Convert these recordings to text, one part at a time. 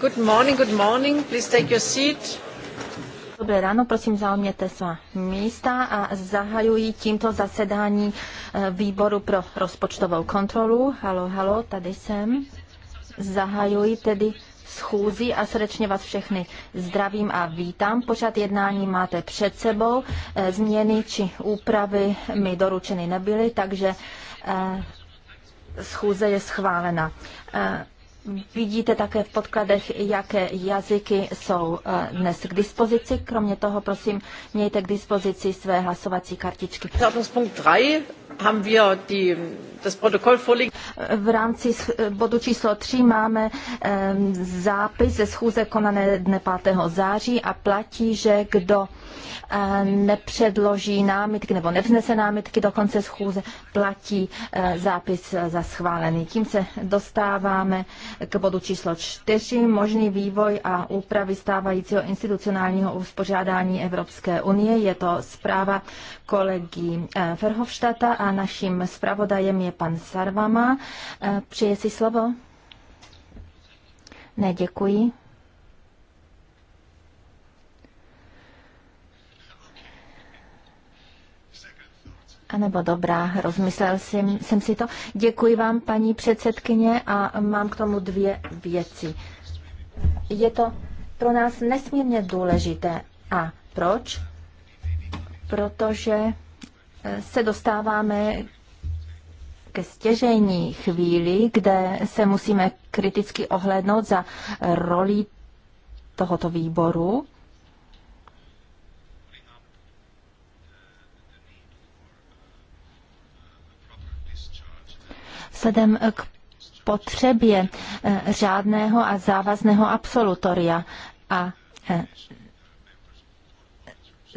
Good morning, good morning. Please take your seat. Dobré ráno, prosím zaujměte svá místa a zahajuji tímto zasedání e, výboru pro rozpočtovou kontrolu. Halo, halo, tady jsem. Zahajuji tedy schůzi a srdečně vás všechny zdravím a vítám. Počát jednání máte před sebou. E, změny či úpravy mi doručeny nebyly, takže e, schůze je schválena. Eh, vidíte také v podkladech, jaké jazyky jsou eh, dnes k dispozici. Kromě toho, prosím, mějte k dispozici své hlasovací kartičky. V rámci bodu číslo 3 máme ehm, zápis ze schůze konané dne 5. září a platí, že kdo ehm, nepředloží námitky nebo nevznese námitky do konce schůze, platí eh, zápis eh, za schválený. Tím se dostáváme k bodu číslo 4, možný vývoj a úpravy stávajícího institucionálního uspořádání Evropské unie. Je to zpráva kolegy Ferhofštata eh, a naším zpravodajem je pan Sarvama. E, přeje si slovo? Ne, děkuji. A nebo dobrá, rozmyslel jsem, jsem si to. Děkuji vám, paní předsedkyně, a mám k tomu dvě věci. Je to pro nás nesmírně důležité. A proč? Protože se dostáváme ke stěžení chvíli, kde se musíme kriticky ohlédnout za roli tohoto výboru. Vzhledem k potřebě eh, řádného a závazného absolutoria a eh,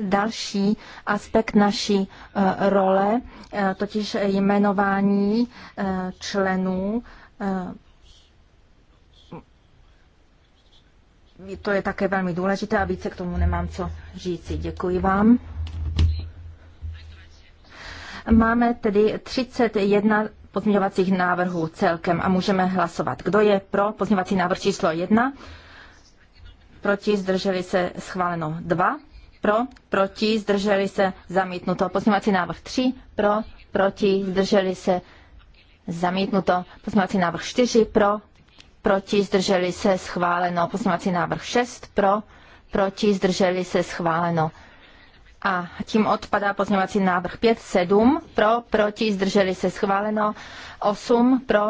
další aspekt naší eh, role, eh, totiž jmenování eh, členů. To je také velmi důležité a více k tomu nemám co říci. Děkuji vám. Máme tedy 31 pozměňovacích návrhů celkem a můžeme hlasovat. Kdo je pro pozměňovací návrh číslo 1? Proti zdrželi se schváleno 2 pro, proti, zdrželi se, zamítnuto. Pozměňovací návrh 3, pro, proti, zdrželi se, zamítnuto. Pozměňovací návrh 4, pro, proti, zdrželi se, schváleno. Pozměňovací návrh 6, pro, proti, zdrželi se, schváleno. A tím odpadá pozměňovací návrh 5, 7, pro, proti, zdrželi se, schváleno. 8, pro,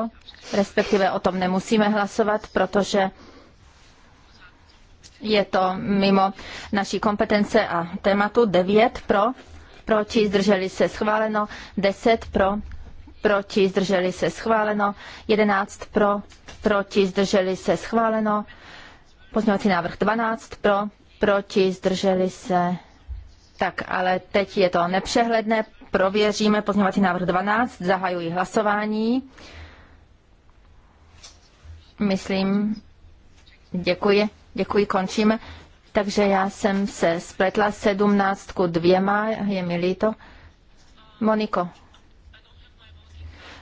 respektive o tom nemusíme hlasovat, protože je to mimo naší kompetence a tématu 9 pro, proti zdrželi se schváleno, 10 pro, proti zdrželi se schváleno, 11 pro, proti zdrželi se schváleno, pozměňovací návrh 12 pro, proti zdrželi se tak, ale teď je to nepřehledné. Prověříme pozměňovací návrh 12. Zahajuji hlasování. Myslím, děkuji. Děkuji, končím. Takže já jsem se spletla 17 dvěma, je mi líto. Moniko.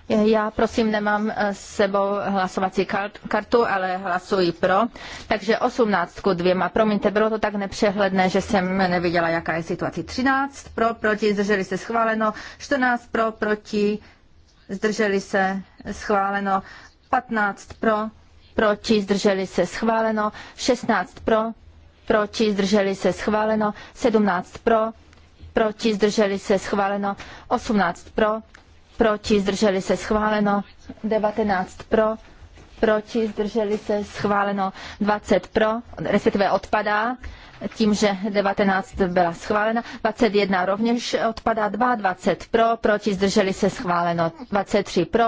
Já prosím nemám eh, s sebou hlasovací kartu, ale hlasuji pro. Takže 18 dvěma. Promiňte, bylo to tak nepřehledné, že jsem neviděla, jaká je situace. 13 pro, proti, zdrželi se schváleno. 14 pro, proti, zdrželi se schváleno. 15 pro, proti, zdrželi se schváleno, 16 pro, proti, zdrželi se schváleno, 17 pro, proti, zdrželi se schváleno, 18 pro, proti, zdrželi se schváleno, 19 pro, proti, zdrželi se schváleno, 20 pro, respektive odpadá, tím, že 19 byla schválena, 21 rovněž odpadá, 22 pro, proti, zdrželi se schváleno, 23 pro,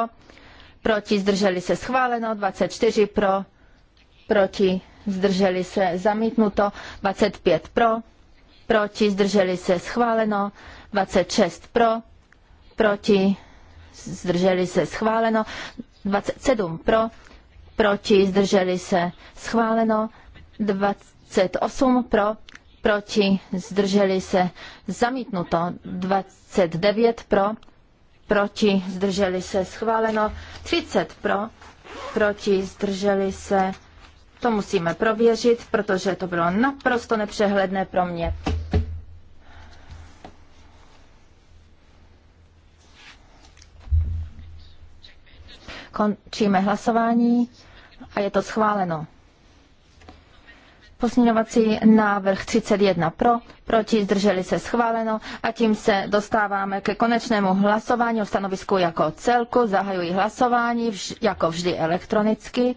proti, zdrželi se schváleno, 24 pro, proti, zdrželi se zamítnuto, 25 pro, proti, zdrželi se schváleno, 26 pro, proti, zdrželi se schváleno, 27 pro, proti, zdrželi se schváleno, 28 pro, proti, zdrželi se zamítnuto, 29 pro, proti, zdrželi se, schváleno. 30 pro, proti, zdrželi se. To musíme prověřit, protože to bylo naprosto nepřehledné pro mě. Končíme hlasování a je to schváleno. Pozměňovací návrh 31 pro, proti zdrželi se schváleno a tím se dostáváme ke konečnému hlasování o stanovisku jako celku. Zahajuji hlasování vž, jako vždy elektronicky.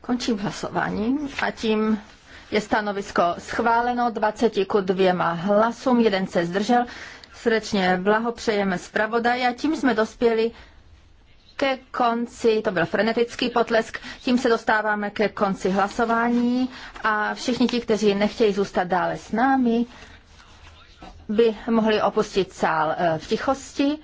Končím hlasování a tím je stanovisko schváleno 20 ku dvěma hlasům, jeden se zdržel. Srdečně blahopřejeme zpravodaj a tím jsme dospěli ke konci, to byl frenetický potlesk, tím se dostáváme ke konci hlasování a všichni ti, kteří nechtějí zůstat dále s námi, by mohli opustit sál eh, v tichosti.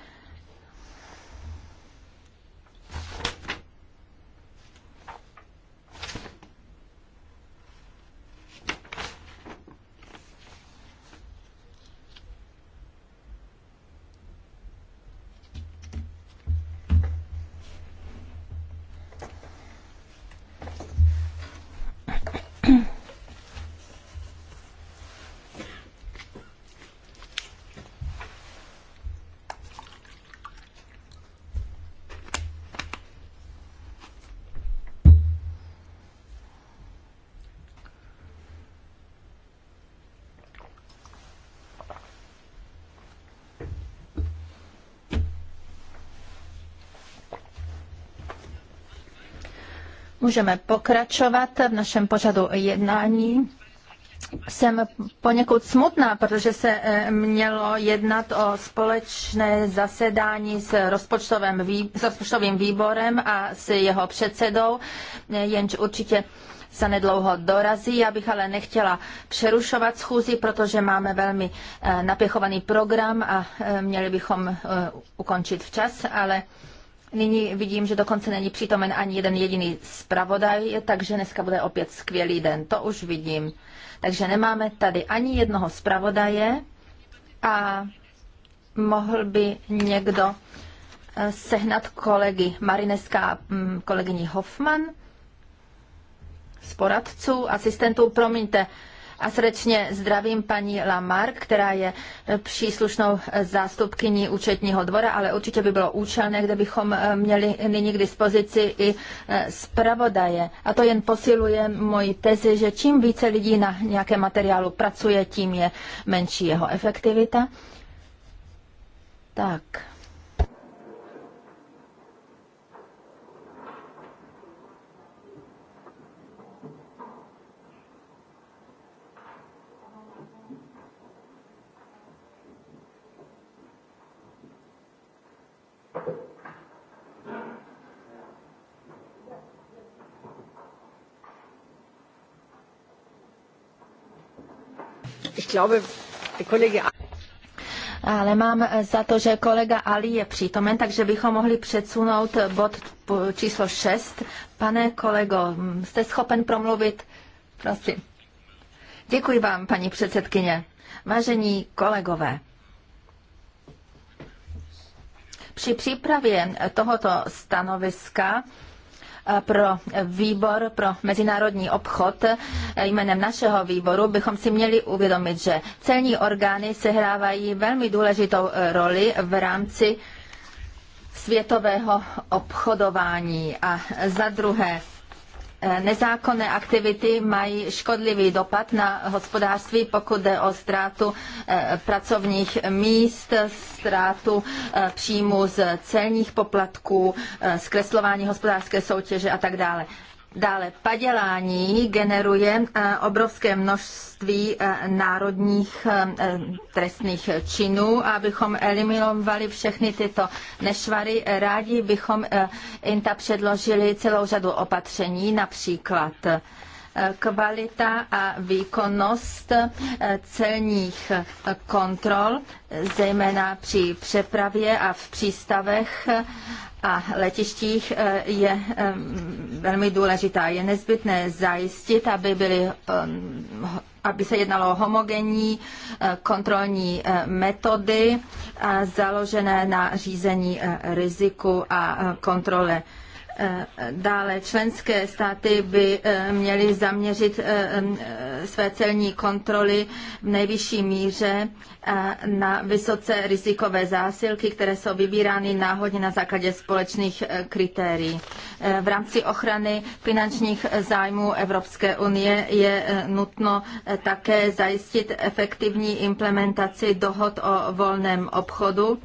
můžeme pokračovat v našem pořadu jednání. Jsem poněkud smutná, protože se eh, mělo jednat o společné zasedání s, rozpočtovým, s rozpočtovým výborem a s jeho předsedou, jenž určitě nedlouho dorazí. Já bych ale nechtěla přerušovat schůzi, protože máme velmi eh, napěchovaný program a eh, měli bychom ukončit včas, ale Nyní vidím, že dokonce není přítomen ani jeden jediný zpravodaj, takže dneska bude opět skvělý den, to už vidím. Takže nemáme tady ani jednoho zpravodaje a mohl by někdo eh, sehnat kolegy Marineska a mm, kolegyni Hoffman z poradců, asistentů, promiňte, a srdečně zdravím paní Lamarck, která je příslušnou zástupkyní účetního dvora, ale určitě by bylo účelné, kdybychom eh, měli nyní k dispozici i eh, zpravodaje. A to jen posiluje moji tezi, že čím více lidí na nějakém materiálu pracuje, tím je menší jeho efektivita. Tak. ale mám za to, že kolega Ali je přítomen, takže bychom mohli přesunout bod číslo 6. Pane kolego, jste schopen promluvit? Prosím. Děkuji vám, paní předsedkyně. Vážení kolegové, při přípravě tohoto stanoviska pro výbor pro mezinárodní obchod e, jménem našeho výboru bychom si měli uvědomit, že celní orgány sehrávají velmi důležitou e, roli v rámci světového obchodování. A za druhé, Eh, nezákonné aktivity mají škodlivý dopad na hospodářství, pokud jde o ztrátu eh, pracovních míst, ztrátu eh, příjmu z celních poplatků, zkreslování hospodářské soutěže a tak dále. Dále padělání generuje eh, obrovské množství eh, národních eh, trestných činů. Abychom eliminovali všechny tyto nešvary, rádi bychom INTA předložili celou řadu opatření, například kvalita a výkonnost eh, celních eh, kontrol, zejména při přepravě a v přístavech a letištích eh, je velmi důležitá. Je nezbytné zajistit, aby byly aby se jednalo o homogenní kontrolní metody založené na řízení riziku a kontrole Eh, dále členské státy by eh, měly zaměřit eh, své celní kontroly v nejvyšší míře na vysoce rizikové zásilky, které jsou vybírány náhodně na základě společných kritérií. V rámci ochrany finančních zájmů Evropské unie je nutno také zajistit efektivní implementaci dohod o volném obchodu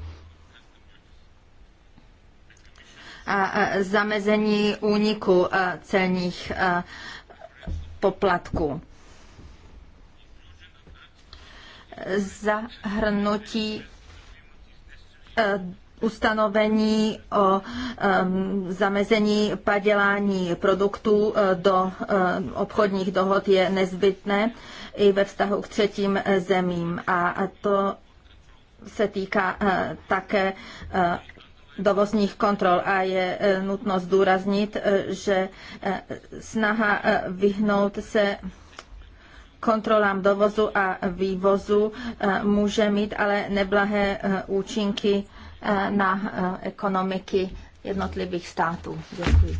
zamezení úniku celních poplatků. Zahrnutí e, ustanovení o e, zamezení padělání produktů e, do obchodních dohod je nezbytné i ve vztahu k třetím zemím. A to se týká také dovozních kontrol a je e, nutno zdůraznit, e, že e, snaha vyhnout se kontrolám dovozu a vývozu může mít ale neblahé účinky na ekonomiky jednotlivých států. Děkuji.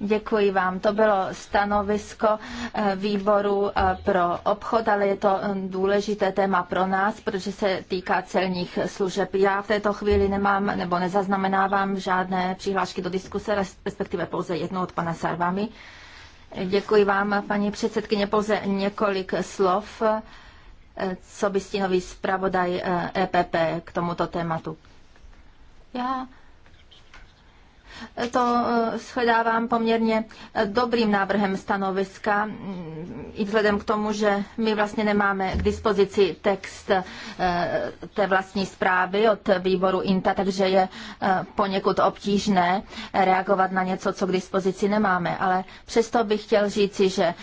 Děkuji vám. To bylo stanovisko eh, výboru eh, pro obchod, ale je to eh, důležité téma pro nás, protože se týká celních služeb. Já v této chvíli nemám nebo nezaznamenávám žádné přihlášky do diskuse, respektive pouze jednu od pana Sarvami. Děkuji vám, paní předsedkyně, pouze několik slov, co by stínový zpravodaj EPP e k tomuto tématu. Já to eh, shledávám poměrně eh, dobrým návrhem stanoviska, mm, i vzhledem k tomu, že my vlastně nemáme k dispozici text eh, té vlastní zprávy od výboru INTA, takže je poněkud obtížné reagovat na něco, co k dispozici nemáme. Ale přesto bych chtěl říci, že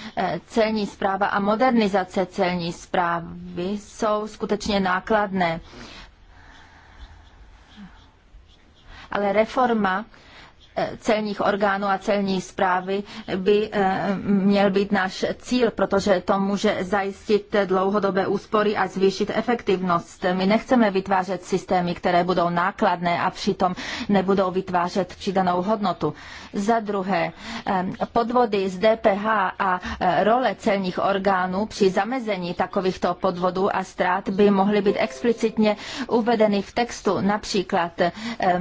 celní zpráva a modernizace celní zprávy jsou skutečně nákladné ale reforma celních orgánů a celní zprávy by eh, měl být náš cíl, protože to může zajistit dlouhodobé úspory a zvýšit efektivnost. My nechceme vytvářet systémy, které budou nákladné a přitom nebudou vytvářet přidanou hodnotu. Za druhé, eh, podvody z DPH a eh, role celních orgánů při zamezení takovýchto podvodů a ztrát by mohly být explicitně uvedeny v textu, například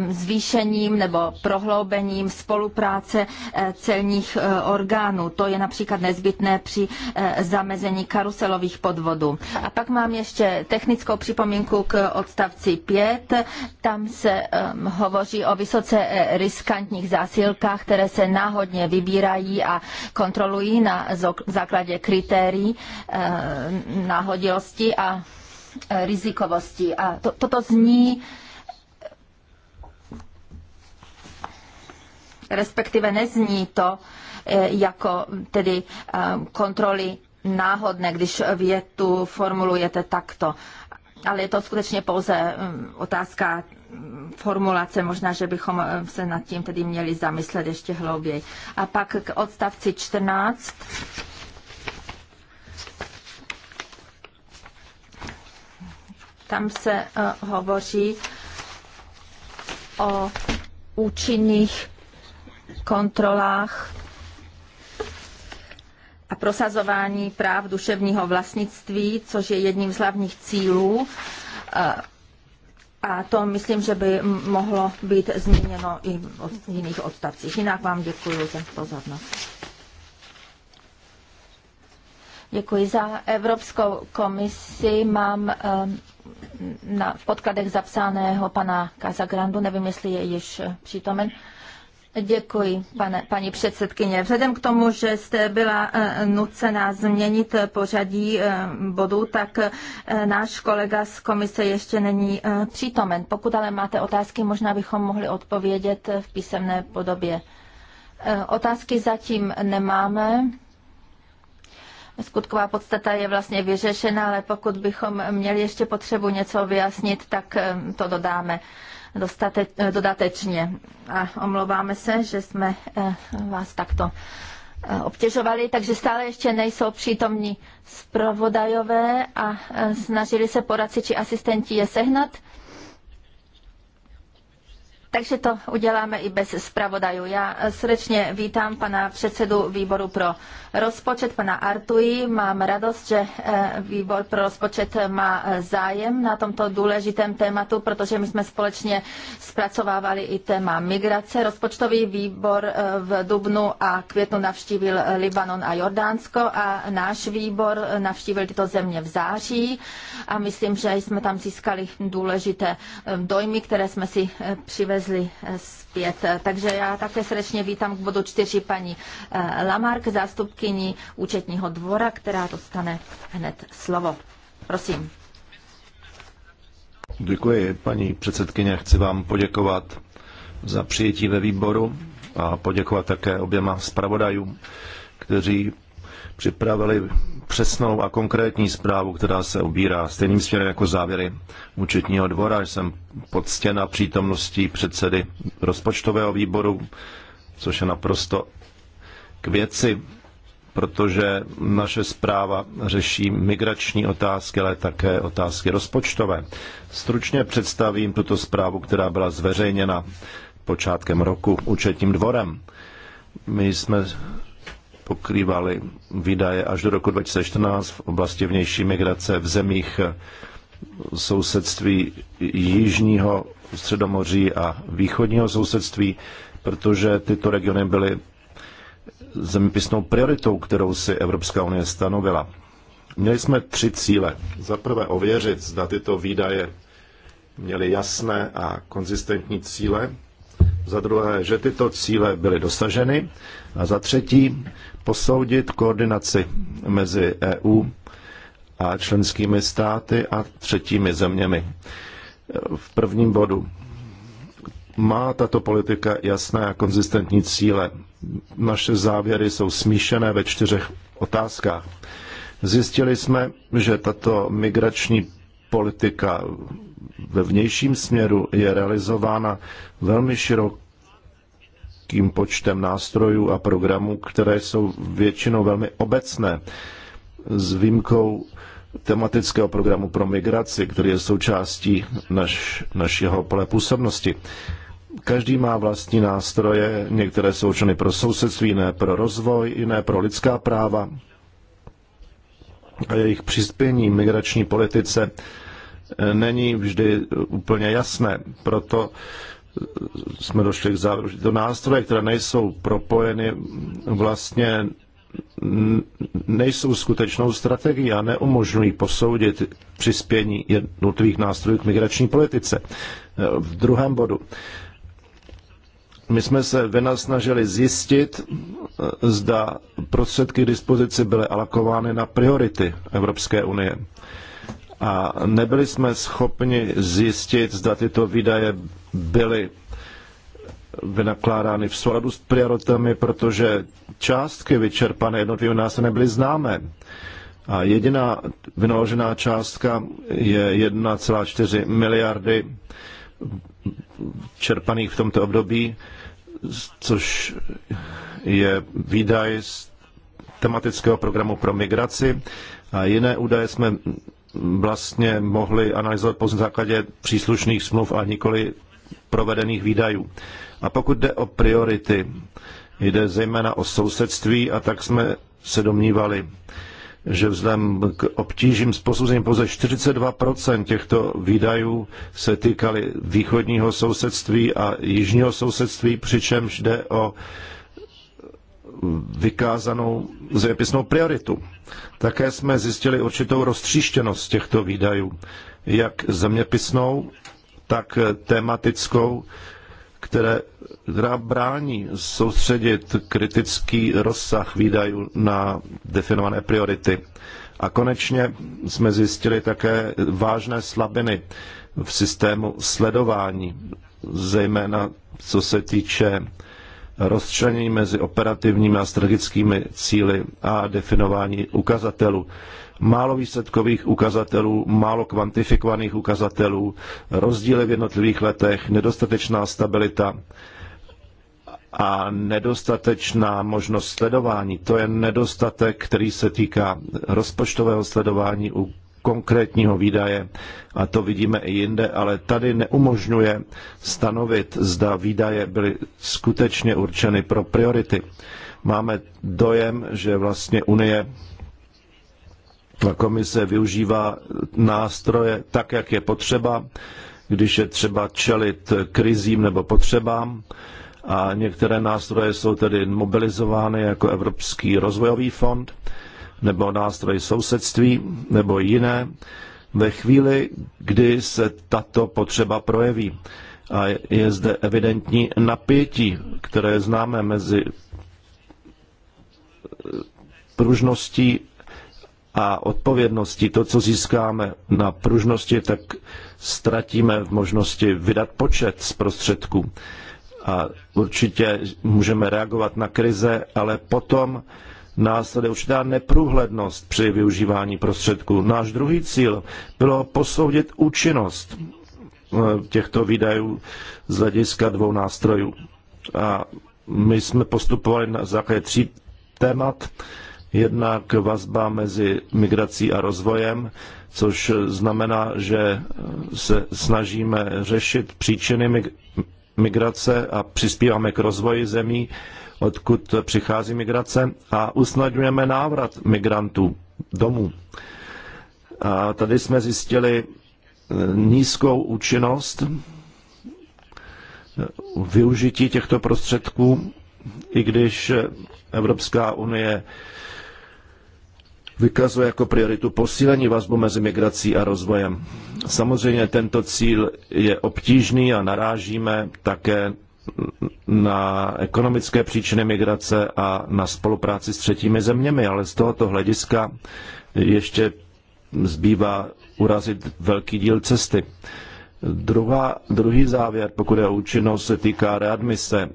zvýšením nebo prohloubením posílením spolupráce eh, celních eh, orgánů. To je například nezbytné při eh, zamezení karuselových podvodů. A pak mám ještě technickou připomínku k odstavci 5. Tam se ehm, hovoří o vysoce riskantních zásilkách, které se náhodně vybírají a kontrolují na základě kritérií ehm, náhodilosti a rizikovosti. A to, toto zní respektive nezní to eh, jako tedy eh, kontroly náhodné, když větu formulujete takto. Ale je to skutečně pouze mm, otázka mm, formulace, možná, že bychom eh, se nad tím tedy měli zamyslet ještě hlouběji. A pak k odstavci 14. Tam se uh, hovoří o účinných kontrolách a prosazování práv duševního vlastnictví, což je jedním z hlavních cílů. A to myslím, že by mohlo být změněno i v jiných odstavcích. Jinak vám děkuji za pozornost. Děkuji za Evropskou komisi. Mám ehm, na, v podkladech zapsaného pana Casagrandu, nevím, jestli je již přítomen. Děkuji, pane, paní předsedkyně. Vzhledem k tomu, že jste byla e, nucena změnit pořadí e, bodů, tak e, náš kolega z komise ještě není přítomen. Pokud ale máte otázky, možná bychom mohli odpovědět v písemné podobě. Otázky zatím nemáme. Skutková podstata je vlastně vyřešena, ale pokud bychom měli ještě potřebu něco vyjasnit, tak to dodáme dostate, dodatečně. A omlouváme se, že jsme eh, vás takto eh, obtěžovali, takže stále ještě nejsou přítomní zpravodajové a eh, snažili se poradci či asistenti je sehnat. Takže to uděláme i bez zpravodajů. Já eh, srdečně vítám pana předsedu výboru pro rozpočet, pana Artuji. Mám radost, že eh, výbor pro rozpočet má eh, zájem na tomto důležitém tématu, protože my jsme společně zpracovávali i téma migrace. Rozpočtový výbor v Dubnu a květnu navštívil Libanon a Jordánsko a náš výbor navštívil tyto země v září a myslím, že jsme tam získali důležité dojmy, které jsme si přivezli přivezli eh, zpět. Takže já také srdečně vítám k bodu čtyři paní eh, Lamark, zástupkyni účetního dvora, která dostane hned slovo. Prosím. Děkuji, paní předsedkyně. Chci vám poděkovat za přijetí ve výboru a poděkovat také oběma zpravodajům, kteří připravili přesnou a konkrétní zprávu, která se ubírá stejným směrem jako závěry účetního dvora. Jsem podstěna přítomností předsedy rozpočtového výboru, což je naprosto k věci, protože naše zpráva řeší migrační otázky, ale také otázky rozpočtové. Stručně představím tuto zprávu, která byla zveřejněna počátkem roku účetním dvorem. My jsme pokrývaly výdaje až do roku 2014 v oblasti vnější migrace v zemích eh, sousedství jižního středomoří a východního sousedství, protože tyto regiony byly zeměpisnou prioritou, kterou si Evropská unie stanovila. Měli jsme tři cíle. Za prvé ověřit, zda tyto výdaje měly jasné a konzistentní cíle. Za druhé, že tyto cíle byly dosaženy. A za třetí, posoudit koordinaci mezi EU a členskými státy a třetími zeměmi. V prvním bodu má tato politika jasné a konzistentní cíle. Naše závěry jsou smíšené ve čtyřech otázkách. Zjistili jsme, že tato migrační politika ve vnějším směru je realizována velmi širok, obrovským počtem nástrojů a programů, které jsou většinou velmi obecné, s výjimkou tematického programu pro migraci, který je součástí naš, našeho pole působnosti. Každý má vlastní nástroje, některé jsou určeny pro sousedství, jiné pro rozvoj, jiné pro lidská práva a jejich přispění migrační politice není vždy úplně jasné. Proto jsme došli k závěru, že to nástroje, které nejsou propojeny, vlastně nejsou skutečnou strategií a neumožňují posoudit přispění jednotlivých nástrojů k migrační politice. E, v druhém bodu. My jsme se vynasnažili zjistit, e, zda prostředky k dispozici byly alokovány na priority Evropské unie a nebyli jsme schopni zjistit, zda tyto výdaje byly vynakládány v souladu s prioritami, protože částky vyčerpané jednotlivými nás nebyly známé. A jediná vynaložená částka je 1,4 miliardy čerpaných v tomto období, což je výdaj z tematického programu pro migraci. A jiné údaje jsme vlastně mohli analyzovat pouze na základě příslušných smluv a nikoli provedených výdajů. A pokud jde o priority, jde zejména o sousedství a tak jsme se domnívali, že vzhledem k obtížím s posouzením pouze 42% těchto výdajů se týkaly východního sousedství a jižního sousedství, přičemž jde o vykázanou zeměpisnou prioritu. Také jsme zjistili určitou roztříštěnost těchto výdajů, jak zeměpisnou, tak tematickou, které, která brání soustředit kritický rozsah výdajů na definované priority. A konečně jsme zjistili také vážné slabiny v systému sledování, zejména co se týče rozčlenění mezi operativními a strategickými cíly a definování ukazatelů. Málo výsledkových ukazatelů, málo kvantifikovaných ukazatelů, rozdíly v jednotlivých letech, nedostatečná stabilita a nedostatečná možnost sledování. To je nedostatek, který se týká rozpočtového sledování u konkrétního výdaje, a to vidíme i jinde, ale tady neumožňuje stanovit, zda výdaje byly skutečně určeny pro priority. Máme dojem, že vlastně Unie a komise využívá nástroje tak, jak je potřeba, když je třeba čelit krizím nebo potřebám. A některé nástroje jsou tedy mobilizovány jako Evropský rozvojový fond nebo nástroj sousedství nebo jiné ve chvíli, kdy se tato potřeba projeví. A je zde evidentní napětí, které známe mezi eh, pružností a odpovědností. To, co získáme na pružnosti, tak ztratíme v možnosti vydat počet z prostředků. A určitě můžeme reagovat na krize, ale potom následuje určitá neprůhlednost při využívání prostředků. Náš druhý cíl bylo posoudit účinnost eh, těchto výdajů z hlediska dvou nástrojů. A my jsme postupovali na základě tří témat. Jednak vazba mezi migrací a rozvojem, což znamená, že se snažíme řešit příčiny migrace a přispíváme k rozvoji zemí odkud přichází migrace a usnadňujeme návrat migrantů domů. A tady jsme zjistili eh, nízkou účinnost eh, využití těchto prostředků, i když Evropská unie vykazuje jako prioritu posílení vazbu mezi migrací a rozvojem. Samozřejmě tento cíl je obtížný a narážíme také na ekonomické příčiny migrace a na spolupráci s třetími zeměmi, ale z tohoto hlediska ještě zbývá urazit velký díl cesty. Druhá, druhý závěr, pokud je o účinnost, se týká readmise,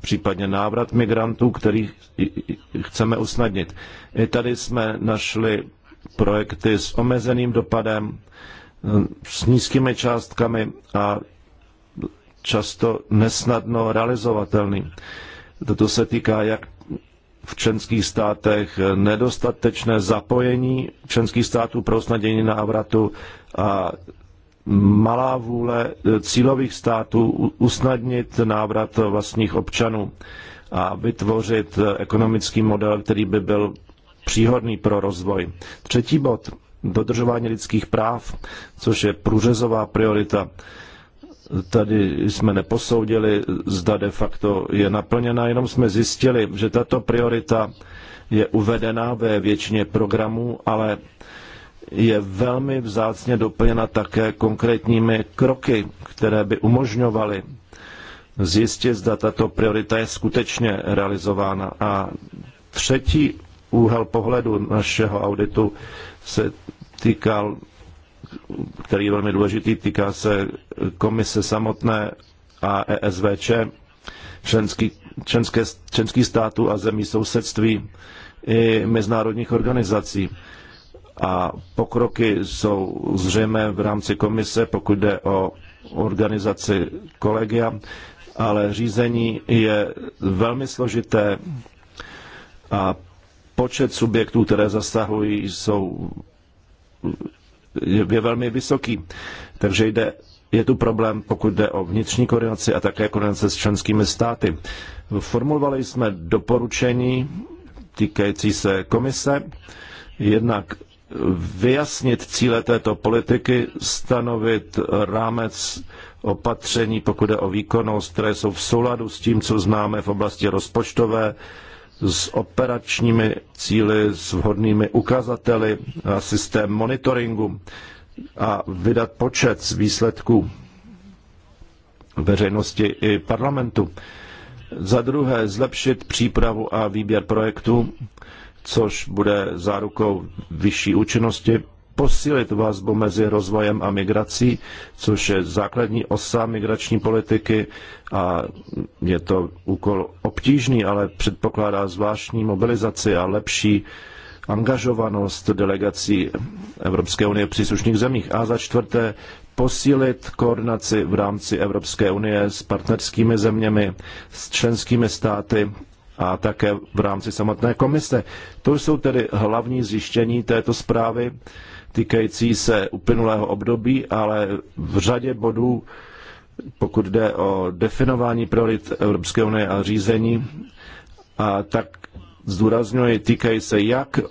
případně návrat migrantů, který chceme usnadnit. I tady jsme našli projekty s omezeným dopadem, s nízkými částkami a často nesnadno realizovatelný. Toto se týká jak v členských státech nedostatečné zapojení členských států pro snadění návratu a malá vůle cílových států usnadnit návrat vlastních občanů a vytvořit ekonomický model, který by byl příhodný pro rozvoj. Třetí bod, dodržování lidských práv, což je průřezová priorita. Tady jsme neposoudili, zda de facto je naplněna, jenom jsme zjistili, že tato priorita je uvedena ve většině programů, ale je velmi vzácně doplněna také konkrétními kroky, které by umožňovaly zjistit, zda tato priorita je skutečně realizována. A třetí úhel pohledu našeho auditu se týkal který je velmi důležitý, týká se komise samotné a ESVČ, členský, členské, členských států a zemí sousedství i mezinárodních organizací. A pokroky jsou zřejmé v rámci komise, pokud jde o organizaci kolegia, ale řízení je velmi složité a počet subjektů, které zasahují, jsou je velmi vysoký. Takže jde, je tu problém, pokud jde o vnitřní koordinaci a také koordinace s členskými státy. Formulovali jsme doporučení týkající se komise, jednak vyjasnit cíle této politiky, stanovit rámec opatření, pokud jde o výkonnost, které jsou v souladu s tím, co známe v oblasti rozpočtové, s operačními cíly, s vhodnými ukazateli, a systém monitoringu a vydat počet z výsledků veřejnosti i parlamentu. Za druhé, zlepšit přípravu a výběr projektů, což bude zárukou vyšší účinnosti posílit vazbu mezi rozvojem a migrací, což je základní osa migrační politiky a je to úkol obtížný, ale předpokládá zvláštní mobilizaci a lepší angažovanost delegací Evropské unie v příslušných zemích. A za čtvrté, posílit koordinaci v rámci Evropské unie s partnerskými zeměmi, s členskými státy a také v rámci samotné komise. To jsou tedy hlavní zjištění této zprávy týkající se uplynulého období, ale v řadě bodů, pokud jde o definování priorit Evropské unie a řízení, a tak zdůrazňuji, týkají se jak e,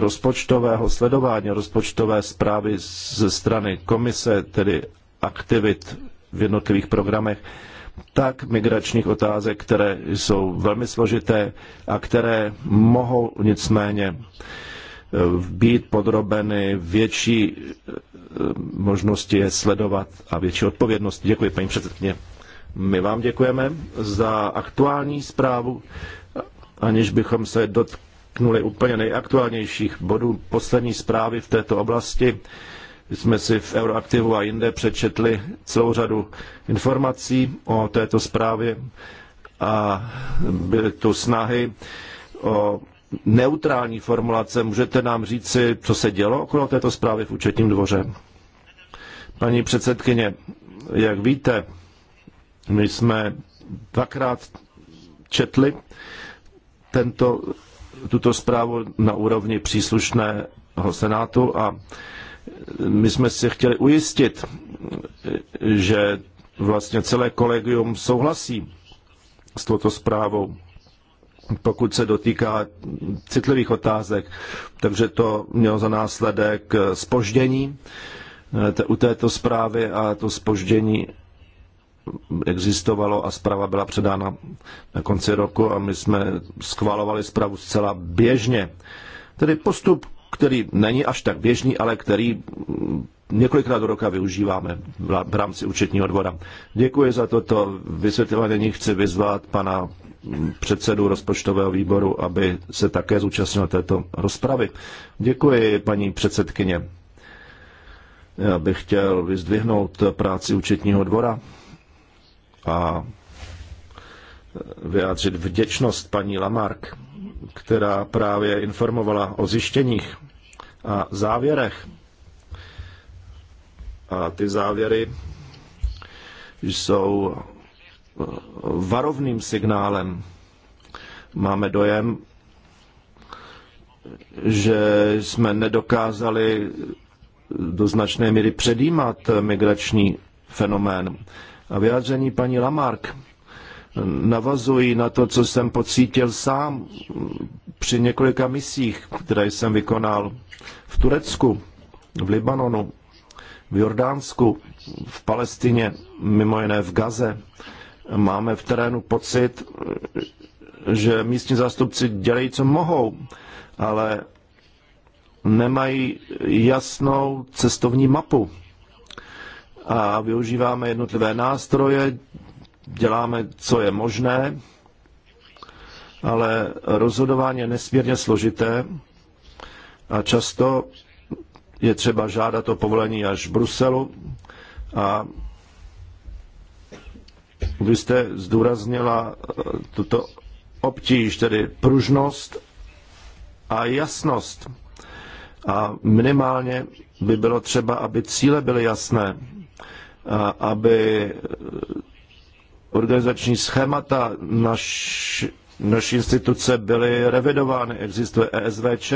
rozpočtového sledování, rozpočtové zprávy ze strany komise, tedy aktivit v jednotlivých programech, tak migračních otázek, které jsou velmi složité a které mohou nicméně být podrobeny větší eh, možnosti je sledovat a větší odpovědnost. Děkuji, paní předsedkyně. My vám děkujeme za aktuální zprávu, aniž bychom se dotknuli úplně nejaktuálnějších bodů poslední zprávy v této oblasti. Jsme si v Euroaktivu a jinde přečetli celou řadu informací o této zprávě a byly tu snahy o neutrální formulace. Můžete nám říci, co se dělo okolo této zprávy v účetním dvoře? Paní předsedkyně, jak víte, my jsme dvakrát četli tento, tuto zprávu na úrovni příslušného senátu a my jsme si chtěli ujistit, že vlastně celé kolegium souhlasí s touto zprávou pokud se dotýká citlivých otázek. Takže to mělo za následek spoždění eh, u této zprávy a to spoždění existovalo a zpráva byla předána na konci roku a my jsme schvalovali zprávu zcela běžně. Tedy postup, který není až tak běžný, ale který několikrát do roka využíváme v rámci účetního dvora. Děkuji za toto vysvětlení. Chci vyzvat pana předsedu rozpočtového výboru, aby se také zúčastnil této rozpravy. Děkuji, paní předsedkyně. Já bych chtěl vyzdvihnout práci účetního dvora a vyjádřit vděčnost paní Lamark, která právě informovala o zjištěních a závěrech. A ty závěry jsou varovným signálem. Máme dojem, že jsme nedokázali do značné míry předjímat migrační fenomén. A vyjádření paní Lamarck navazují na to, co jsem pocítil sám při několika misích, které jsem vykonal v Turecku, v Libanonu, v Jordánsku, v Palestině, mimo jiné v Gaze. Máme v terénu pocit, že místní zástupci dělají, co mohou, ale nemají jasnou cestovní mapu. A využíváme jednotlivé nástroje, děláme, co je možné, ale rozhodování je nesmírně složité a často je třeba žádat o povolení až v Bruselu a vy jste zdůraznila eh, tuto obtíž, tedy pružnost a jasnost. A minimálně by bylo třeba, aby cíle byly jasné, a aby eh, organizační schémata naš, naší instituce byly revidovány. Existuje ESVČ,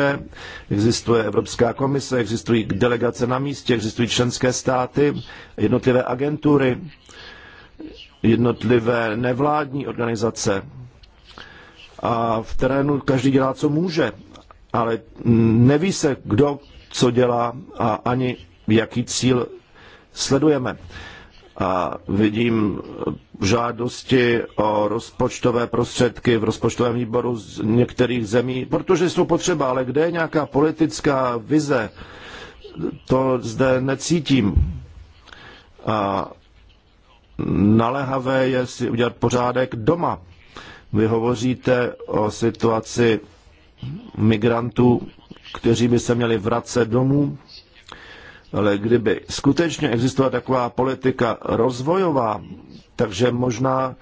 existuje Evropská komise, existují delegace na místě, existují členské státy, jednotlivé agentury jednotlivé nevládní organizace. A v terénu každý dělá, co může, ale neví se, kdo co dělá a ani jaký cíl sledujeme. A vidím žádosti o rozpočtové prostředky v rozpočtovém výboru z některých zemí, protože jsou potřeba, ale kde je nějaká politická vize, to zde necítím. A naléhavé je si udělat pořádek doma. Vy hovoříte o situaci migrantů, kteří by se měli vracet domů, ale kdyby skutečně existovala taková politika rozvojová, takže možná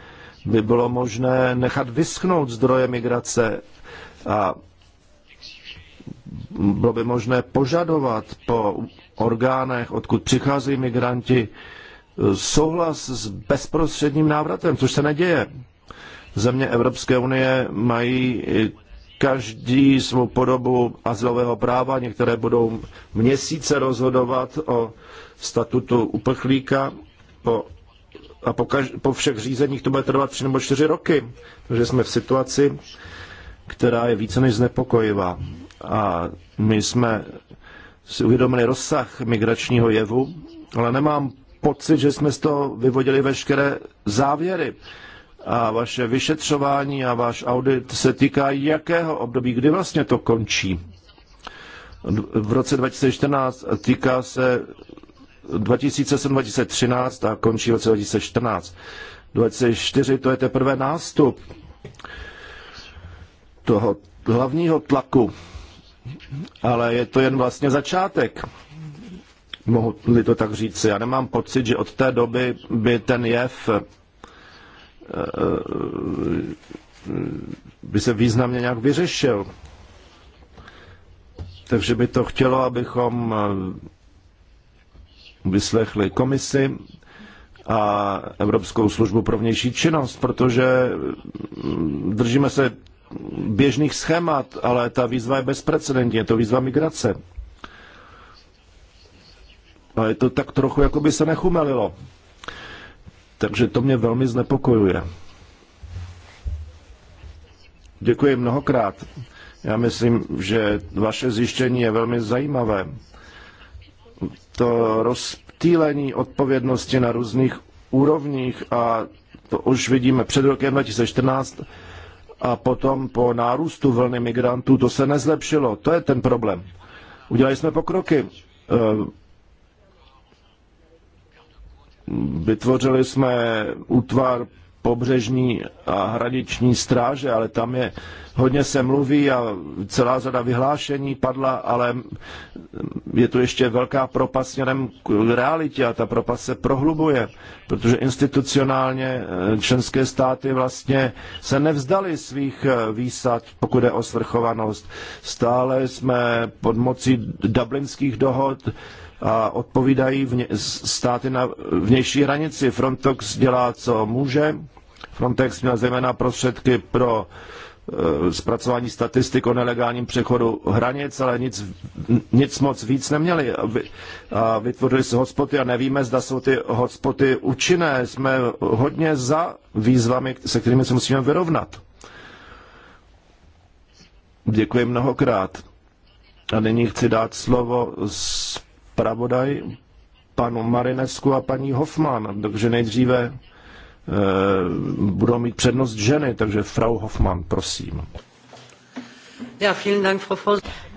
by bylo možné nechat vyschnout zdroje migrace a bylo by možné požadovat po orgánech, odkud přicházejí migranti, souhlas s bezprostředním návratem, což se neděje. Země Evropské unie mají každý svou podobu azylového práva, některé budou měsíce rozhodovat o statutu uprchlíka po, a po, kaž, po všech řízeních to bude trvat tři nebo čtyři roky, takže jsme v situaci, která je více než znepokojivá. A my jsme si uvědomili rozsah migračního jevu, ale nemám pocit, že jsme z toho vyvodili veškeré závěry. A vaše vyšetřování a váš audit se týká jakého období, kdy vlastně to končí? V roce 2014 týká se 2007-2013 a končí v roce 2014. 2004 to je teprve nástup toho hlavního tlaku, ale je to jen vlastně začátek mohu-li to tak říci. Já nemám pocit, že od té doby by ten jev eh, eh, by se významně nějak vyřešil. Takže by to chtělo, abychom eh, vyslechli komisi a Evropskou službu pro vnější činnost, protože mm, držíme se běžných schémat, ale ta výzva je bezprecedentní, je to výzva migrace. A je to tak trochu, jako by se nechumelilo. Takže to mě velmi znepokojuje. Děkuji mnohokrát. Já myslím, že vaše zjištění je velmi zajímavé. To rozptýlení odpovědnosti na různých úrovních a to už vidíme před rokem 2014 a potom po nárůstu vlny migrantů to se nezlepšilo. To je ten problém. Udělali jsme pokroky eh, Vytvořili jsme útvar pobřežní a hraniční stráže, ale tam je hodně se mluví a celá řada vyhlášení padla, ale je tu ještě velká propast směrem k realitě a ta propast se prohlubuje, protože institucionálně eh, členské státy vlastně se nevzdali svých eh, výsad, pokud je o svrchovanost. Stále jsme pod mocí dublinských dohod, a odpovídají státy na vnější hranici. Frontex dělá, co může. Frontex měl zejména prostředky pro eh, zpracování statistik o nelegálním přechodu hranic, ale nic, nic moc víc neměli. A vytvořili se hotspoty a nevíme, zda jsou ty hotspoty účinné. Jsme hodně za výzvami, se kterými se musíme vyrovnat. Děkuji mnohokrát. A nyní chci dát slovo s zpravodaj panu Marinesku a paní Hoffman, takže nejdříve e, budou mít přednost ženy, takže Frau Hoffman, prosím. Ja, vielen Dank, Frau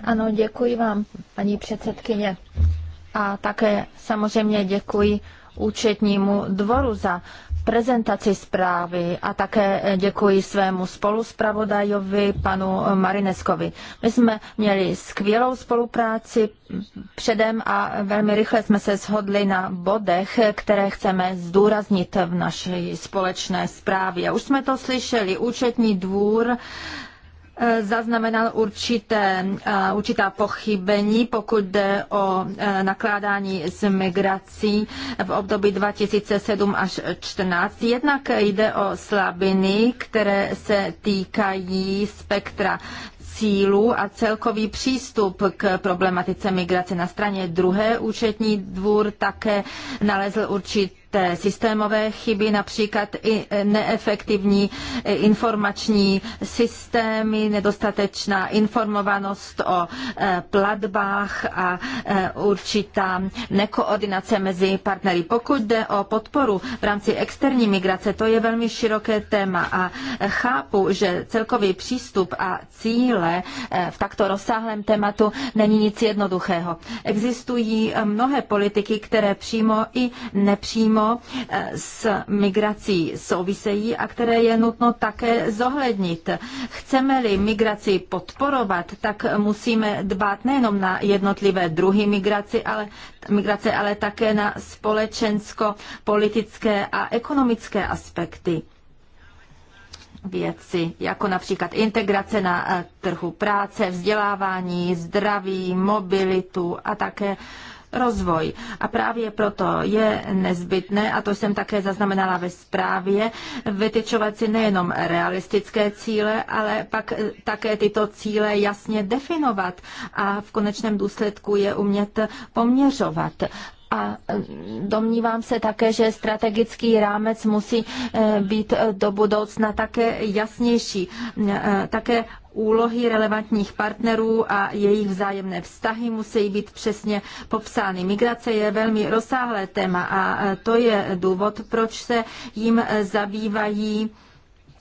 ano, děkuji vám, paní předsedkyně. A také samozřejmě děkuji účetnímu dvoru za prezentaci zprávy a také děkuji svému spoluspravodajovi, panu Marineskovi. My jsme měli skvělou spolupráci předem a velmi rychle jsme se shodli na bodech, které chceme zdůraznit v naší společné zprávě. Už jsme to slyšeli, účetní dvůr Eh, zaznamenal určité, eh, určitá pochybení, pokud jde o eh, nakládání s migrací v období 2007 až 2014. Jednak jde o slabiny, které se týkají spektra cílů a celkový přístup k problematice migrace. Na straně druhé účetní dvůr také nalezl určitý té systémové chyby, například i neefektivní informační systémy, nedostatečná informovanost o eh, platbách a eh, určitá nekoordinace mezi partnery. Pokud jde o podporu v rámci externí migrace, to je velmi široké téma a eh, chápu, že celkový přístup a cíle v takto rozsáhlém tématu není nic jednoduchého. Existují mnohé politiky, které přímo i nepřímo přímo eh, s migrací souvisejí a které je nutno také zohlednit. Chceme-li migraci podporovat, tak musíme dbát nejenom na jednotlivé druhy migraci, ale, migrace, ale také na společensko-politické a ekonomické aspekty věci, jako například integrace na eh, trhu práce, vzdělávání, zdraví, mobilitu a také rozvoj. A právě proto je nezbytné, a to jsem také zaznamenala ve zprávě, vytyčovat si nejenom realistické cíle, ale pak eh, také tyto cíle jasně definovat a v konečném důsledku je umět poměřovat. A e, domnívám se také, že strategický rámec musí e, být e, do budoucna také jasnější. Také úlohy relevantních partnerů a jejich vzájemné vztahy musí být přesně popsány. Migrace je velmi rozsáhlé téma a to je důvod, proč se jim zabývají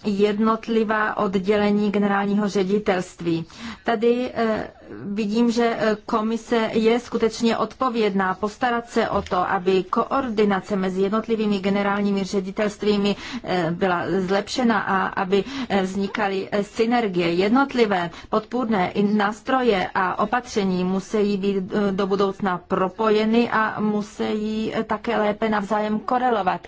jednotlivá oddělení generálního ředitelství. Tady eh, vidím, že eh, komise je skutečně odpovědná postarat se o to, aby koordinace mezi jednotlivými generálními ředitelstvími eh, byla zlepšena a aby vznikaly synergie. Jednotlivé podpůrné nástroje a opatření musí být do budoucna propojeny a musí také lépe navzájem korelovat.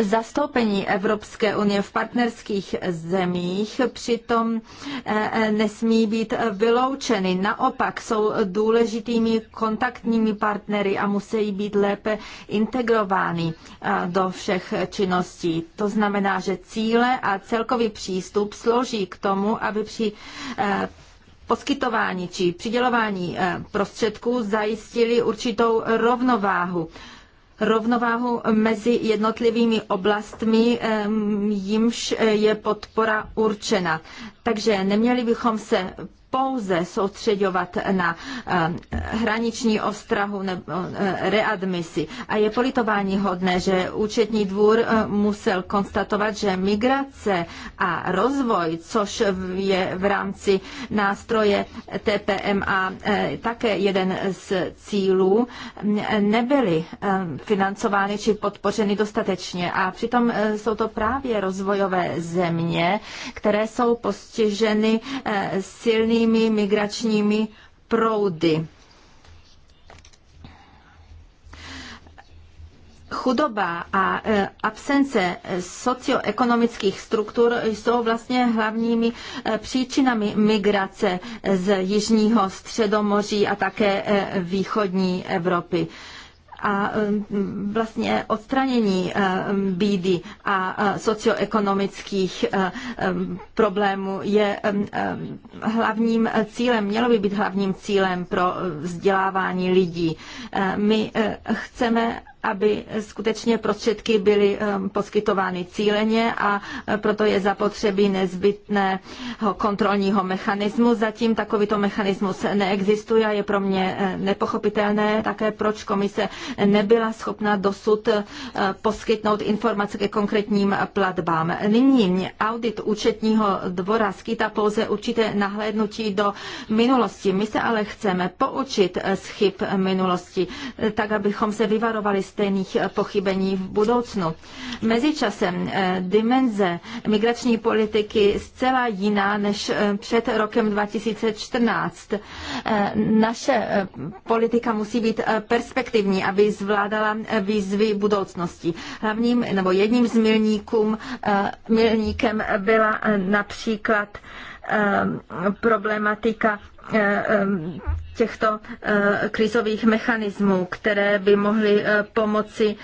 Zastoupení Evropské unie v partnerských členských zemích přitom eh, eh, nesmí být vyloučeny. Naopak jsou důležitými kontaktními partnery a musí být lépe integrovány eh, do všech činností. To znamená, že cíle a celkový přístup složí k tomu, aby při poskytování či přidělování prostředků zajistili určitou rovnováhu rovnováhu mezi jednotlivými oblastmi, jimž je podpora určena. Takže neměli bychom se pouze soustředovat na eh, hraniční ostrahu nebo eh, readmisi. A je politování hodné, že účetní dvůr eh, musel konstatovat, že migrace a rozvoj, což je v rámci nástroje TPMA také jeden z cílů, mm, nebyly financovány či podpořeny dostatečně. A přitom jsou to právě rozvojové země, které jsou postiženy silným různými migračními proudy. Chudoba a e, absence socioekonomických struktur jsou vlastně hlavními e, příčinami migrace z Jižního středomoří a také e, východní Evropy a um, vlastně odstranění uh, bídy a uh, socioekonomických uh, um, problémů je um, hlavním cílem, mělo by být hlavním cílem pro vzdělávání lidí. My chceme aby skutečně prostředky byly um, poskytovány cíleně a eh, proto je zapotřebí nezbytného kontrolního mechanismu. Zatím takovýto mechanismus neexistuje a je pro mě eh, nepochopitelné také, proč komise nebyla schopna dosud eh, poskytnout informace ke konkrétním platbám. Nyní audit účetního dvora skýtá pouze určité nahlédnutí do minulosti. My se ale chceme poučit z chyb minulosti, tak abychom se vyvarovali z stejných eh, pochybení v budoucnu. Mezičasem eh, dimenze migrační politiky zcela jiná než eh, před rokem 2014. Naše politika musí být perspektivní, aby zvládala výzvy budoucnosti. Hlavním nebo jedním z milníků, milníkem byla například problematika Eh, eh, těchto eh, krizových mechanismů, které by mohly pomoci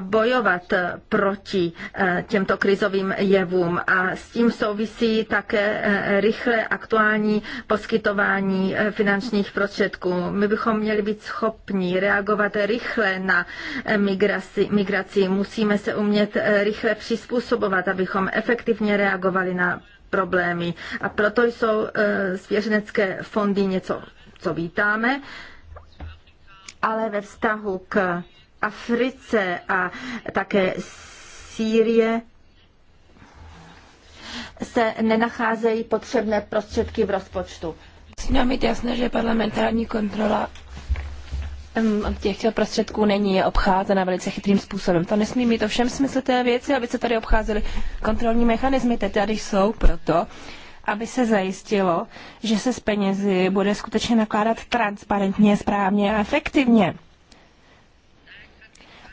bojovat proti těmto krizovým jevům. A s tím souvisí také rychle aktuální poskytování finančních prostředků. My bychom měli být schopni reagovat rychle na migraci. migraci. Musíme se umět rychle přizpůsobovat, abychom efektivně reagovali na problémy. A proto jsou eh, svěřenecké fondy něco, co vítáme, ale ve vztahu k Africe a také Sýrie se nenacházejí potřebné prostředky v rozpočtu. Musíme mít jasné, že parlamentární kontrola těch prostředků není je obcházena velice chytrým způsobem. To nesmí mít ovšem smysl té věci, aby se tady obcházely kontrolní mechanismy, ty tady jsou proto, aby se zajistilo, že se s penězi bude skutečně nakládat transparentně, správně a efektivně.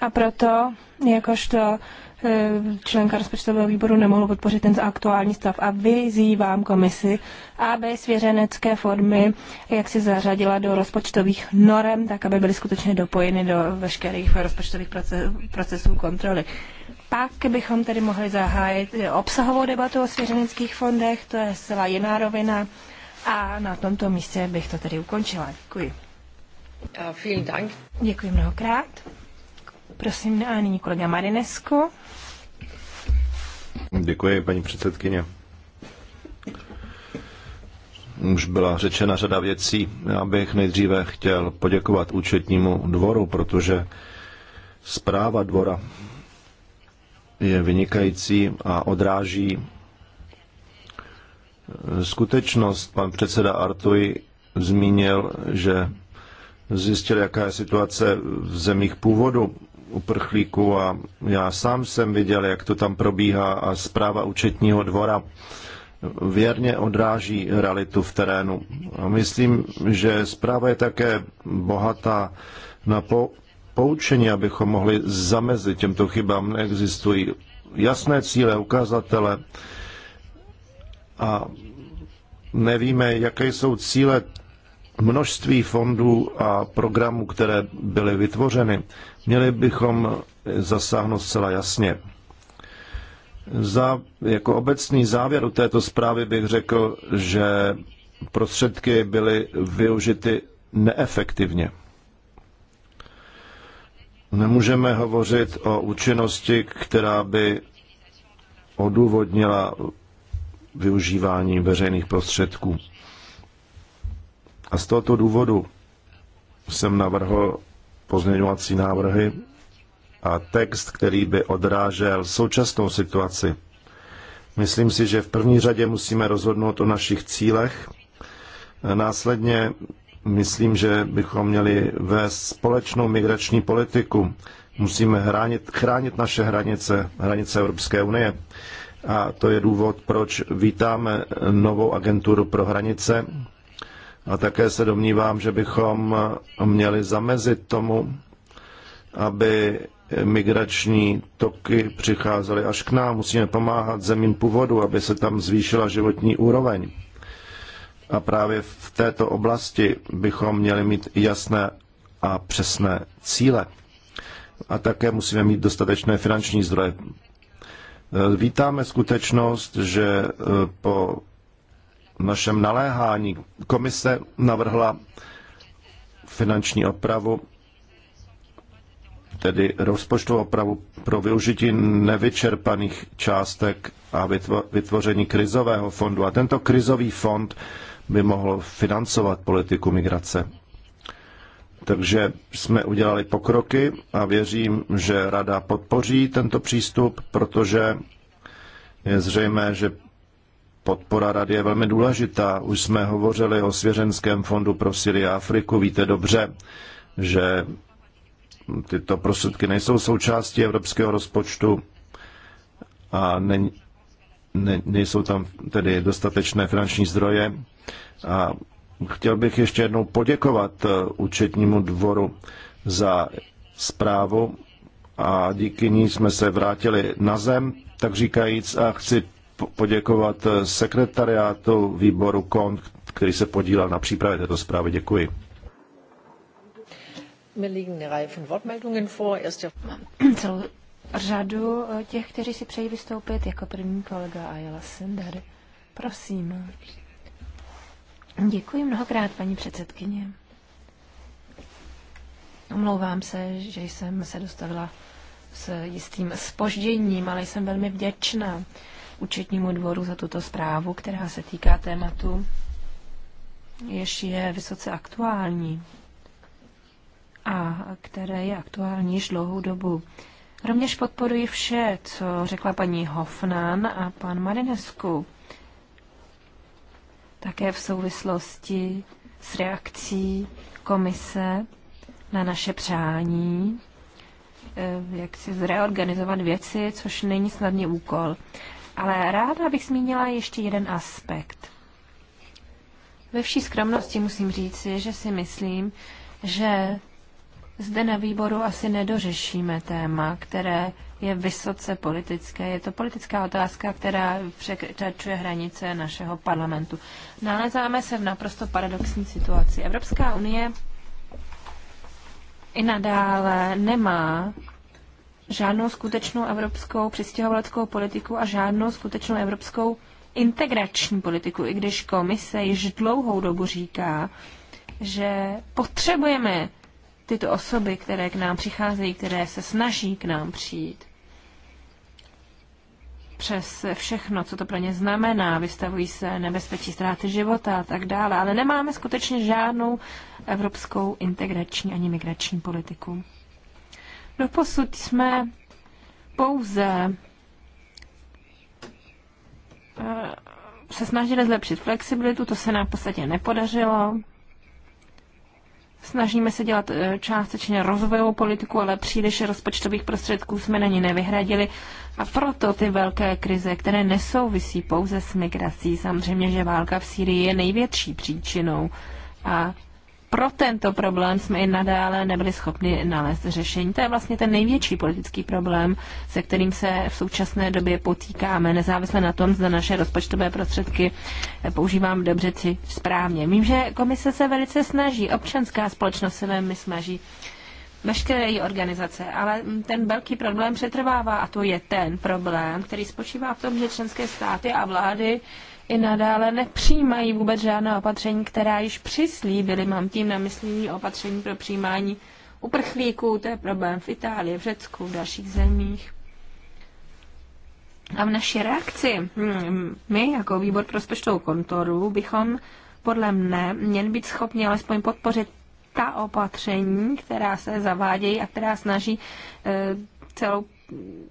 A proto, jakožto Eh, členka rozpočtového výboru nemohl podpořit ten aktuální stav a vyzývám komisi, aby svěřenecké formy jak si zařadila do rozpočtových norem, tak aby byly skutečně dopojeny do veškerých rozpočtových procesů kontroly. Pak bychom tedy mohli zahájit eh, obsahovou debatu o svěřeneckých fondech, to je celá jiná rovina a na tomto místě bych to tedy ukončila. Děkuji. Eh, vielen Dank. Děkuji mnohokrát. Prosím, a nyní kolega Marinesku. Děkuji, paní předsedkyně. Už byla řečena řada věcí. Já bych nejdříve chtěl poděkovat účetnímu dvoru, protože zpráva dvora je vynikající a odráží skutečnost. Pan předseda Artuj zmínil, že zjistil, jaká je situace v zemích původu uprchlíků a já sám jsem viděl, jak to tam probíhá a zpráva účetního dvora věrně odráží realitu v terénu. A myslím, že zpráva je také bohatá na po- poučení, abychom mohli zamezit těmto chybám. Neexistují jasné cíle, ukazatele a nevíme, jaké jsou cíle množství fondů a programů, které byly vytvořeny, měli bychom zasáhnout zcela jasně. Za, jako obecný závěr u této zprávy bych řekl, že prostředky byly využity neefektivně. Nemůžeme hovořit o účinnosti, která by odůvodnila využívání veřejných prostředků. A z tohoto důvodu jsem navrhl pozměňovací návrhy a text, který by odrážel současnou situaci. Myslím si, že v první řadě musíme rozhodnout o našich cílech. Následně myslím, že bychom měli vést společnou migrační politiku. Musíme hránit, chránit naše hranice, hranice Evropské unie. A to je důvod, proč vítáme novou agenturu pro hranice, a také se domnívám, že bychom měli zamezit tomu, aby migrační toky přicházely až k nám. Musíme pomáhat zemím původu, aby se tam zvýšila životní úroveň. A právě v této oblasti bychom měli mít jasné a přesné cíle. A také musíme mít dostatečné finanční zdroje. E, vítáme skutečnost, že e, po našem naléhání. Komise navrhla finanční opravu, tedy rozpočtovou opravu pro využití nevyčerpaných částek a vytvoření krizového fondu. A tento krizový fond by mohl financovat politiku migrace. Takže jsme udělali pokroky a věřím, že Rada podpoří tento přístup, protože je zřejmé, že podpora rady je velmi důležitá. Už jsme hovořili o Svěřenském fondu pro Syrii a Afriku. Víte dobře, že tyto prostředky nejsou součástí evropského rozpočtu a ne, ne, nejsou tam tedy dostatečné finanční zdroje. A chtěl bych ještě jednou poděkovat eh, účetnímu dvoru za zprávu a díky ní jsme se vrátili na zem, tak říkajíc, a chci poděkovat eh, sekretariátu výboru Kon, který se podílel na přípravě této zprávy. Děkuji. Mám celou řadu eh, těch, kteří si přejí vystoupit, jako první kolega Ayala Sender. Prosím. Děkuji mnohokrát, paní předsedkyně. Omlouvám se, že jsem se dostavila s jistým spožděním, ale jsem velmi vděčná účetnímu dvoru za tuto zprávu, která se týká tématu, jež je vysoce aktuální a které je aktuální již dlouhou dobu. Rovněž podporuji vše, co řekla paní Hofnan a pan Marinesku. Také v souvislosti s reakcí komise na naše přání, eh, jak si zreorganizovat věci, což není snadný úkol. Ale ráda bych zmínila ještě jeden aspekt. Ve vší skromnosti musím říct, že si myslím, že zde na výboru asi nedořešíme téma, které je vysoce politické. Je to politická otázka, která překračuje hranice našeho parlamentu. Nalezáme se v naprosto paradoxní situaci. Evropská unie i nadále nemá žádnou skutečnou evropskou přistěhovaleckou politiku a žádnou skutečnou evropskou integrační politiku, i když komise již dlouhou dobu říká, že potřebujeme tyto osoby, které k nám přicházejí, které se snaží k nám přijít. Přes všechno, co to pro ně znamená, vystavují se nebezpečí ztráty života a tak dále, ale nemáme skutečně žádnou evropskou integrační ani migrační politiku. Doposud jsme pouze eh, se snažili zlepšit flexibilitu, to se nám v podstatě nepodařilo. Snažíme se dělat eh, částečně rozvojovou politiku, ale příliš rozpočtových prostředků jsme na ní nevyhradili a proto ty velké krize, které nesouvisí pouze s migrací, samozřejmě, že válka v Sýrii je největší příčinou a pro tento problém jsme i nadále nebyli schopni nalézt řešení. To je vlastně ten největší politický problém, se kterým se v současné době potýkáme, nezávisle na tom, zda naše rozpočtové prostředky eh, používám dobře či správně. Vím, že komise se velice snaží, občanská společnost se velmi snaží, veškeré její organizace, ale mm, ten velký problém přetrvává a to je ten problém, který spočívá v tom, že členské státy a vlády i nadále nepřijímají vůbec žádná opatření, která již přislíbili. Mám tím na mysli opatření pro přijímání uprchlíků, to je problém v Itálii, v Řecku, v dalších zemích. A v naší reakci, hmm, my jako výbor pro rozpočtovou kontoru, bychom podle mne měli být schopni alespoň podpořit ta opatření, která se zavádějí a která snaží eh, celou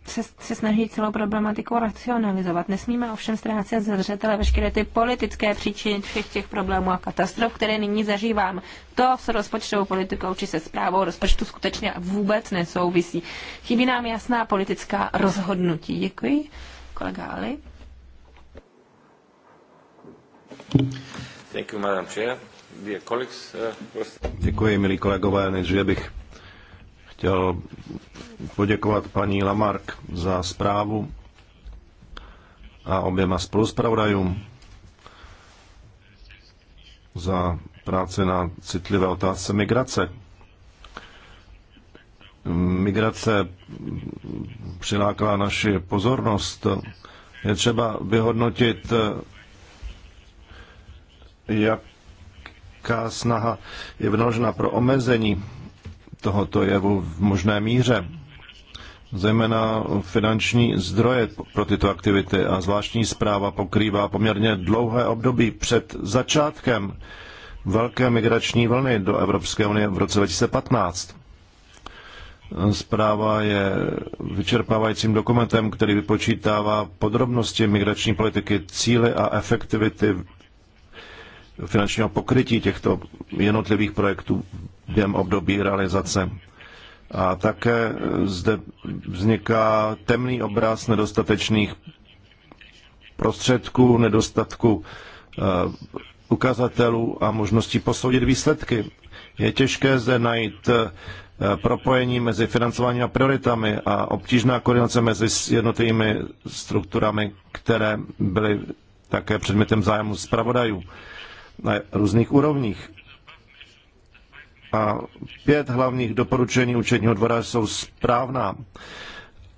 se, se snaží celou problematiku racionalizovat. Nesmíme ovšem ztrácet ze zřetele veškeré ty politické příčiny všech těch problémů a katastrof, které nyní zažívám. To s rozpočtovou politikou či se zprávou rozpočtu skutečně vůbec nesouvisí. Chybí nám jasná politická rozhodnutí. Děkuji. Kolega Ali. Děkuji, madam chair. Uh, Děkuji, milí kolegové. Než bych chtěl poděkovat paní Lamark za zprávu a oběma spoluzpravodajům za práci na citlivé otázce migrace. Migrace přilákala naši pozornost. Je třeba vyhodnotit, jaká snaha je vynaložena pro omezení tohoto jevu v možné míře zejména finanční zdroje pro tyto aktivity a zvláštní zpráva pokrývá poměrně dlouhé období před začátkem velké migrační vlny do Evropské unie v roce 2015. Zpráva je vyčerpávajícím dokumentem, který vypočítává podrobnosti migrační politiky, cíly a efektivity finančního pokrytí těchto jednotlivých projektů během období realizace. A také zde vzniká temný obraz nedostatečných prostředků, nedostatku eh, ukazatelů a možností posoudit výsledky. Je těžké zde najít eh, propojení mezi financováním a prioritami a obtížná koordinace mezi jednotlivými strukturami, které byly také předmětem zájmu zpravodajů na různých úrovních. A pět hlavních doporučení účetního dvora jsou správná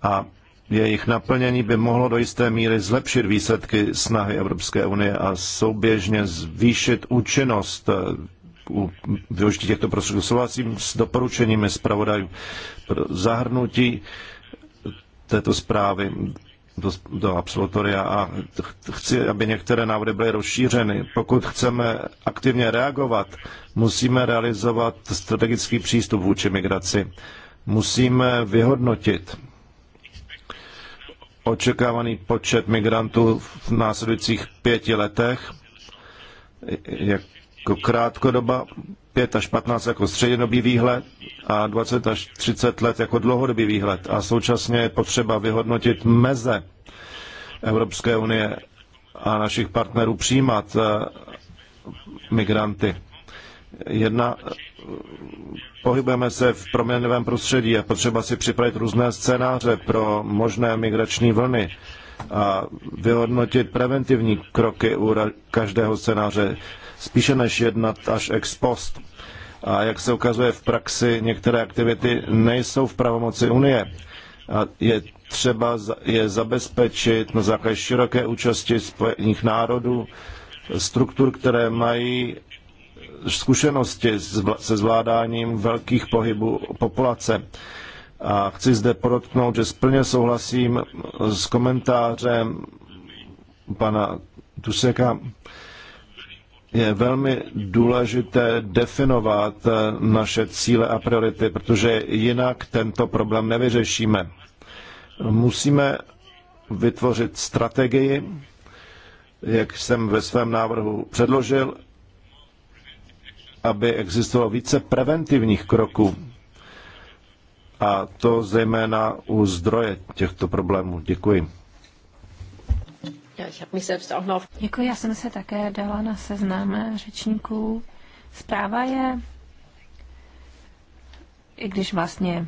a jejich naplnění by mohlo do jisté míry zlepšit výsledky snahy Evropské unie a souběžně zvýšit účinnost eh, u využití těchto prostředků. Souhlasím s doporučeními zpravodajů pro zahrnutí této zprávy do, do absolutoria a chci, aby některé návrhy byly rozšířeny. Pokud chceme aktivně reagovat, musíme realizovat strategický přístup vůči migraci. Musíme vyhodnotit očekávaný počet migrantů v následujících pěti letech jako krátkodoba 5 až 15 jako střednědobý výhled a 20 až 30 let jako dlouhodobý výhled. A současně je potřeba vyhodnotit meze Evropské unie a našich partnerů přijímat eh, migranty. Jedna, pohybujeme se v proměnlivém prostředí a potřeba si připravit různé scénáře pro možné migrační vlny a vyhodnotit preventivní kroky u každého scénáře, spíše než jednat až ex post. A jak se ukazuje v praxi, některé aktivity nejsou v pravomoci Unie. A je třeba je zabezpečit na základě široké účasti Spojených národů, struktur, které mají zkušenosti se zvládáním velkých pohybů populace. A chci zde podotknout, že splně souhlasím s komentářem pana Tuseka. Je velmi důležité definovat naše cíle a priority, protože jinak tento problém nevyřešíme. Musíme vytvořit strategii, jak jsem ve svém návrhu předložil, aby existovalo více preventivních kroků a to zejména u zdroje těchto problémů. Děkuji. Děkuji, já jsem se také dala na seznam řečníků. Zpráva je, i když vlastně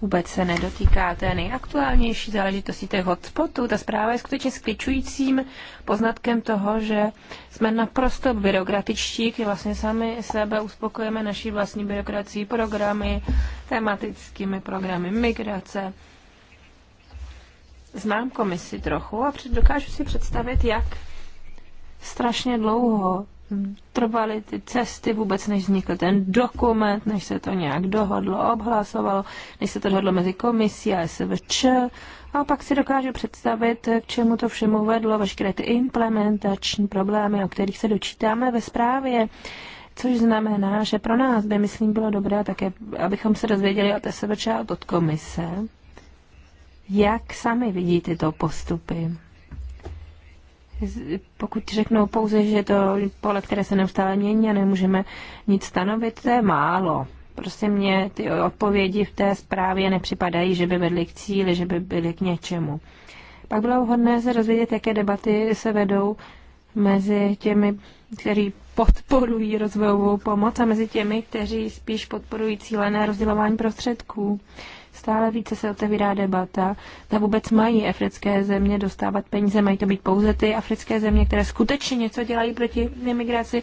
vůbec se nedotýká té nejaktuálnější záležitosti těch hotspotů. Ta zpráva je skutečně skličujícím poznatkem toho, že jsme naprosto byrokratičtí, kdy vlastně sami sebe uspokojíme naší vlastní byrokracií programy, tematickými programy migrace. Znám komisi trochu a dokážu si představit, jak strašně dlouho trvaly ty cesty vůbec, než vznikl ten dokument, než se to nějak dohodlo, obhlasovalo, než se to dohodlo mezi komisí a SVČ. A pak si dokáže představit, k čemu to všemu vedlo, veškeré ty implementační problémy, o kterých se dočítáme ve zprávě. Což znamená, že pro nás by, myslím, bylo dobré také, abychom se dozvěděli od SVČ a od komise, jak sami vidí tyto postupy pokud řeknou pouze, že to pole, které se neustále mění a nemůžeme nic stanovit, to je málo. Prostě mě ty odpovědi v té zprávě nepřipadají, že by vedly k cíli, že by byly k něčemu. Pak bylo vhodné se rozvědět, jaké debaty se vedou mezi těmi, kteří podporují rozvojovou pomoc a mezi těmi, kteří spíš podporují cílené rozdělování prostředků. Stále více se otevírá debata, zda vůbec mají africké země dostávat peníze, mají to být pouze ty africké země, které skutečně něco dělají proti imigraci,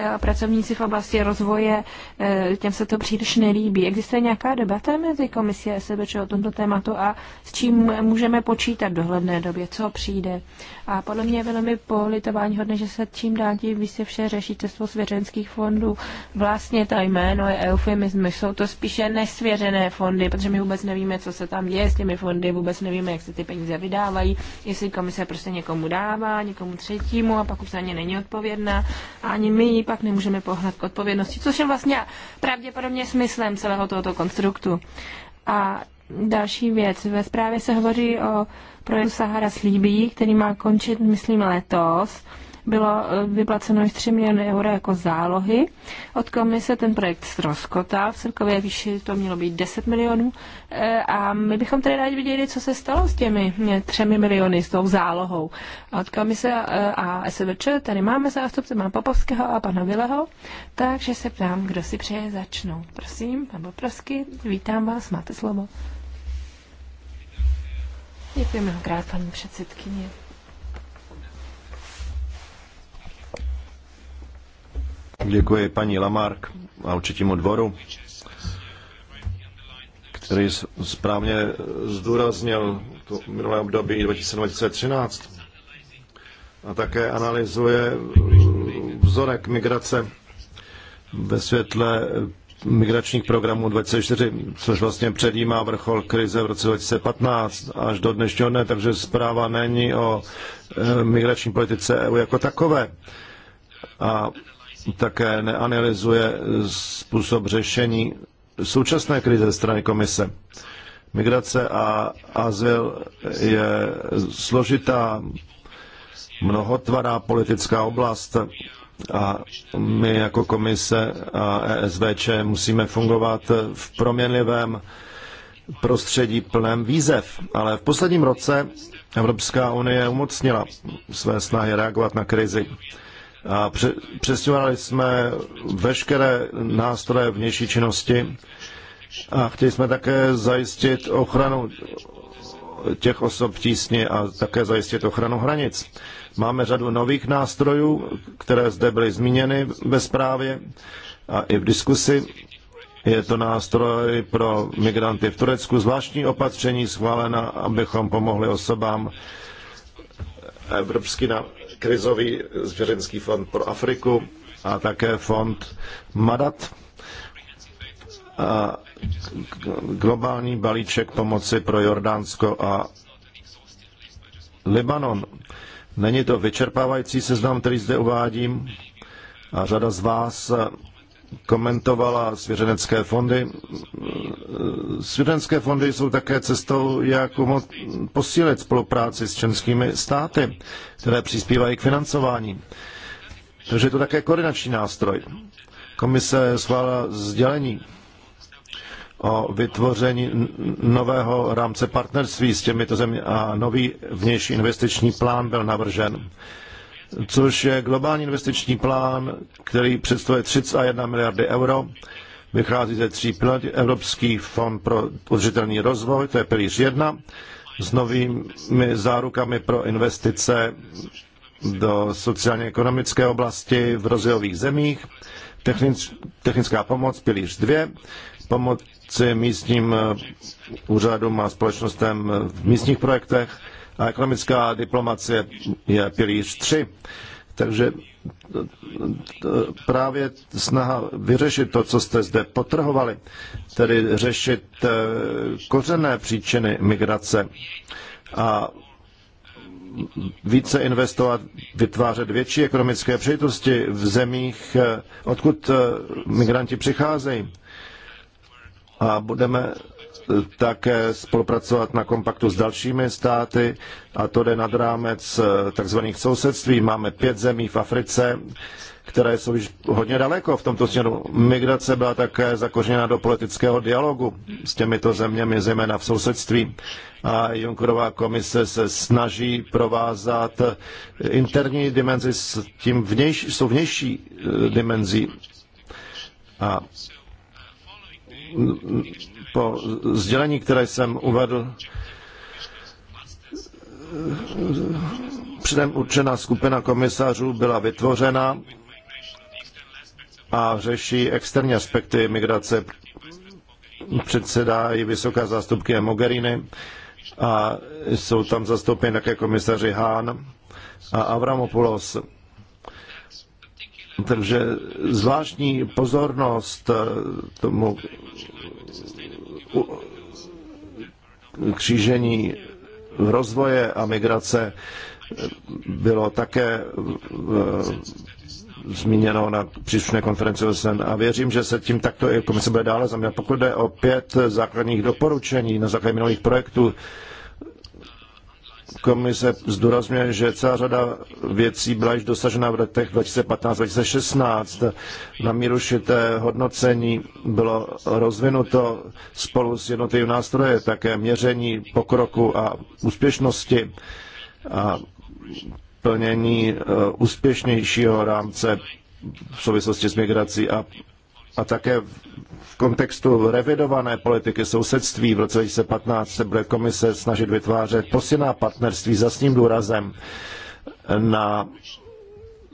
Eh, pracovníci v oblasti rozvoje, eh, těm se to příliš nelíbí. Existuje nějaká debata mezi komisí a SBČ o tomto tématu a s čím můžeme počítat v dohledné době, co přijde. A podle mě je velmi politování hodné, že se čím dál tím více vše řeší cestou svěřenských fondů. Vlastně ta jméno je eufemism, jsou to spíše nesvěřené fondy, protože my vůbec nevíme, co se tam děje s těmi fondy, vůbec nevíme, jak se ty peníze vydávají, jestli komise prostě někomu dává, někomu třetímu a pak už za ně není odpovědná. A ani my pak nemůžeme pohnat k odpovědnosti, což je vlastně pravděpodobně smyslem celého tohoto konstruktu. A další věc. Ve zprávě se hovoří o projektu Sahara slíbí, který má končit, myslím, letos bylo eh, vyplaceno již 3 miliony euro jako zálohy. Od komise ten projekt ztroskotal, v celkové výši to mělo být 10 milionů eh, a my bychom tedy rádi viděli, co se stalo s těmi 3 eh, miliony, s tou zálohou. Od komise a SVČ tady máme zástupce mám Popovského a pana Vileho, takže se ptám, kdo si přeje začnou. Prosím, pan Popovský, vítám vás, máte slovo. Děkuji mnohokrát, paní předsedkyně. Děkuji paní Lamark a určitímu dvoru, který správně zdůraznil to minulé období 2013 a také analyzuje vzorek migrace ve světle migračních programů 24, což vlastně předjímá vrchol krize v roce 2015 až do dnešního dne, takže zpráva není o eh, migrační politice EU jako takové. A také neanalyzuje způsob řešení současné krize ze strany komise. Migrace a azyl je složitá, mnohotvará politická oblast a my jako komise a ESVČ musíme fungovat v proměnlivém prostředí plném výzev. Ale v posledním roce Evropská unie umocnila své snahy reagovat na krizi a přestěhovali jsme veškeré nástroje vnější činnosti a chtěli jsme také zajistit ochranu těch osob v tísni a také zajistit ochranu hranic. Máme řadu nových nástrojů, které zde byly zmíněny ve zprávě a i v diskusi. Je to nástroj pro migranty v Turecku, zvláštní opatření schválena, abychom pomohli osobám evropský krizový zvěřenský fond pro Afriku a také fond Madat a globální balíček pomoci pro Jordánsko a Libanon. Není to vyčerpávající seznam, který zde uvádím a řada z vás komentovala svěřenecké fondy. Svěřenecké fondy jsou také cestou, jak posílit spolupráci s členskými státy, které přispívají k financování. Takže je to také koordinační nástroj. Komise schválila sdělení o vytvoření nového rámce partnerství s těmito zemi a nový vnější investiční plán byl navržen což je globální investiční plán, který představuje 31 miliardy euro. Vychází ze tří pilot, Evropský fond pro udržitelný rozvoj, to je pilíř 1, s novými zárukami pro investice do sociálně ekonomické oblasti v rozvojových zemích, Technic, technická pomoc, pilíř 2, pomoci místním úřadům a společnostem v místních projektech, a ekonomická diplomacie je pilíř 3. Takže eh, eh, právě snaha vyřešit to, co jste zde potrhovali, tedy řešit eh, kořené příčiny migrace a více investovat, vytvářet větší ekonomické přejitosti v zemích, odkud migranti přicházejí. A budeme také spolupracovat na kompaktu s dalšími státy a to jde nad rámec eh, tzv. sousedství. Máme pět zemí v Africe, které jsou již hodně daleko v tomto směru. Migrace byla také zakořeněna do politického dialogu s těmito zeměmi, zejména v sousedství. A Junckerová komise se snaží provázat interní dimenzi s tím vnější, jsou vnější eh, dimenzí. A po sdělení, které jsem uvedl, předem určená skupina komisařů byla vytvořena a řeší externí aspekty migrace. Předsedá i vysoká zástupkyně Mogherini a jsou tam zastoupeni také komisaři Hán a Avramopoulos. Takže zvláštní pozornost tomu křížení rozvoje a migrace eh, bylo také eh, zmíněno na příslušné konferenci OSN a věřím, že se tím takto i komise bude dále zaměřit. Pokud jde o pět základních doporučení na základě minulých projektů, Komise zdůrazňuje, že celá řada věcí byla již dosažena v letech 2015-2016. Na míru šité hodnocení bylo rozvinuto spolu s jednotlivými nástroje, také měření pokroku a úspěšnosti a plnění eh, úspěšnějšího rámce v souvislosti s migrací a a také v kontextu revidované politiky sousedství v roce 2015 se bude komise snažit vytvářet posilná partnerství za s ním důrazem na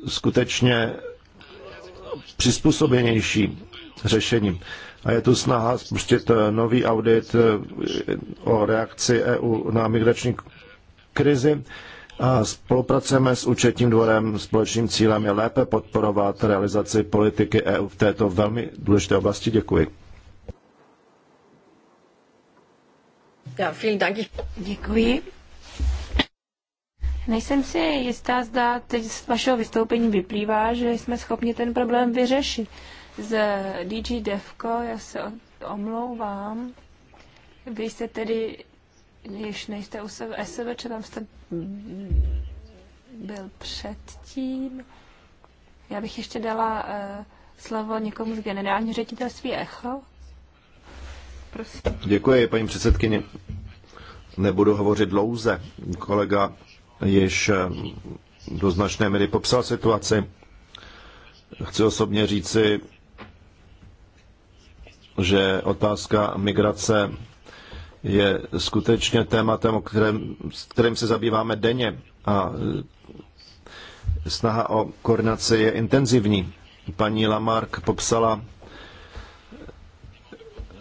skutečně přizpůsobenější řešení. A je tu snaha spustit nový audit o reakci EU na migrační krizi spolupracujeme s účetním dvorem. Společným cílem je lépe podporovat realizaci politiky EU v této velmi důležité oblasti. Děkuji. Ja, vielen Dank. Děkuji. Nejsem si jistá, zda teď z vašeho vystoupení vyplývá, že jsme schopni ten problém vyřešit. Z DG Devco, já se omlouvám, vy jste tedy již nejste u sebe, SVČ, tam jste byl předtím. Já bych ještě dala uh, slovo někomu z generálního ředitelství ECHO. Prosím. Děkuji, paní předsedkyně. Nebudu hovořit dlouze. Kolega již eh, do značné míry popsal situaci. Chci osobně říci, že otázka migrace je skutečně tématem, o kterém, s kterým se zabýváme denně a e, snaha o koordinaci je intenzivní. Paní Lamarck popsala e,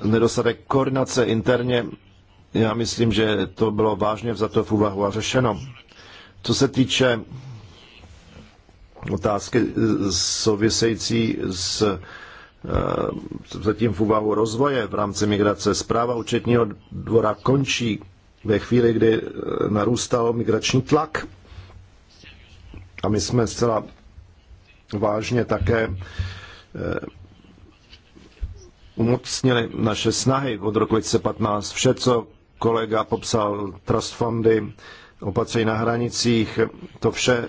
nedostatek koordinace interně. Já myslím, že to bylo vážně vzato v úvahu a řešeno. Co se týče otázky e, související s zatím eh, v úvahu rozvoje v rámci migrace. Zpráva účetního dvora končí ve chvíli, kdy eh, narůstal migrační tlak. A my jsme zcela vážně také eh, umocnili naše snahy od roku 2015. Vše, co kolega popsal, trust fundy, opatření na hranicích, to vše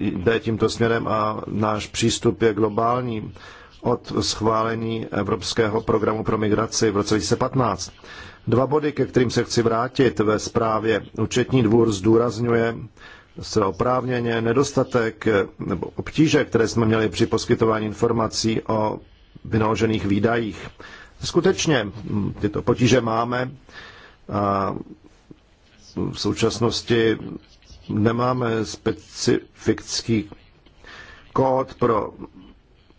jde tímto směrem a náš přístup je globální od schválení Evropského programu pro migraci v roce 2015. Dva body, ke kterým se chci vrátit ve zprávě. Účetní dvůr zdůrazňuje zcela oprávněně nedostatek nebo obtíže, které jsme měli při poskytování informací o vynaložených výdajích. Skutečně tyto potíže máme. A v současnosti nemáme specifický kód pro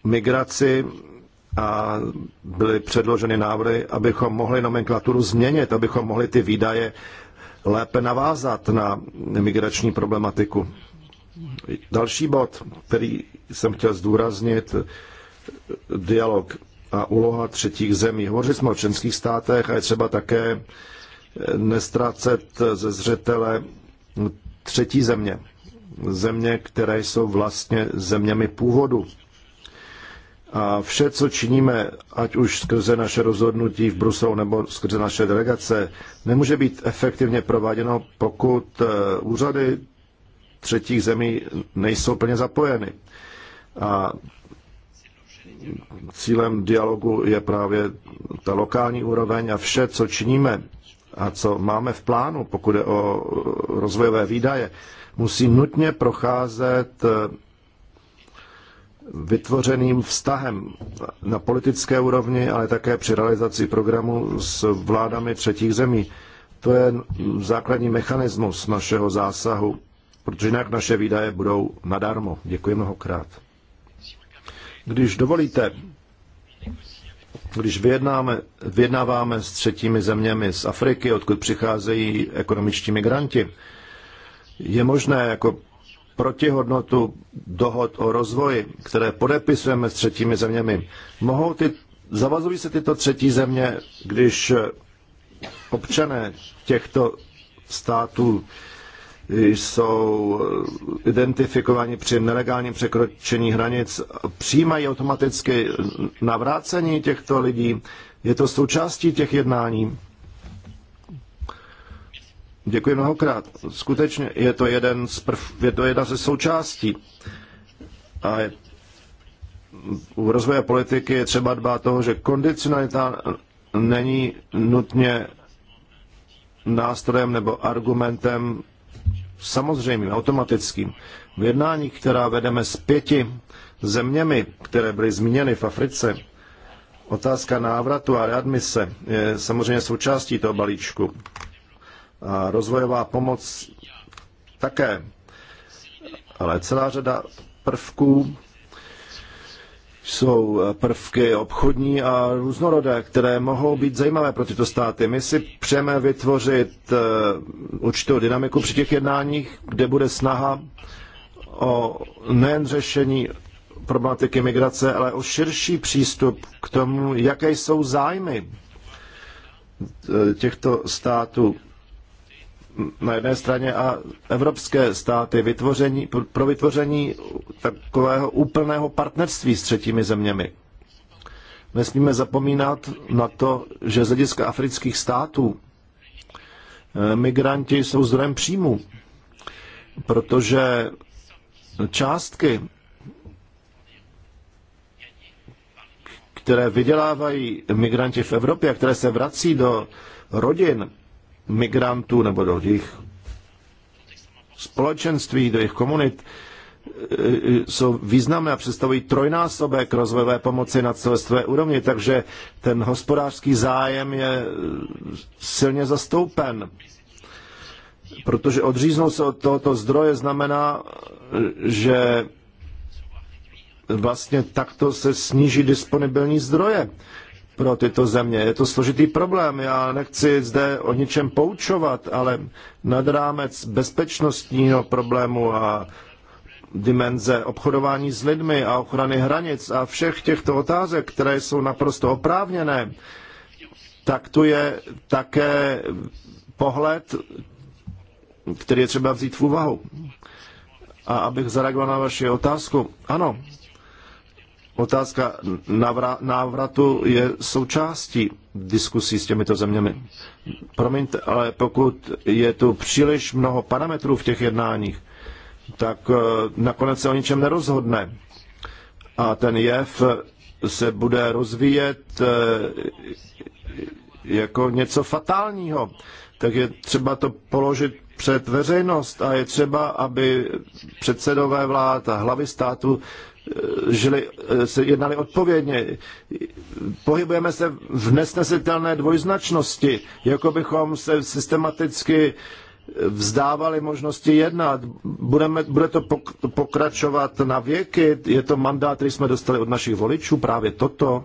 migraci a byly předloženy návrhy, abychom mohli nomenklaturu změnit, abychom mohli ty výdaje lépe navázat na migrační problematiku. Další bod, který jsem chtěl zdůraznit, dialog a úloha třetích zemí. Hovořili jsme o členských státech a je třeba také nestrácet ze zřetele třetí země. Země, které jsou vlastně zeměmi původu a vše, co činíme, ať už skrze naše rozhodnutí v Bruselu nebo skrze naše delegace, nemůže být efektivně prováděno, pokud eh, úřady třetích zemí nejsou plně zapojeny. A cílem dialogu je právě ta lokální úroveň a vše, co činíme a co máme v plánu, pokud je o eh, rozvojové výdaje, musí nutně procházet eh, vytvořeným vztahem na politické úrovni, ale také při realizaci programu s vládami třetích zemí. To je základní mechanismus našeho zásahu, protože jinak naše výdaje budou nadarmo. Děkuji mnohokrát. Když dovolíte, když vyjednáme, vyjednáváme s třetími zeměmi z Afriky, odkud přicházejí ekonomičtí migranti, je možné jako protihodnotu dohod o rozvoji, které podepisujeme s třetími zeměmi. Mohou ty, zavazují se tyto třetí země, když občané těchto států jsou identifikováni při nelegálním překročení hranic, přijímají automaticky navrácení těchto lidí. Je to součástí těch jednání. Děkuji mnohokrát. Skutečně je to, jeden z prv, je to jedna ze součástí. A je, u rozvoje politiky je třeba dbát toho, že kondicionalita není nutně nástrojem nebo argumentem samozřejmým, automatickým. V jednání, která vedeme s pěti zeměmi, které byly zmíněny v Africe, otázka návratu a readmise je samozřejmě součástí toho balíčku a rozvojová pomoc také. Ale celá řada prvků jsou prvky obchodní a různorodé, které mohou být zajímavé pro tyto státy. My si přejeme vytvořit eh, určitou dynamiku při těch jednáních, kde bude snaha o nejen řešení problematiky migrace, ale o širší přístup k tomu, jaké jsou zájmy eh, těchto států na jedné straně a evropské státy vytvoření, pro vytvoření takového úplného partnerství s třetími zeměmi. Nesmíme zapomínat na to, že z hlediska afrických států eh, migranti jsou zdrojem příjmu, protože částky, které vydělávají migranti v Evropě a které se vrací do rodin, migrantů nebo do jejich společenství, do jejich komunit eh, jsou významné a představují trojnásobek rozvojové pomoci na celostové úrovni, takže ten hospodářský zájem je silně zastoupen. Protože odříznout se od tohoto zdroje znamená, že vlastně takto se sníží disponibilní zdroje pro tyto země. Je to složitý problém, já nechci zde o ničem poučovat, ale nad rámec bezpečnostního problému a dimenze obchodování s lidmi a ochrany hranic a všech těchto otázek, které jsou naprosto oprávněné, tak tu je také pohled, který je třeba vzít v úvahu. A abych zareagoval na vaši otázku, ano, Otázka návratu je součástí diskusí s těmito zeměmi. Promiňte, ale pokud je tu příliš mnoho parametrů v těch jednáních, tak eh, nakonec se o ničem nerozhodne. A ten jev se bude rozvíjet eh, jako něco fatálního. Tak je třeba to položit před veřejnost a je třeba, aby předsedové vlád a hlavy státu žili, se jednali odpovědně. Pohybujeme se v nesnesitelné dvojznačnosti, jako bychom se systematicky vzdávali možnosti jednat. Budeme, bude to pokračovat na věky? Je to mandát, který jsme dostali od našich voličů, právě toto?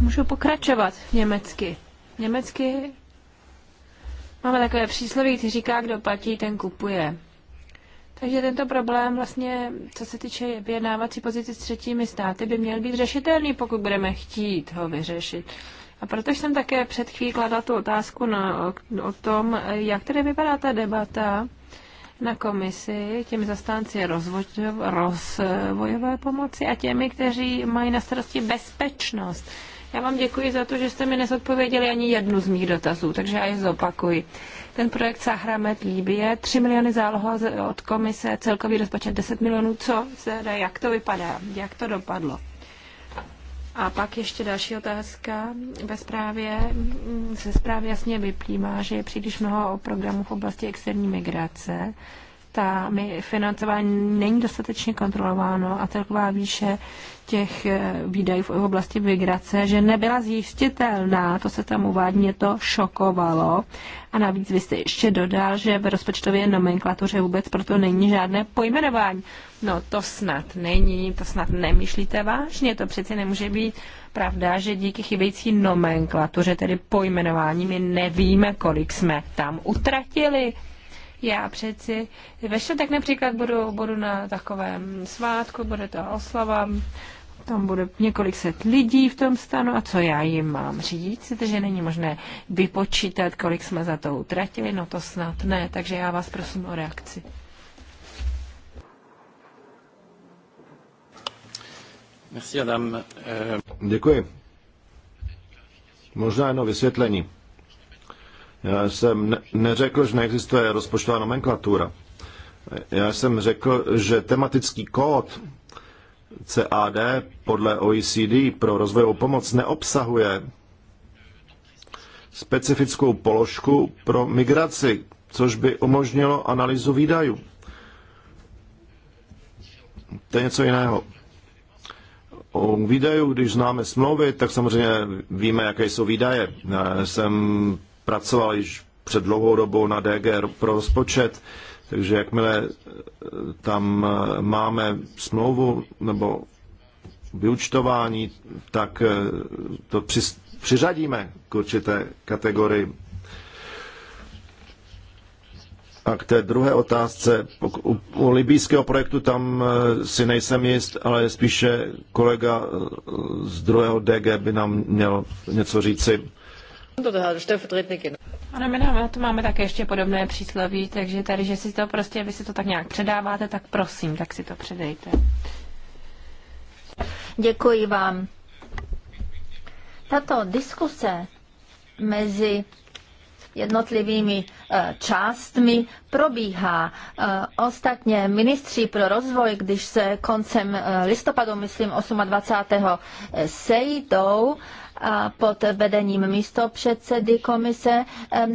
Můžu pokračovat německy. Německy máme takové přísloví, který říká, kdo platí, ten kupuje. Takže tento problém vlastně, co se týče vyjednávací pozice s třetími státy, by měl být řešitelný, pokud budeme chtít ho vyřešit. A proto jsem také před chvílí kladla tu otázku na, o, o tom, jak tedy vypadá ta debata na komisi těmi zastánci rozvojové pomoci a těmi, kteří mají na starosti bezpečnost. Já vám děkuji za to, že jste mi nezodpověděli ani jednu z mých dotazů, takže já je zopakuji. Ten projekt Sahramet Líbie, 3 miliony záloha od komise, celkový rozpočet 10 milionů, co teda, jak to vypadá, jak to dopadlo? A pak ještě další otázka. Ve zprávě se mm, zprávě jasně vyplývá, že je příliš mnoho programů v oblasti externí migrace státami financování není dostatečně kontrolováno a celková výše těch eh, výdajů v oblasti migrace, že nebyla zjistitelná. to se tam uvádí, mě to šokovalo. A navíc vy jste ještě dodal, že v rozpočtové nomenklatuře vůbec proto není žádné pojmenování. No to snad není, to snad nemýšlíte vážně, to přeci nemůže být pravda, že díky chybějící nomenklatuře, tedy pojmenování, my nevíme, kolik jsme tam utratili. Já přeci ve tak například budu, budu na takovém svátku, bude to oslava, tam bude několik set lidí v tom stanu a co já jim mám říct, že není možné vypočítat, kolik jsme za to utratili, no to snad ne, takže já vás prosím o reakci. Děkuji. Možná jenom vysvětlení. Já jsem neřekl, že neexistuje rozpočtová nomenklatura. Já jsem řekl, že tematický kód CAD podle OECD pro rozvojovou pomoc neobsahuje specifickou položku pro migraci, což by umožnilo analýzu výdajů. To je něco jiného. O výdajů, když známe smlouvy, tak samozřejmě víme, jaké jsou výdaje. Já jsem pracoval již před dlouhou dobou na DG pro rozpočet, takže jakmile eh, tam eh, máme smlouvu nebo vyučtování, tak eh, to při, přiřadíme k určité kategorii. A k té druhé otázce, u, u libýského projektu tam si nejsem jist, ale spíše kolega z druhého DG by nám měl něco říci. Ano, my na to máme také ještě podobné přísloví, takže tady, že si to prostě, vy si to tak nějak předáváte, tak prosím, tak si to předejte. Děkuji vám. Tato diskuse mezi jednotlivými eh, částmi probíhá. Eh, ostatně ministři pro rozvoj, když se koncem eh, listopadu, myslím 28. sejdou, a pod vedením místo předsedy komise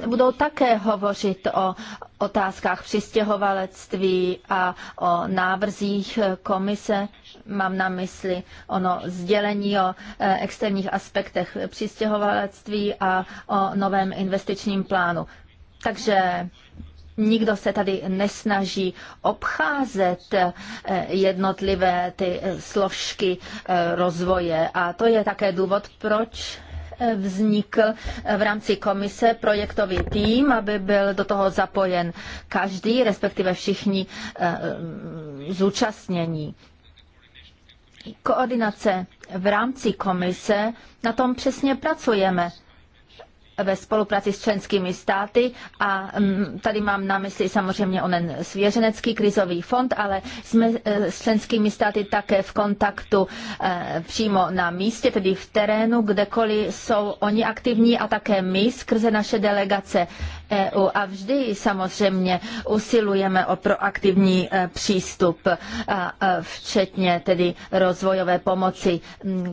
budou také hovořit o otázkách přistěhovalectví a o návrzích komise. Mám na mysli ono sdělení o e, externích aspektech přistěhovalectví a o novém investičním plánu. Takže Nikdo se tady nesnaží obcházet eh, jednotlivé ty eh, složky eh, rozvoje a to je také důvod, proč vznikl v rámci komise projektový tým, aby byl do toho zapojen každý, respektive všichni zúčastnění. Koordinace v rámci komise, na tom přesně pracujeme ve spolupráci s členskými státy a mm, tady mám na mysli samozřejmě onen svěřenecký krizový fond, ale jsme e, s členskými státy také v kontaktu e, přímo na místě, tedy v terénu, kdekoliv jsou oni aktivní a také my skrze naše delegace EU a vždy samozřejmě usilujeme o proaktivní e, přístup, včetně tedy rozvojové pomoci,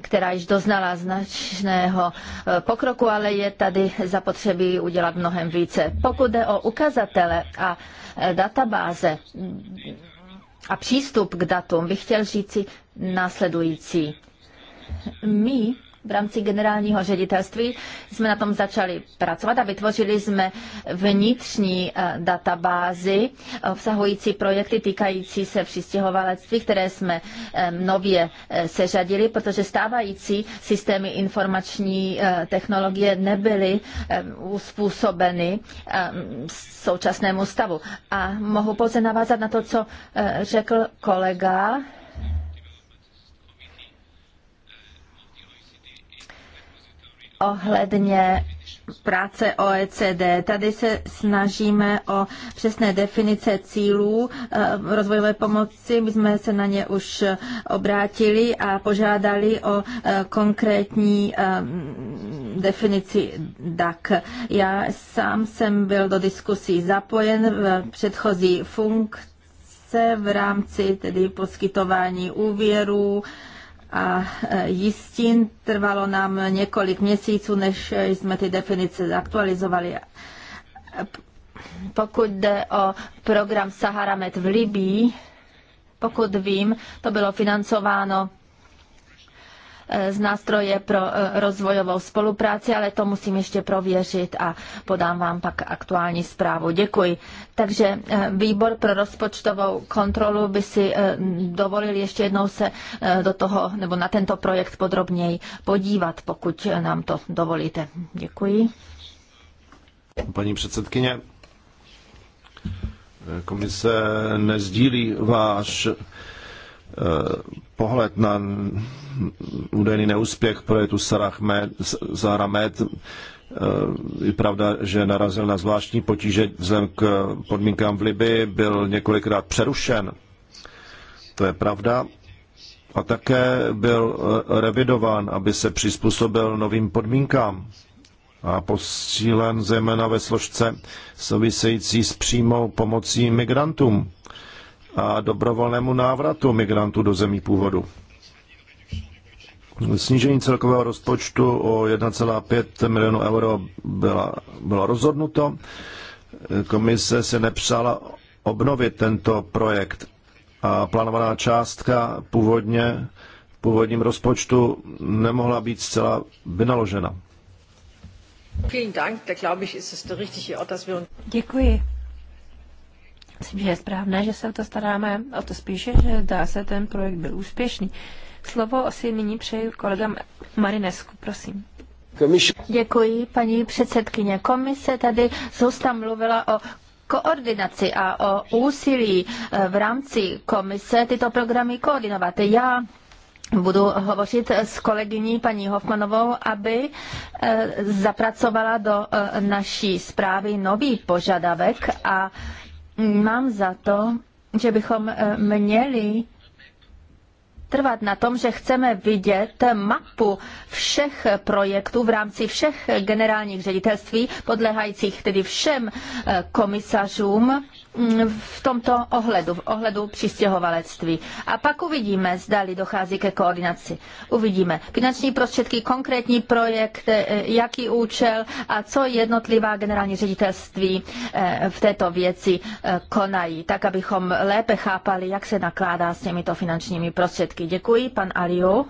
která již doznala značného e, pokroku, ale je tady zapotřebí udělat mnohem více. Pokud jde o ukazatele a e, databáze a přístup k datům, bych chtěl říci následující. My v rámci generálního ředitelství jsme na tom začali pracovat a vytvořili jsme vnitřní eh, databázy obsahující projekty týkající se přistěhovalectví, které jsme eh, nově eh, seřadili, protože stávající systémy informační technologie nebyly uspůsobeny současnému stavu. A mohu pouze navázat na to, co řekl kolega ohledně práce OECD. Tady se snažíme o přesné definice cílů eh, rozvojové pomoci. My jsme se na ně už obrátili a požádali o eh, konkrétní eh, definici DAC. Já sám jsem byl do diskusí zapojen v předchozí funkci v rámci tedy poskytování úvěrů, a e, jistin. Trvalo nám několik měsíců, než jsme ty definice zaktualizovali. Pokud jde o program Saharamet v Libii, pokud vím, to bylo financováno z nástroje pro e, rozvojovou spolupráci, ale to musím ještě prověřit a podám vám pak aktuální zprávu. Děkuji. Takže e, výbor pro rozpočtovou kontrolu by si e, dovolil ještě jednou se do toho nebo na tento projekt podrobněji podívat, pokud nám to dovolíte. Děkuji. Paní předsedkyně, komise nezdílí váš pohled na údajný neúspěch projektu Zahra Med. Eh, je pravda, že narazil na zvláštní potíže vzhledem k podmínkám v Libii, byl několikrát přerušen. To je pravda. A také byl eh, revidován, aby se přizpůsobil novým podmínkám a posílen zejména ve složce související s přímou pomocí migrantům a dobrovolnému návratu migrantů do zemí původu. Snížení celkového rozpočtu o 1,5 milionu euro byla, bylo rozhodnuto. Komise se nepřála obnovit tento projekt a plánovaná částka původně v původním rozpočtu nemohla být zcela vynaložena. Děkuji. Myslím, že je správné, že se o to staráme, o to spíše, že dá se, ten projekt byl úspěšný. Slovo asi nyní přeji kolega Marinesku, prosím. Děkuji, paní předsedkyně. Komise tady zůsta mluvila o koordinaci a o úsilí eh, v rámci komise tyto programy koordinovat. Já budu hovořit s kolegyní paní Hofmanovou, aby eh, zapracovala do eh, naší zprávy nový požadavek a mám za to, že bychom eh, měli trvat na tom, že chceme vidět mapu všech projektů v rámci všech generálních ředitelství, podléhajících tedy všem eh, komisařům v tomto ohledu, v ohledu přistěhovalectví. A pak uvidíme, zdali dochází ke koordinaci. Uvidíme finanční prostředky, konkrétní projekt, eh, jaký účel a co jednotlivá generální ředitelství eh, v této věci eh, konají, tak abychom lépe chápali, jak se nakládá s těmito finančními prostředky. Děkuji, pan Aliu.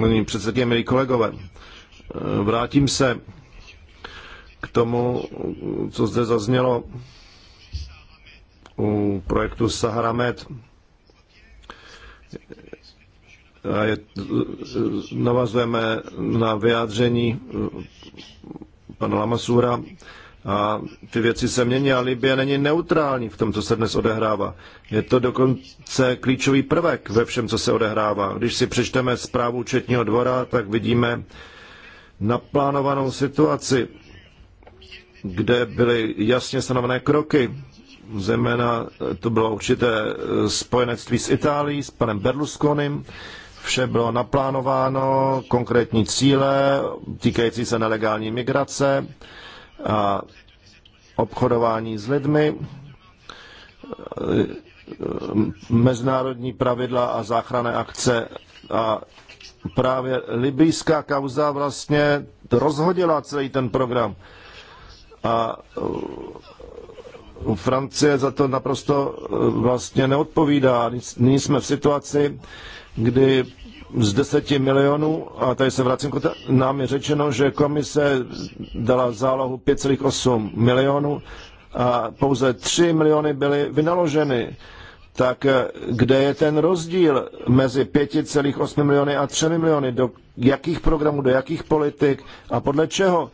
Paní předsedkyně, milí kolegové, vrátím se k tomu, co zde zaznělo u projektu Saharamed. A je, navazujeme na vyjádření pana Lamasura a ty věci se mění a Libie není neutrální v tom, co se dnes odehrává. Je to dokonce klíčový prvek ve všem, co se odehrává. Když si přečteme zprávu Četního dvora, tak vidíme naplánovanou situaci kde byly jasně stanovené kroky. Zejména to bylo určité eh, spojenectví s Itálií, s panem Berlusconim. Vše bylo naplánováno, konkrétní cíle týkající se nelegální migrace a obchodování s lidmi, eh, mezinárodní pravidla a záchranné akce a právě libijská kauza vlastně rozhodila celý ten program. A e, Francie za to naprosto e, vlastně neodpovídá. Nyní jsme v situaci, kdy z deseti milionů, a tady se vracím, nám je řečeno, že komise dala zálohu 5,8 milionů a pouze 3 miliony byly vynaloženy. Tak e, kde je ten rozdíl mezi 5,8 miliony a 3 miliony? Do jakých programů, do jakých politik a podle čeho?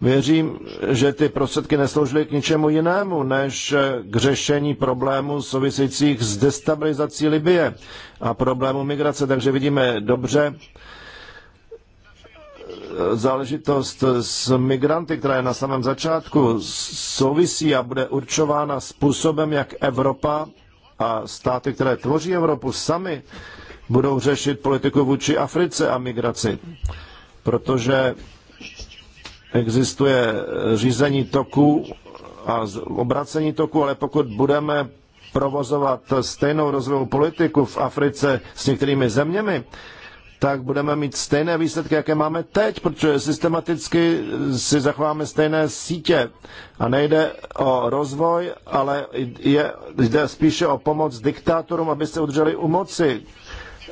Věřím, že ty prostředky nesloužily k ničemu jinému, než k řešení problémů souvisejících s destabilizací Libie a problému migrace. Takže vidíme dobře záležitost s migranty, která je na samém začátku, souvisí a bude určována způsobem, jak Evropa a státy, které tvoří Evropu, sami budou řešit politiku vůči Africe a migraci. Protože existuje řízení toku a obracení toku, ale pokud budeme provozovat stejnou rozvojovou politiku v Africe s některými zeměmi, tak budeme mít stejné výsledky, jaké máme teď, protože systematicky si zachováme stejné sítě. A nejde o rozvoj, ale je, jde spíše o pomoc diktátorům, aby se udrželi u moci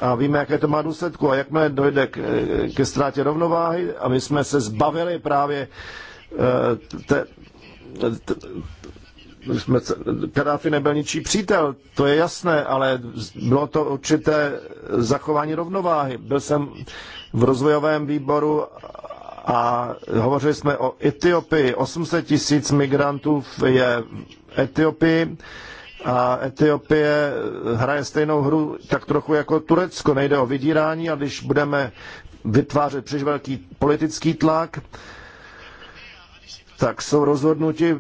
a víme, jaké to má důsledku. A jakmile dojde k, ke ztrátě rovnováhy, a my jsme se zbavili právě eh, te, te, jsme, Kadáfi nebyl ničí přítel, to je jasné, ale bylo to určité zachování rovnováhy. Byl jsem v rozvojovém výboru a hovořili jsme o Etiopii. 800 tisíc migrantů je v Etiopii a Etiopie hraje stejnou hru tak trochu jako Turecko. Nejde o vydírání a když budeme vytvářet příliš velký politický tlak, tak jsou rozhodnuti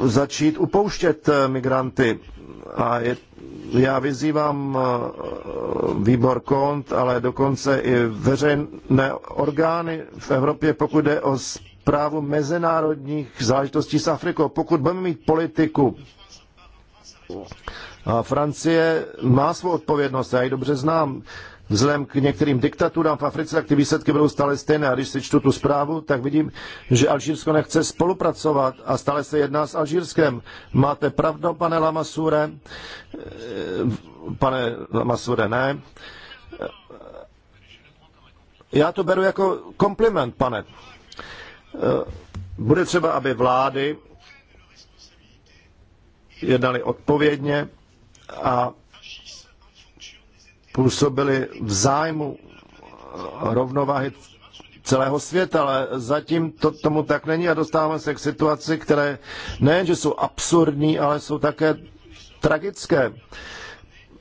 začít upouštět eh, migranty. A je, já vyzývám eh, výbor kont, ale dokonce i veřejné orgány v Evropě, pokud jde o právu mezinárodních záležitostí s Afrikou. Pokud budeme mít politiku a Francie má svou odpovědnost, já ji dobře znám. Vzhledem k některým diktaturám v Africe, tak ty výsledky budou stále stejné. A když si čtu tu zprávu, tak vidím, že Alžírsko nechce spolupracovat a stále se jedná s Alžírskem. Máte pravdu, pane Lamasure? Pane Lamasure, ne. Já to beru jako kompliment, pane. Bude třeba, aby vlády jednali odpovědně a působili v zájmu rovnováhy celého světa, ale zatím to, tomu tak není a dostáváme se k situaci, které nejenže jsou absurdní, ale jsou také tragické,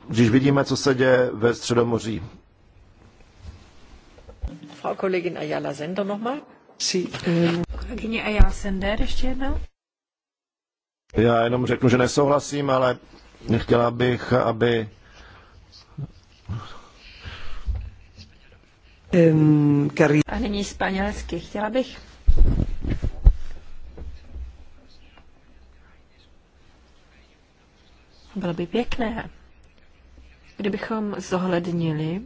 když vidíme, co se děje ve Středomoří. Frau Kollegin Ayala Sender nochmal. Kolegyně Ayala Sender ještě jednou. Já jenom řeknu, že nesouhlasím, ale chtěla bych, aby a nyní španělsky. Chtěla bych Bylo by pěkné, kdybychom zohlednili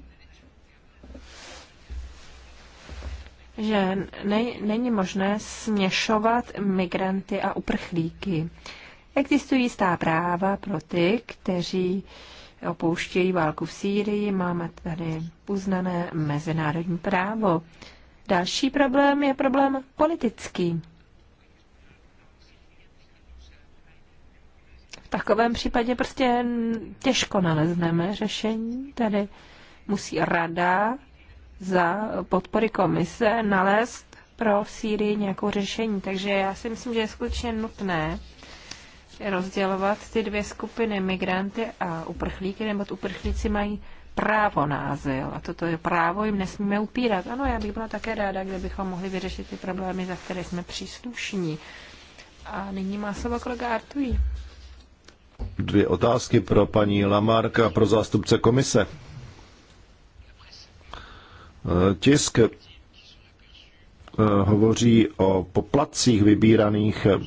že ne, není možné směšovat migranty a uprchlíky. Existují jistá práva pro ty, kteří opouštějí válku v Sýrii, máme tady uznané mezinárodní právo. Další problém je problém politický. V takovém případě prostě těžko nalezneme řešení. Tady musí rada za podpory komise nalézt pro Sýrii nějakou řešení. Takže já si myslím, že je skutečně nutné rozdělovat ty dvě skupiny, migranty a uprchlíky, nebo uprchlíci mají právo na azyl a toto je právo jim nesmíme upírat. Ano, já bych byla také ráda, kdybychom mohli vyřešit ty problémy, za které jsme příslušní. A nyní má slovo kolega Artují. Dvě otázky pro paní Lamarka, pro zástupce komise. Tisk eh, hovoří o poplacích vybíraných eh,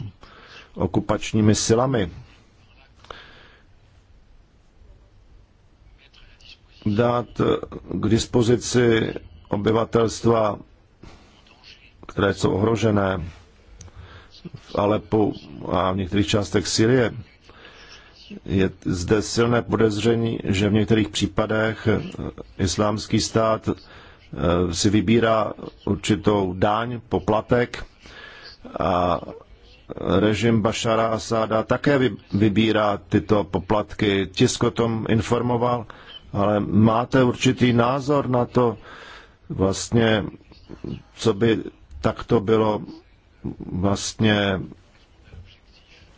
okupačními silami. Dát eh, k dispozici obyvatelstva, které jsou ohrožené v Alepu a v některých částech Syrie, je zde silné podezření, že v některých případech islámský stát Eh, si vybírá určitou daň, poplatek a režim Bašara Asáda také vybírá tyto poplatky. Tisk o tom informoval, ale máte určitý názor na to, vlastně, co by takto bylo vlastně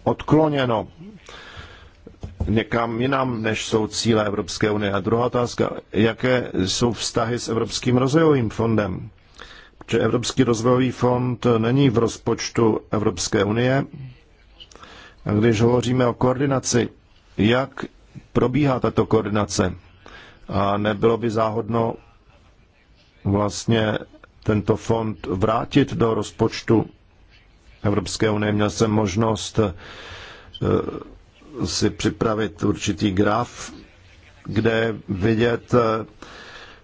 odkloněno někam jinam, než jsou cíle Evropské unie. A druhá otázka, jaké jsou vztahy s Evropským rozvojovým fondem? Protože Evropský rozvojový fond není v rozpočtu Evropské unie. A když hovoříme o koordinaci, jak probíhá tato koordinace? A nebylo by záhodno vlastně tento fond vrátit do rozpočtu Evropské unie. Měl jsem možnost eh, si připravit určitý graf, kde vidět eh,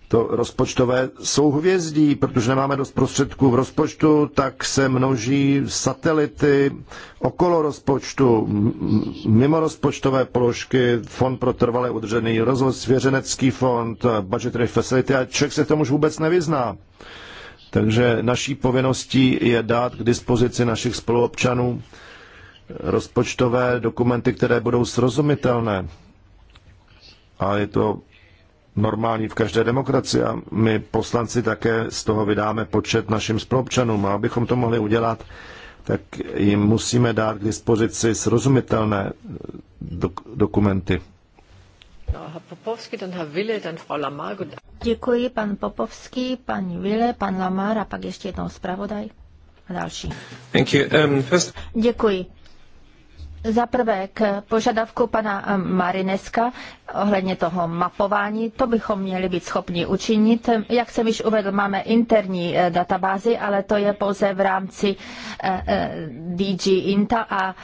to rozpočtové souhvězdí, protože nemáme dost prostředků v rozpočtu, tak se množí satelity okolo rozpočtu, mimo rozpočtové položky, fond pro trvalé udržený rozvoj, svěřenecký fond, eh, budgetary facility a člověk se tomu už vůbec nevyzná. Takže naší povinností je dát k dispozici našich spoluobčanů rozpočtové dokumenty, které budou srozumitelné. A je to normální v každé demokracii a my poslanci také z toho vydáme počet našim spolupčanům. A abychom to mohli udělat, tak jim musíme dát k dispozici srozumitelné dok- dokumenty. Děkuji, pan Popovský, pan Vile, pan Lamar a pak ještě jednou zpravodaj a další. Thank you. Um, first... Děkuji. Za prvé k požadavku pana Marineska ohledně toho mapování, to bychom měli být schopni učinit. Jak jsem již uvedl, máme interní eh, databázi, ale to je pouze v rámci eh, eh, DG INTA a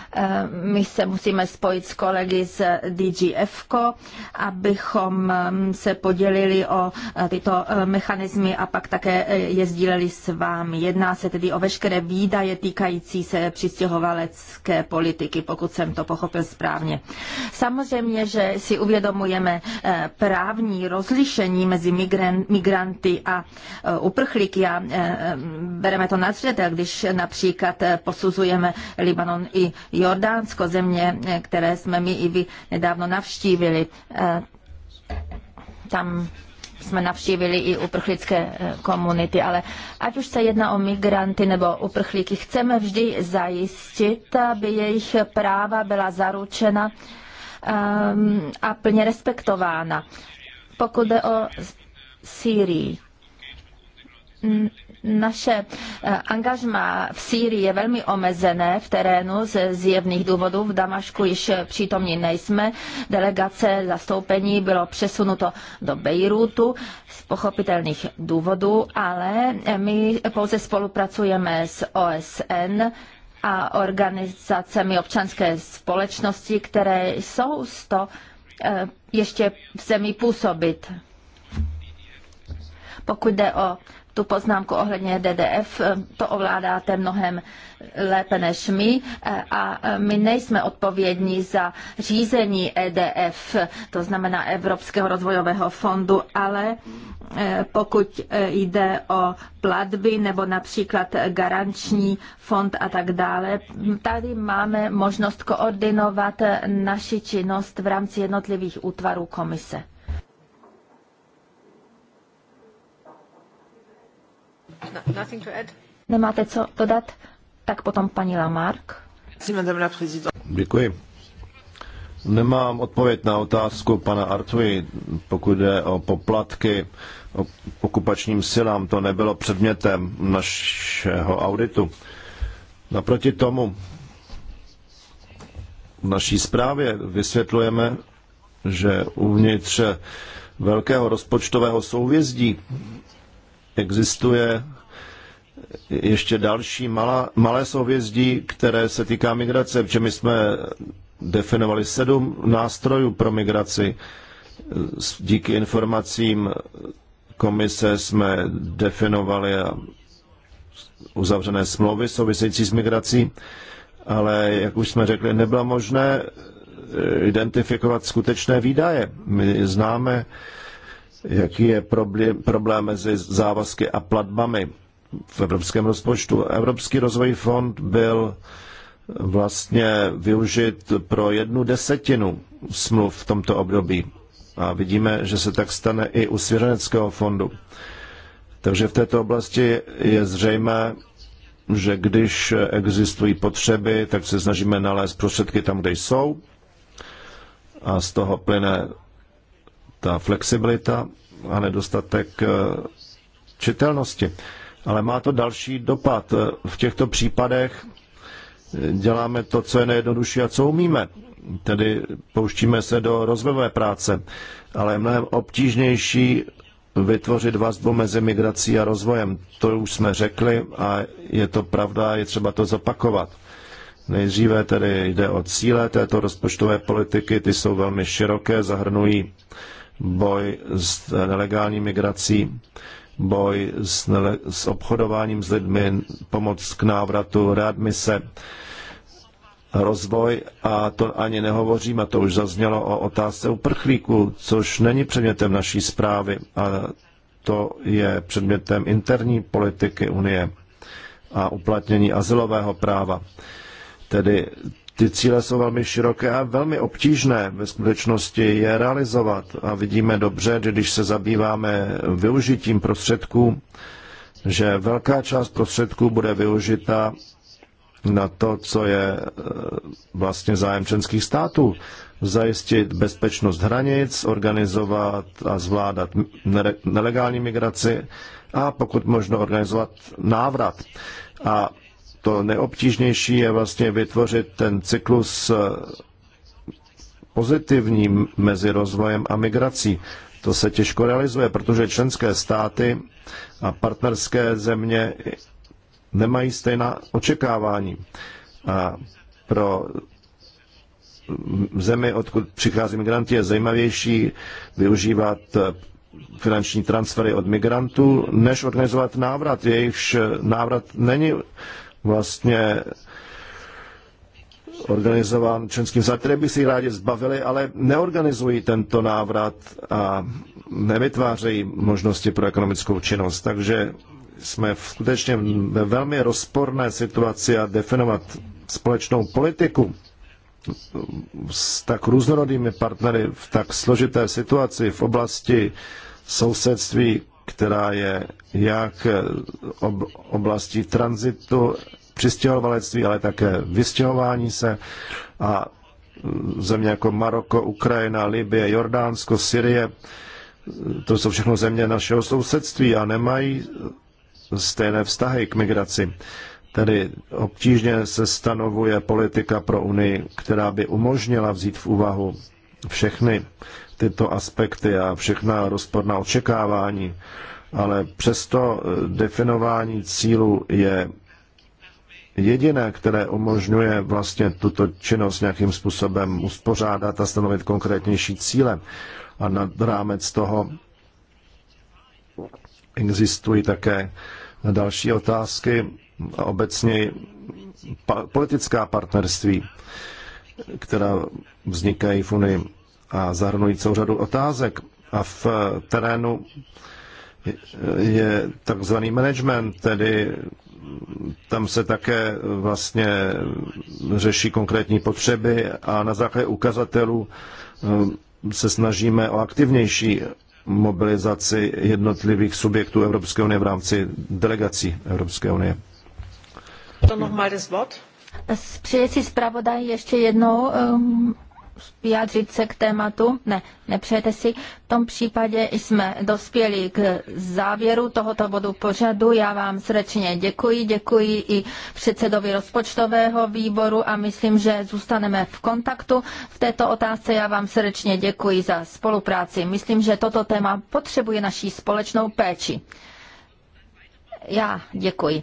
my se musíme spojit s kolegy z DG EFCO, abychom mm, se podělili o tyto mechanismy a pak také je sdíleli s vámi. Jedná se tedy o veškeré výdaje týkající se přistěhovalecké politiky, pokud jsem to pochopil správně. Samozřejmě, že si uvědomujeme, uvědomujeme eh, právní rozlišení mezi migranty a eh, uprchlíky a eh, bereme to na zřetel, když například posuzujeme Libanon i Jordánsko, země, které jsme my i vy nedávno navštívili. Tam jsme navštívili i uprchlické komunity, ale ať už se jedná o migranty nebo uprchlíky, chceme vždy zajistit, aby jejich práva byla zaručena Ehm, a plně respektována. Pokud jde o Sýrii, naše eh, angažma v Sýrii je velmi omezené v terénu ze zjevných důvodů. V Damašku již přítomní nejsme. Delegace zastoupení bylo přesunuto do Bejrútu z pochopitelných důvodů, ale my pouze spolupracujeme s OSN a organizacemi občanské společnosti, které jsou z to eh, ještě v zemi působit. Pokud jde o tu poznámku ohledně DDF, to ovládáte mnohem lépe než my a my nejsme odpovědní za řízení EDF, to znamená Evropského rozvojového fondu, ale e, pokud e, jde o platby nebo například garanční fond a tak dále, tady máme možnost koordinovat naši činnost v rámci jednotlivých útvarů komise. No, Nemáte co dodat? Tak potom paní Lamarck. Děkuji. Nemám odpověď na otázku pana Artui, pokud jde o poplatky o okupačním silám. To nebylo předmětem našeho auditu. Naproti tomu v naší zprávě vysvětlujeme, že uvnitř velkého rozpočtového souvězdí existuje ještě další malá, malé souvězdí, které se týká migrace, protože my jsme definovali sedm nástrojů pro migraci. Díky informacím komise jsme definovali uzavřené smlouvy související s migrací, ale jak už jsme řekli, nebylo možné eh, identifikovat skutečné výdaje. My známe jaký je problém, problém mezi závazky a platbami v evropském rozpočtu. Evropský rozvoj fond byl vlastně využit pro jednu desetinu smluv v tomto období. A vidíme, že se tak stane i u Svěřeneckého fondu. Takže v této oblasti je zřejmé, že když existují potřeby, tak se snažíme nalézt prostředky tam, kde jsou. A z toho plyne ta flexibilita a nedostatek eh, čitelnosti. Ale má to další dopad. V těchto případech eh, děláme to, co je nejjednodušší a co umíme. Tedy pouštíme se do rozvojové práce, ale je mnohem obtížnější vytvořit vazbu mezi migrací a rozvojem. To už jsme řekli a je to pravda, je třeba to zopakovat. Nejdříve tedy jde o cíle této rozpočtové politiky, ty jsou velmi široké, zahrnují boj s nelegální migrací, boj s, nele- s obchodováním s lidmi, pomoc k návratu, readmise, rozvoj a to ani nehovořím, a to už zaznělo o otázce uprchlíků, což není předmětem naší zprávy a to je předmětem interní politiky Unie a uplatnění asilového práva. Tedy ty cíle jsou velmi široké a velmi obtížné ve skutečnosti je realizovat. A vidíme dobře, že když se zabýváme využitím prostředků, že velká část prostředků bude využita na to, co je e, vlastně zájem členských států. Zajistit bezpečnost hranic, organizovat a zvládat nelegální migraci a pokud možno organizovat návrat. A to neobtížnější je vlastně vytvořit ten cyklus eh, pozitivním mezi rozvojem a migrací. To se těžko realizuje, protože členské státy a partnerské země nemají stejná očekávání. A pro zemi, odkud přichází migranti, je zajímavější využívat eh, finanční transfery od migrantů, než organizovat návrat. Jejichž návrat není vlastně organizován členským za které by si rádi zbavili, ale neorganizují tento návrat a nevytvářejí možnosti pro ekonomickou činnost. Takže jsme skutečně ve velmi rozporné situaci a definovat společnou politiku s tak různorodými partnery v tak složité situaci v oblasti sousedství, která je jak ob, oblastí tranzitu, přistěhovalectví, ale také vystěhování se a země jako Maroko, Ukrajina, Libie, Jordánsko, Syrie, to jsou všechno země našeho sousedství a nemají stejné vztahy k migraci. Tedy obtížně se stanovuje politika pro Unii, která by umožnila vzít v úvahu všechny tyto aspekty a všechna rozporná očekávání, ale přesto eh, definování cílu je jediné, které umožňuje vlastně tuto činnost nějakým způsobem uspořádat a stanovit konkrétnější cíle. A nad rámec toho existují také další otázky, obecně politická partnerství, která vznikají v Unii a zahrnují celou řadu otázek. A v terénu je takzvaný management, tedy tam se také vlastně řeší konkrétní potřeby a na základě ukazatelů eh, se snažíme o aktivnější mobilizaci jednotlivých subjektů Evropské unie v rámci delegací Evropské unie. To nochmal das Wort. Přeje si zpravodaj ještě jednou um, vyjádřit se k tématu? Ne, nepřejete si. V tom případě jsme dospěli k závěru tohoto bodu pořadu. Já vám srdečně děkuji, děkuji i předsedovi rozpočtového výboru a myslím, že zůstaneme v kontaktu v této otázce. Já vám srdečně děkuji za spolupráci. Myslím, že toto téma potřebuje naší společnou péči. Já děkuji.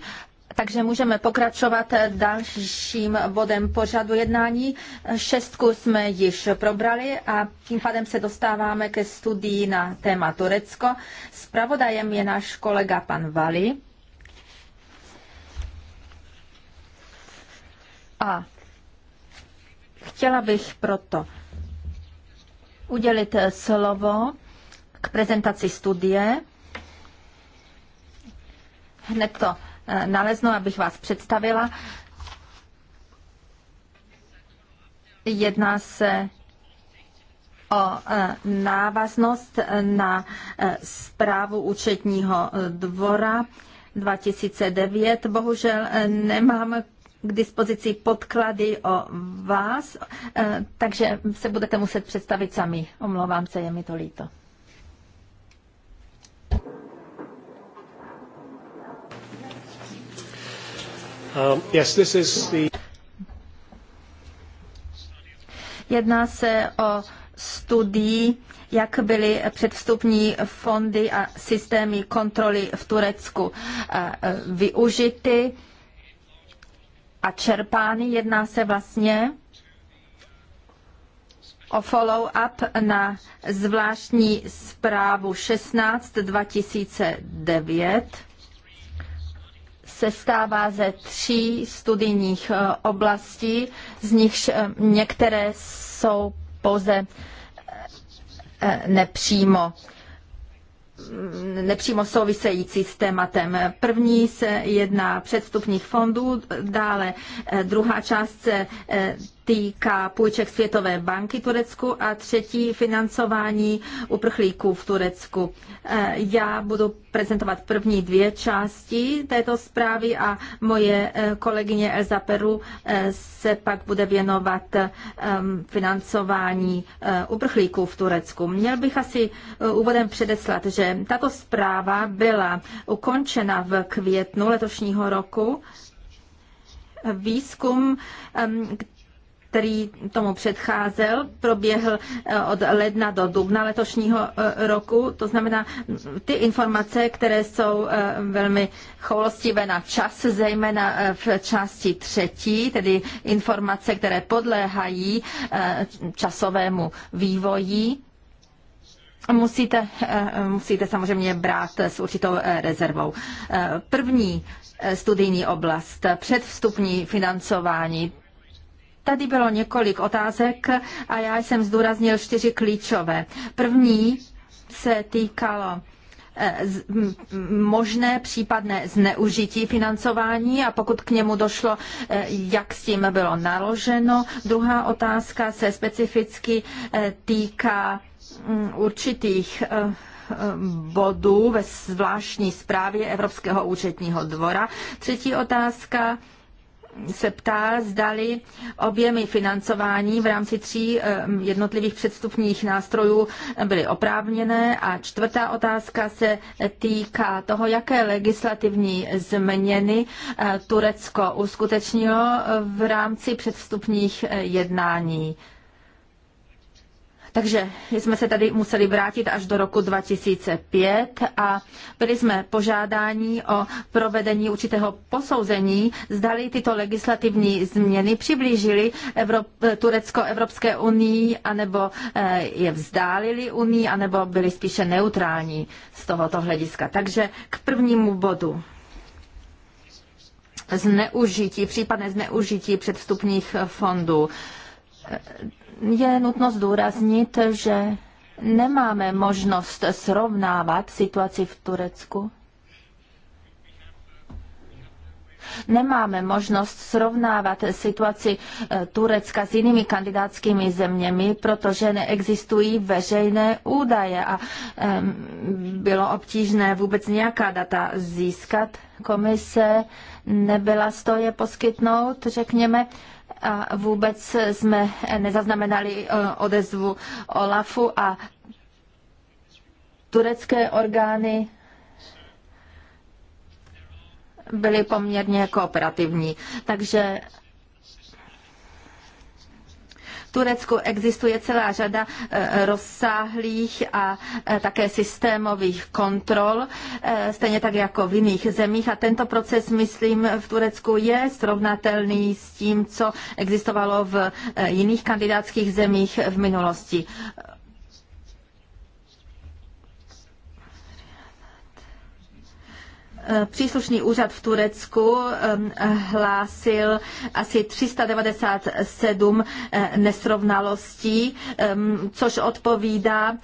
Takže můžeme pokračovat dalším bodem pořadu jednání. Šestku jsme již probrali a tím pádem se dostáváme ke studii na téma Turecko. Spravodajem je náš kolega pan Vali. A chtěla bych proto udělit slovo k prezentaci studie. Hned to Eh, naleznu, abych vás představila. Jedná se o eh, návaznost eh, na zprávu účetního dvora 2009. Bohužel nemám k dispozici podklady o vás, takže se budete muset představit sami. Omlouvám se, je mi to líto. Um, yes, this is the... Jedná se o studii, jak byly předvstupní fondy a systémy kontroly v Turecku uh, využity a čerpány. Jedná se vlastně o follow-up na zvláštní zprávu 16 2009 sestává ze tří studijních eh, oblastí, z nichž eh, některé jsou pouze eh, nepřímo nepřímo související s tématem. První se jedná předstupních fondů, dále druhá část se týká půjček Světové banky Turecku a třetí financování uprchlíků v Turecku. E, já budu prezentovat první dvě části této zprávy a moje e, kolegyně Elza Peru e, se pak bude věnovat financování uprchlíků v Turecku. Měl bych asi úvodem předeslat, že tato zpráva byla ukončena v květnu letošního roku. Výzkum, který tomu předcházel, proběhl eh, od ledna do dubna letošního eh, roku. To znamená, mm, ty informace, které jsou eh, velmi choulostivé na čas, zejména v části třetí, tedy informace, které podléhají časovému vývoji, musíte, musíte samozřejmě brát s určitou rezervou. První studijní oblast, předvstupní financování. Tady bylo několik otázek a já jsem zdůraznil čtyři klíčové. První se týkalo eh, možné případné zneužití financování a pokud k němu došlo, eh, jak s tím bylo naloženo. Druhá otázka se specificky eh, týká mm, určitých bodů ve zvláštní zprávě Evropského účetního dvora. Třetí otázka se ptá, zdali objemy financování v rámci tří eh, jednotlivých předstupních nástrojů byly oprávněné. A čtvrtá otázka se týká toho, jaké legislativní změny eh, Turecko uskutečnilo eh, v rámci předstupních jednání. Takže jsme se tady museli vrátit až do roku 2005 a byli jsme požádáni o provedení určitého posouzení, zdali tyto legislativní změny přiblížily Evrop- Turecko Evropské unii, anebo eh, je vzdálili unii, anebo byly spíše neutrální z tohoto hlediska. Takže k prvnímu bodu zneužití, případné zneužití předstupních fondů je nutno zdůraznit, že nemáme možnost srovnávat situaci v Turecku. Nemáme možnost srovnávat situaci eh, Turecka s jinými kandidátskými zeměmi, protože neexistují veřejné údaje a bylo obtížné vůbec nějaká data získat. Komise nebyla stoje poskytnout, řekněme, a vůbec jsme nezaznamenali e, odezvu OLAFu a turecké orgány byly poměrně kooperativní. Takže Turecku existuje celá řada eh, rozsáhlých a eh, také systémových kontrol, eh, stejně tak jako v jiných zemích. A tento proces, myslím, v Turecku je srovnatelný s tím, co existovalo v jiných kandidátských zemích v minulosti. Eh, příslušný úřad v Turecku eh, hlásil asi 397 eh, nesrovnalostí, což odpovídá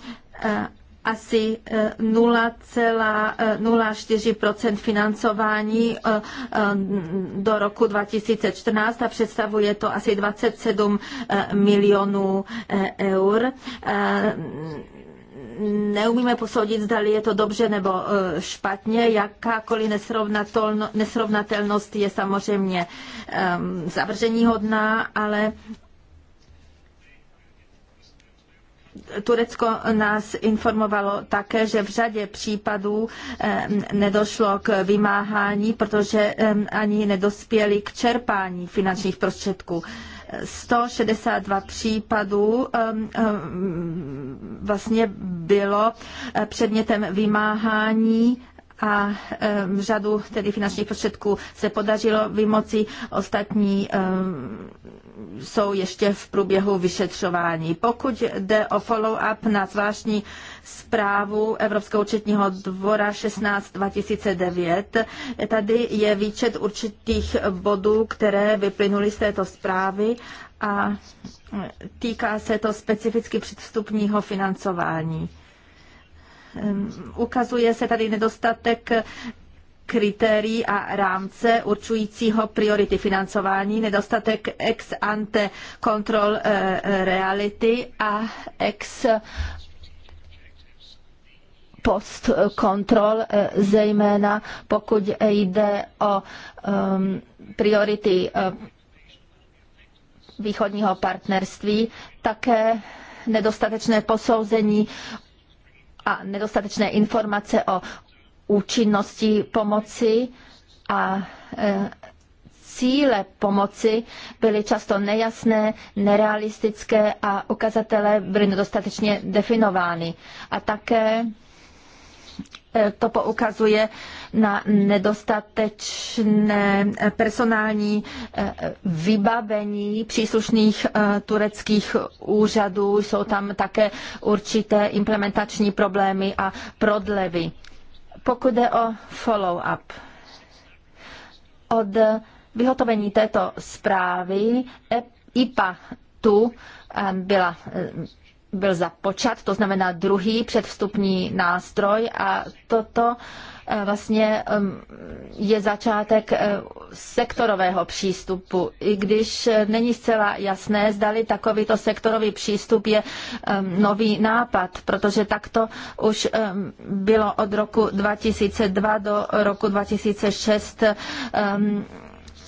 asi 0,04 financování do roku 2014 a představuje to asi 27 milionů eur neumíme posoudit, zda je to dobře nebo eh, špatně. Jakákoliv nesrovnatelnost je samozřejmě ehm, zavržení hodná, ale Turecko nás informovalo také, že v řadě případů ehm, nedošlo k vymáhání, protože ehm, ani nedospěli k čerpání finančních prostředků. 162 případů um, um, vlastně bylo eh, předmětem vymáhání a um, řadu tedy finančních prostředků se podařilo vymoci, ostatní jsou ještě v průběhu vyšetřování. Pokud jde o follow-up na zvláštní zprávu Evropského účetního dvora 16 2009. Tady je výčet určitých bodů, které vyplynuly z této zprávy a týká se to specificky předvstupního financování. Ukazuje se tady nedostatek kritérií a rámce určujícího priority financování, nedostatek ex ante kontrol eh, eh, reality a ex post kontrol, eh, zejména pokud jde o ehm, priority eh, východního partnerství, také nedostatečné posouzení a nedostatečné informace o účinnosti pomoci a eh, cíle pomoci byly často nejasné, nerealistické a ukazatele byly nedostatečně definovány. A také E, to poukazuje na nedostatečné personální e, vybavení příslušných e, tureckých úřadů. Jsou tam také určité implementační problémy a prodlevy. Pokud jde o follow-up, od vyhotovení této zprávy IPA tu byla byl započat, to znamená druhý předvstupní nástroj a toto eh, vlastně je začátek eh, sektorového přístupu, i když eh, není zcela jasné, zdali takovýto sektorový přístup je nový nápad, protože takto už bylo od roku 2002 do roku 2006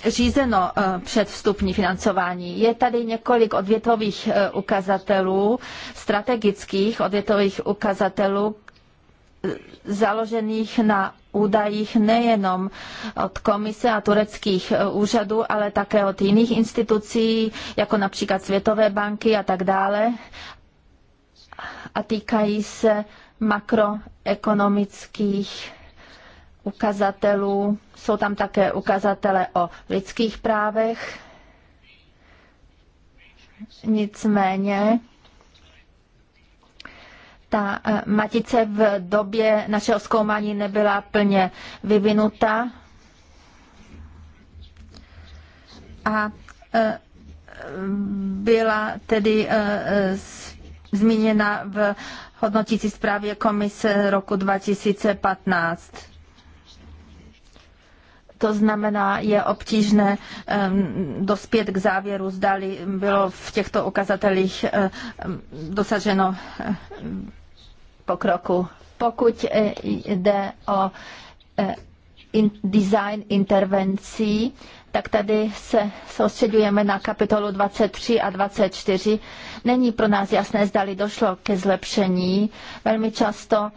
řízeno eh, předvstupní financování. Je tady několik odvětových eh, ukazatelů, strategických odvětových ukazatelů, eh, založených na údajích nejenom od komise a tureckých úřadů, ale také od jiných institucí, jako například Světové banky a tak dále. A týkají se makroekonomických ukazatelů. Jsou tam také ukazatele o lidských právech. Nicméně ta eh, matice v době našeho zkoumání nebyla plně vyvinuta. A eh, byla tedy eh, zmíněna v hodnotící zprávě komise roku 2015. To znamená, je obtížné dospět k závěru, zdali bylo v těchto ukazatelích dosaženo pokroku. Pokud e, jde o e, design intervencí, tak tady se soustředujeme na kapitolu 23 a 24. Není pro nás jasné, zdali došlo ke zlepšení. Velmi často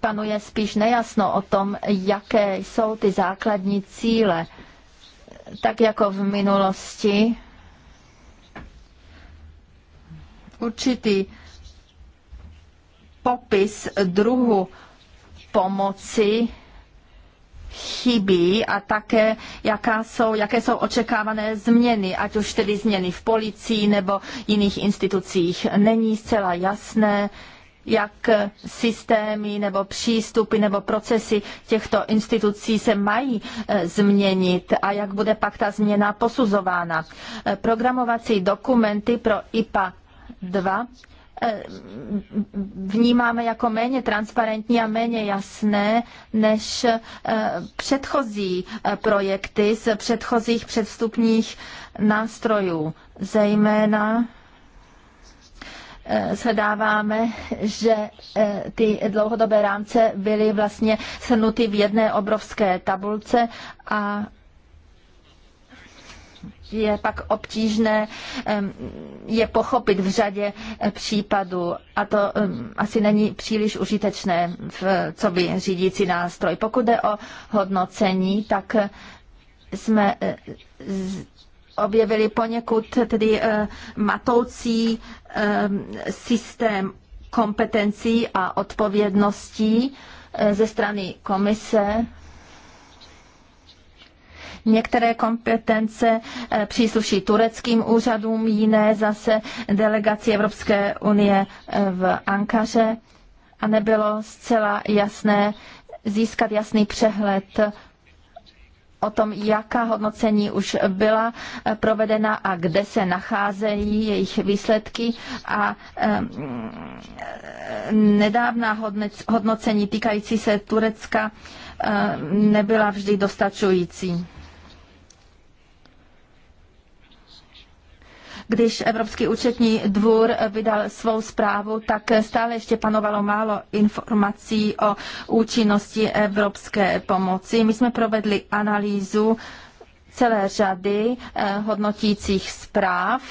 panuje spíš nejasno o tom, jaké jsou ty základní cíle. Tak jako v minulosti určitý popis druhu pomoci chybí a také jaká jsou, jaké jsou očekávané změny, ať už tedy změny v policii nebo jiných institucích. Není zcela jasné, jak systémy nebo přístupy nebo procesy těchto institucí se mají eh, změnit a jak bude pak ta změna posuzována. Eh, programovací dokumenty pro IPA 2 eh, vnímáme jako méně transparentní a méně jasné než předchozí projekty z předchozích předstupních nástrojů, zejména Eh, shledáváme, že eh, ty dlouhodobé rámce byly vlastně shrnuty v jedné obrovské tabulce a je pak obtížné je pochopit v řadě eh, případů a to asi není příliš užitečné v co by řídící nástroj. Pokud jde o hodnocení, tak jsme objevili poněkud tedy eh, matoucí eh, systém kompetencí a odpovědností eh, ze strany komise. Některé kompetence přísluší tureckým úřadům, jiné zase delegaci Evropské unie v Ankaře a nebylo zcela jasné získat jasný přehled o tom, jaká hodnocení už byla eh, provedena a kde se nacházejí jejich výsledky a eh, nedávná hodnocení týkající se Turecka eh, nebyla vždy dostačující. Když Evropský účetní dvůr vydal svou zprávu, tak stále ještě panovalo málo informací o účinnosti evropské pomoci. My jsme provedli analýzu celé řady eh, hodnotících zpráv,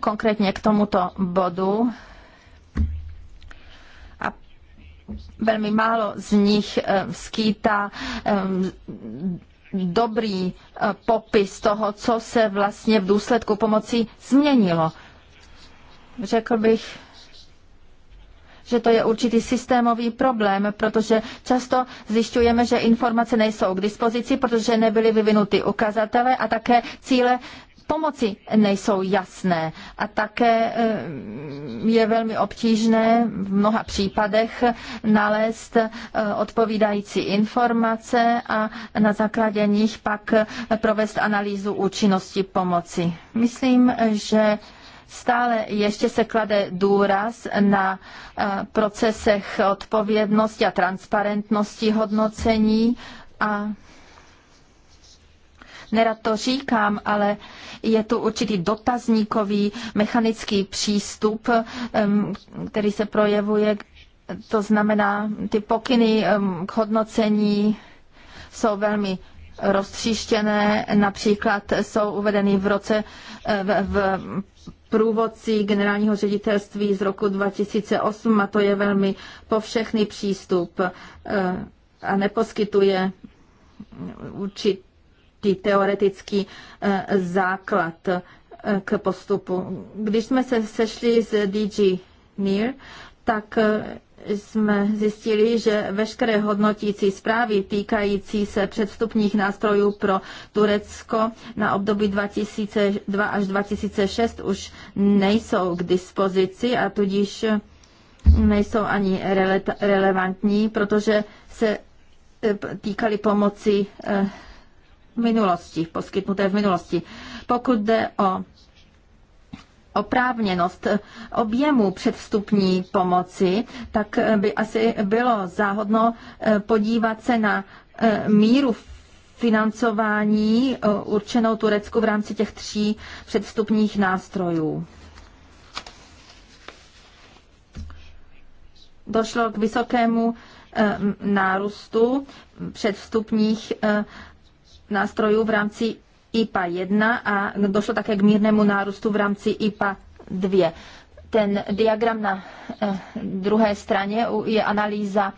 konkrétně k tomuto bodu velmi málo z nich eh, skýtá eh, dobrý eh, popis toho, co se vlastně v důsledku pomoci změnilo. Řekl bych, že to je určitý systémový problém, protože často zjišťujeme, že informace nejsou k dispozici, protože nebyly vyvinuty ukazatele a také cíle pomoci nejsou jasné a také eh, je velmi obtížné v mnoha případech nalézt eh, odpovídající informace a na základě nich pak eh, provést analýzu účinnosti pomoci. Myslím, že stále ještě se klade důraz na procesech odpovědnosti a transparentnosti hodnocení a Nerad to říkám, ale je tu určitý dotazníkový mechanický přístup, který se projevuje, to znamená, ty pokyny k hodnocení jsou velmi roztříštěné, například jsou uvedeny v roce e, v, v průvodci generálního ředitelství z roku 2008 a to je velmi povšechný přístup e, a neposkytuje určitý nějaký teoretický eh, základ eh, k postupu. Když jsme se sešli s DG NIR, tak eh, jsme zjistili, že veškeré hodnotící zprávy týkající se předstupních nástrojů pro Turecko na období 2002 až 2006 už nejsou k dispozici a tudíž nejsou ani rele relevantní, protože se týkali pomoci minulosti, poskytnuté v minulosti. Pokud jde o oprávněnost objemu předvstupní pomoci, tak by asi bylo záhodno eh, podívat se na eh, míru financování eh, určenou Turecku v rámci těch tří předstupních nástrojů. Došlo k vysokému nárůstu předvstupních nástrojů v rámci IPA 1 a došlo také k mírnému nárůstu v rámci IPA 2. Ten diagram na eh, druhé straně je analýza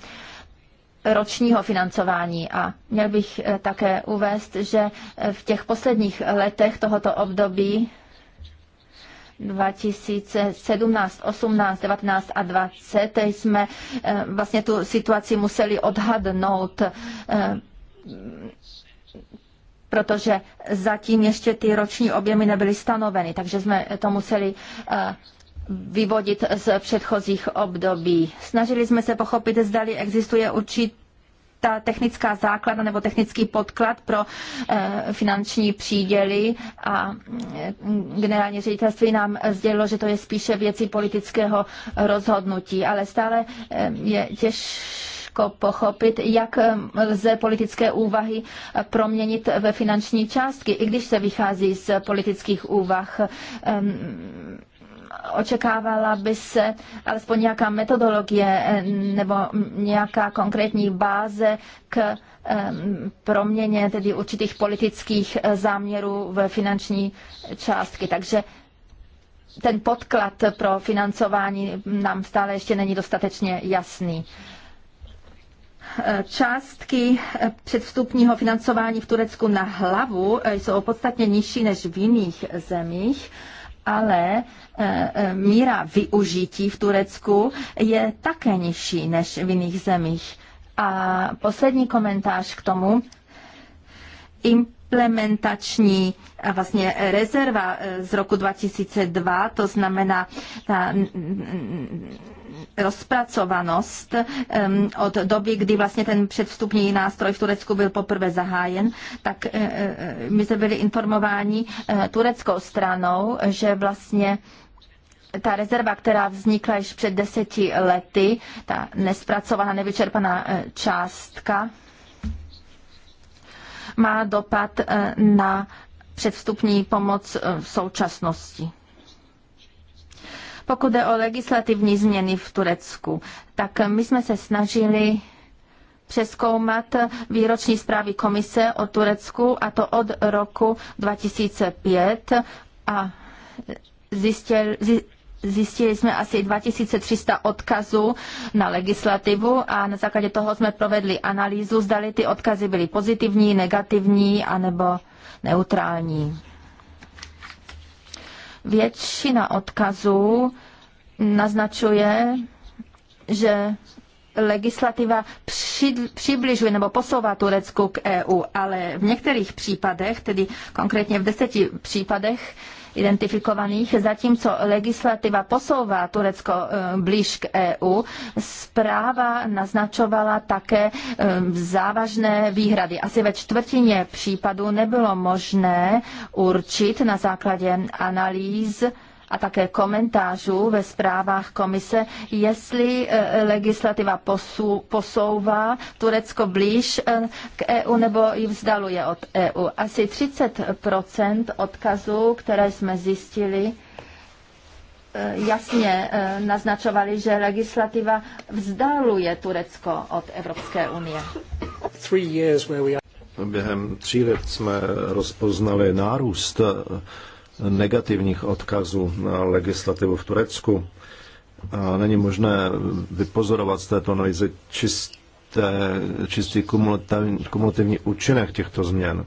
ročního financování a měl bych eh, také uvést, že eh, v těch posledních letech tohoto období 2017, 18, 19 a 20 jsme vlastně tu situaci museli odhadnout protože zatím ještě ty roční objemy nebyly stanoveny, takže jsme to museli eh, vyvodit z předchozích období. Snažili jsme se pochopit, zdali existuje určitý ta technická základna nebo technický podklad pro eh, finanční příděly a mm, generální ředitelství nám sdělilo, že to je spíše věci politického rozhodnutí, ale stále eh, je těžké těžko pochopit, jak eh, lze politické úvahy eh, proměnit ve finanční částky, i když se vychází z politických úvah očekávala by se alespoň nějaká metodologie eh, nebo nějaká konkrétní báze k proměně tedy určitých politických záměrů ve finanční částky. Takže ten podklad pro financování nám stále ještě není dostatečně jasný. Částky předvstupního financování v Turecku na hlavu jsou podstatně nižší než v jiných zemích, ale eh, eh, míra využití v Turecku je také nižší než v jiných zemích. A poslední komentář k tomu. Implementační vlastně rezerva e, z roku 2002, to znamená ta rozpracovanost od doby, kdy vlastně ten předvstupní nástroj v Turecku byl poprvé zahájen, tak e, e, my jsme byli informováni tureckou stranou, že vlastně ta rezerva, která vznikla již před deseti lety, ta nespracovaná, nevyčerpaná částka, má dopad na předstupní pomoc e, v současnosti. Pokud jde o legislativní změny v Turecku, tak my jsme se snažili přeskoumat výroční zprávy komise o Turecku, a to od roku 2005 a zjistil, zjistili jsme asi 2300 odkazů na legislativu a na základě toho jsme provedli analýzu, zdali ty odkazy byly pozitivní, negativní anebo neutrální. Většina odkazů naznačuje, že legislativa přibližuje nebo posouvá Turecku k EU, ale v některých případech, tedy konkrétně v deseti případech, identifikovaných, zatímco legislativa posouvá Turecko eh, blíž k EU, zpráva naznačovala také eh, závažné výhrady. Asi ve čtvrtině případů nebylo možné určit na základě analýz, a také komentářů ve zprávách komise, jestli eh, legislativa posouvá Turecko blíž eh, k EU nebo ji vzdaluje od EU. Asi 30 odkazů, které jsme zjistili, eh, jasně naznačovali, že legislativa vzdáluje Turecko od Evropské unie. Během tří let jsme rozpoznali nárůst negativních odkazů na legislativu v Turecku. A není možné vypozorovat z této analýzy čisté, čistý kumulativní, kumulativní účinek těchto změn.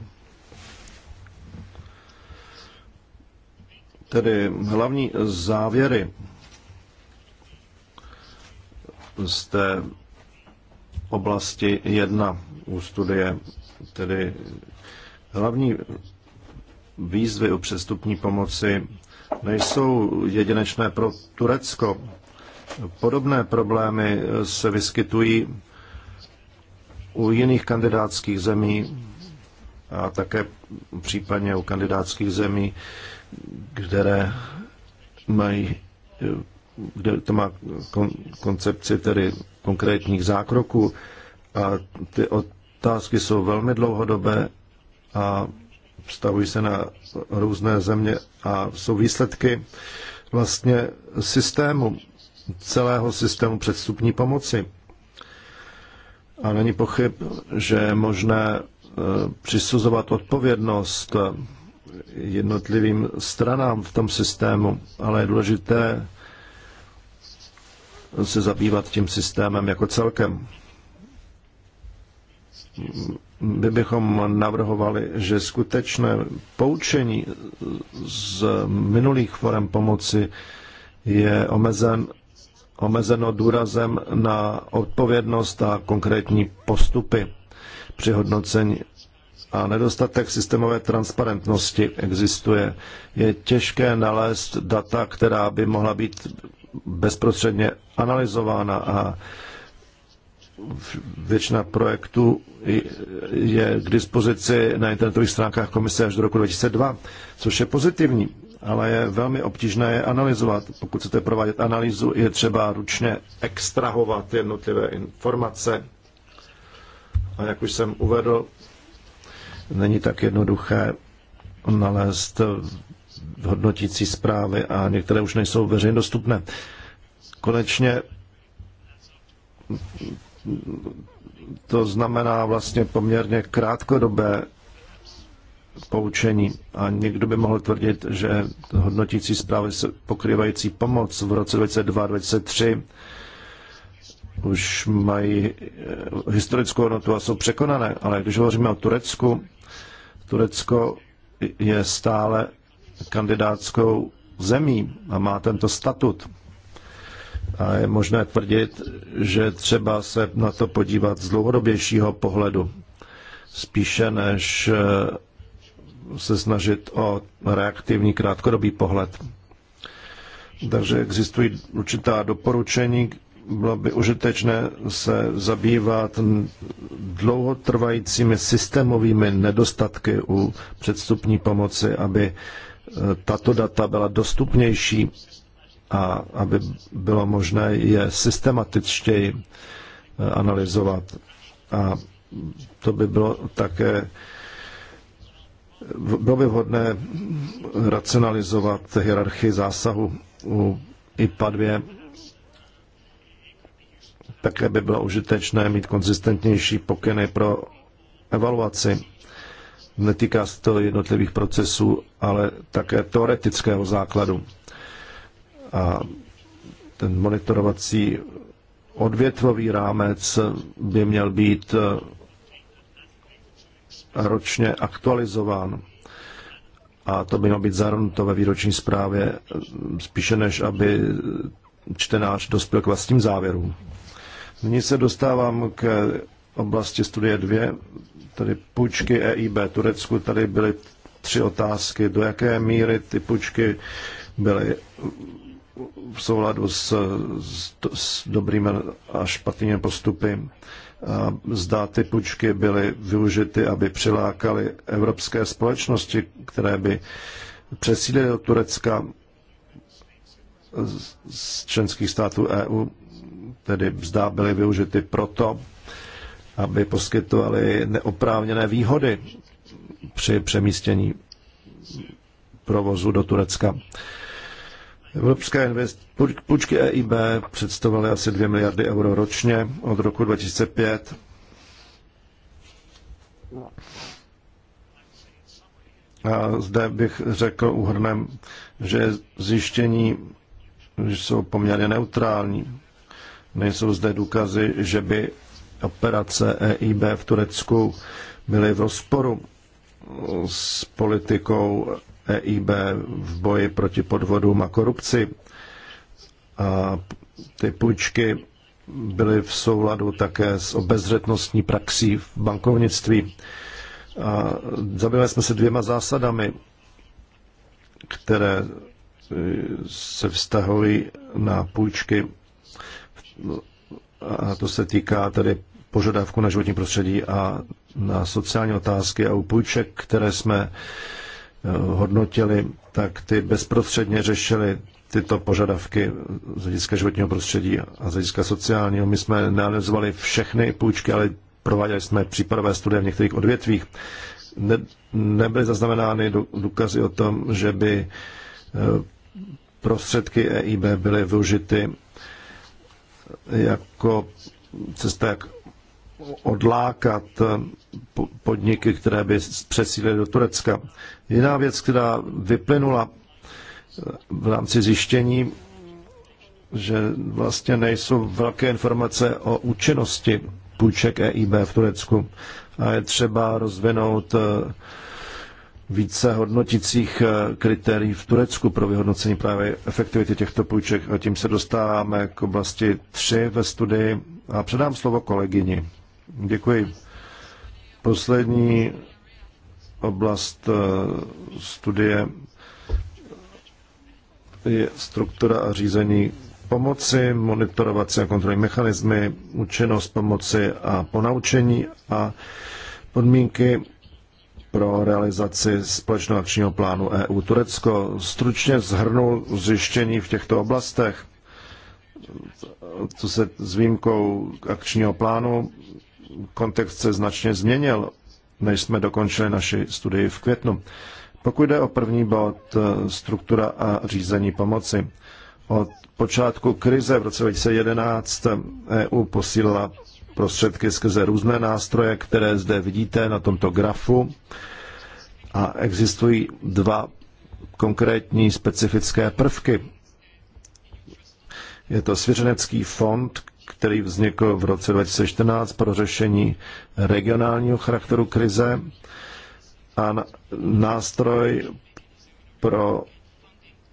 Tedy hlavní závěry z té oblasti 1 u studie, tedy hlavní výzvy o přestupní pomoci nejsou jedinečné pro Turecko. Podobné problémy se vyskytují u jiných kandidátských zemí a také případně u kandidátských zemí, které mají, kde to má kon, koncepci tedy konkrétních zákroků a ty otázky jsou velmi dlouhodobé a vztahují se na různé země a jsou výsledky vlastně systému, celého systému předstupní pomoci. A není pochyb, že je možné e, přisuzovat odpovědnost jednotlivým stranám v tom systému, ale je důležité se zabývat tím systémem jako celkem my bychom navrhovali, že skutečné poučení z minulých forem pomoci je omezen, omezeno důrazem na odpovědnost a konkrétní postupy při hodnocení a nedostatek systémové transparentnosti existuje. Je těžké nalézt data, která by mohla být bezprostředně analyzována a většina projektů je k dispozici na internetových stránkách komise až do roku 2002, což je pozitivní, ale je velmi obtížné je analyzovat. Pokud chcete provádět analýzu, je třeba ručně extrahovat jednotlivé informace. A jak už jsem uvedl, není tak jednoduché nalézt hodnotící zprávy a některé už nejsou veřejně dostupné. Konečně to znamená vlastně poměrně krátkodobé poučení. A někdo by mohl tvrdit, že hodnotící zprávy pokrývající pomoc v roce 2002-2003 už mají eh, historickou hodnotu a jsou překonané. Ale když hovoříme o Turecku, Turecko je stále kandidátskou zemí a má tento statut. A je možné tvrdit, že třeba se na to podívat z dlouhodobějšího pohledu, spíše než eh, se snažit o reaktivní krátkodobý pohled. Takže existují určitá doporučení, bylo by užitečné se zabývat dlouhotrvajícími systémovými nedostatky u předstupní pomoci, aby eh, tato data byla dostupnější a aby bylo možné je systematičtěji eh, analyzovat. A to by bylo také bylo by vhodné racionalizovat hierarchii zásahu u IPA 2. Také by bylo užitečné mít konzistentnější pokyny pro evaluaci. Netýká se to jednotlivých procesů, ale také teoretického základu a ten monitorovací odvětvový rámec by měl být eh, ročně aktualizován. A to by mělo být zahrnuto ve výroční zprávě, eh, spíše než aby čtenář dospěl k vlastním závěrům. Nyní se dostávám k oblasti studie 2, tedy půjčky EIB Turecku. Tady byly tři otázky. Do jaké míry ty půjčky byly v souladu s, s, s dobrými a špatnými postupy. A zda ty půjčky byly využity, aby přilákaly evropské společnosti, které by přesídlily do Turecka z, z členských států EU, tedy zda byly využity proto, aby poskytovaly neoprávněné výhody při přemístění provozu do Turecka. Evropské půjčky EIB představovaly asi 2 miliardy euro ročně od roku 2005. A zde bych řekl uhrnem, že zjištění že jsou poměrně neutrální. Nejsou zde důkazy, že by operace EIB v Turecku byly v rozporu s politikou EIB v boji proti podvodům a korupci. A ty půjčky byly v souladu také s obezřetnostní praxí v bankovnictví. A zabývali jsme se dvěma zásadami, které e, se vztahují na půjčky. A to se týká tedy požadavku na životní prostředí a na sociální otázky a u půjček, které jsme hodnotili, tak ty bezprostředně řešili tyto požadavky z hlediska životního prostředí a z hlediska sociálního. My jsme neanalizovali všechny půjčky, ale prováděli jsme případové studie v některých odvětvích. Ne, nebyly zaznamenány důkazy o tom, že by eh, prostředky EIB byly využity jako cesta, jak odlákat podniky, které by přesílili do Turecka. Jiná věc, která vyplynula eh, v rámci zjištění, že vlastně nejsou velké informace o účinnosti půjček EIB v Turecku a je třeba rozvinout eh, více hodnotících eh, kritérií v Turecku pro vyhodnocení právě efektivity těchto půjček. A tím se dostáváme k oblasti 3 ve studii a předám slovo kolegyni. Děkuji. Poslední oblast eh, studie je struktura a řízení pomoci, monitorovací a kontrolní mechanismy, účinnost pomoci a ponaučení a podmínky pro realizaci společného akčního plánu EU. Turecko stručně zhrnul zjištění v těchto oblastech, co se s výjimkou akčního plánu kontext se značně změnil než jsme dokončili naši studii v květnu. Pokud jde o první bod, eh, struktura a řízení pomoci. Od počátku krize v roce 2011 EU eh, e posílila prostředky skrze různé nástroje, které zde vidíte na tomto grafu. A existují dva konkrétní specifické prvky. Je to svěřenecký fond, který vznikl v roce 2014 pro řešení regionálního charakteru krize a nástroj pro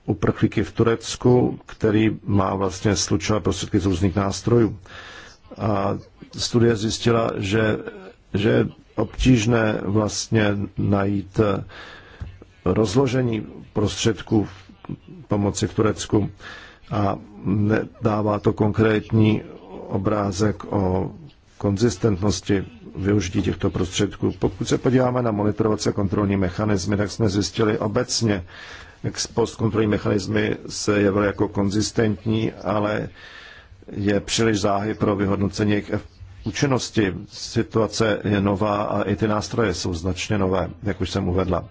uprchlíky v Turecku, který má vlastně slučovat prostředky z různých nástrojů. A studie zjistila, že, že je obtížné vlastně najít eh, rozložení prostředků pomoci v Turecku a nedává to konkrétní obrázek o konzistentnosti využití těchto prostředků. Pokud se podíváme na monitorovací kontrolní mechanismy, tak jsme zjistili obecně, jak postkontrolní mechanismy se jevily jako konzistentní, ale je příliš záhy pro vyhodnocení jejich účinnosti. Situace je nová a i ty nástroje jsou značně nové, jak už jsem uvedla.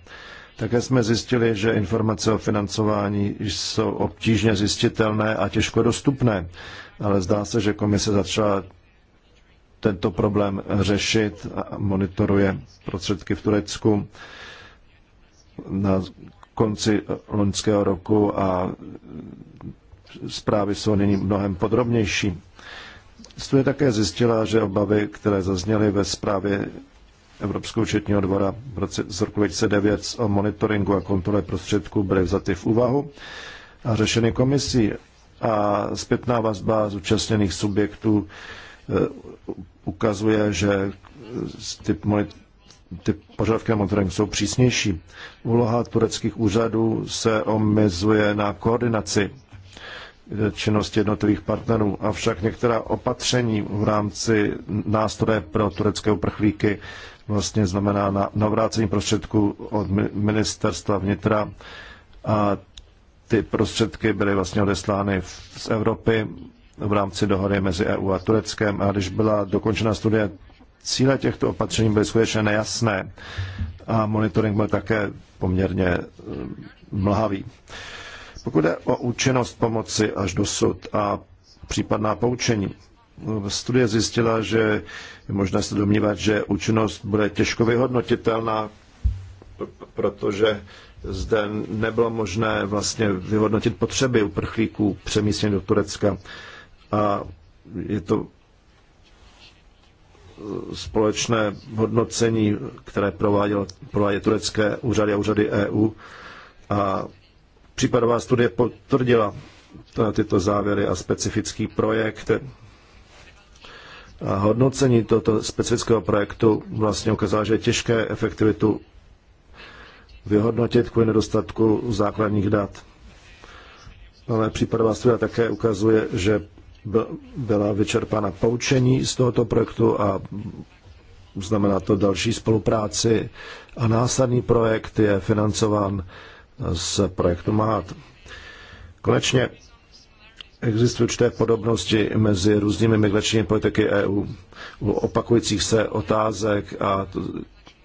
Také jsme zjistili, že informace o financování jsou obtížně zjistitelné a těžko dostupné ale zdá se, že komise začala tento problém řešit a monitoruje prostředky v Turecku na konci loňského roku a zprávy jsou nyní mnohem podrobnější. Studie také zjistila, že obavy, které zazněly ve zprávě Evropského účetního dvora z roku 2009 o monitoringu a kontrole prostředků byly vzaty v úvahu a řešeny komisí a zpětná vazba zúčastněných subjektů eh, ukazuje, že eh, ty, ty požadavky na monitoring jsou přísnější. Úloha tureckých úřadů se omezuje na koordinaci eh, činnosti jednotlivých partnerů, avšak některá opatření v rámci nástroje pro turecké uprchlíky vlastně znamená na navrácení prostředků od ministerstva vnitra a ty prostředky byly vlastně odeslány z Evropy v rámci dohody mezi EU a Tureckem a když byla dokončena studie, cíle těchto opatření byly skutečně nejasné a monitoring byl také poměrně eh, mlhavý. Pokud jde o účinnost pomoci až dosud a případná poučení, eh, studie zjistila, že je možné se domnívat, že účinnost bude těžko vyhodnotitelná, protože zde nebylo možné vlastně vyhodnotit potřeby uprchlíků přemístění do Turecka. A je to společné hodnocení, které provádí turecké úřady a úřady EU. A případová studie potvrdila tyto závěry a specifický projekt. A hodnocení tohoto specifického projektu vlastně ukázalo, že je těžké efektivitu vyhodnotit kvůli nedostatku základních dat. Ale případová studia také ukazuje, že byla vyčerpána poučení z tohoto projektu a znamená to další spolupráci a následný projekt je financován z projektu MAT. Konečně existují určité podobnosti mezi různými migračními politiky EU u opakujících se otázek a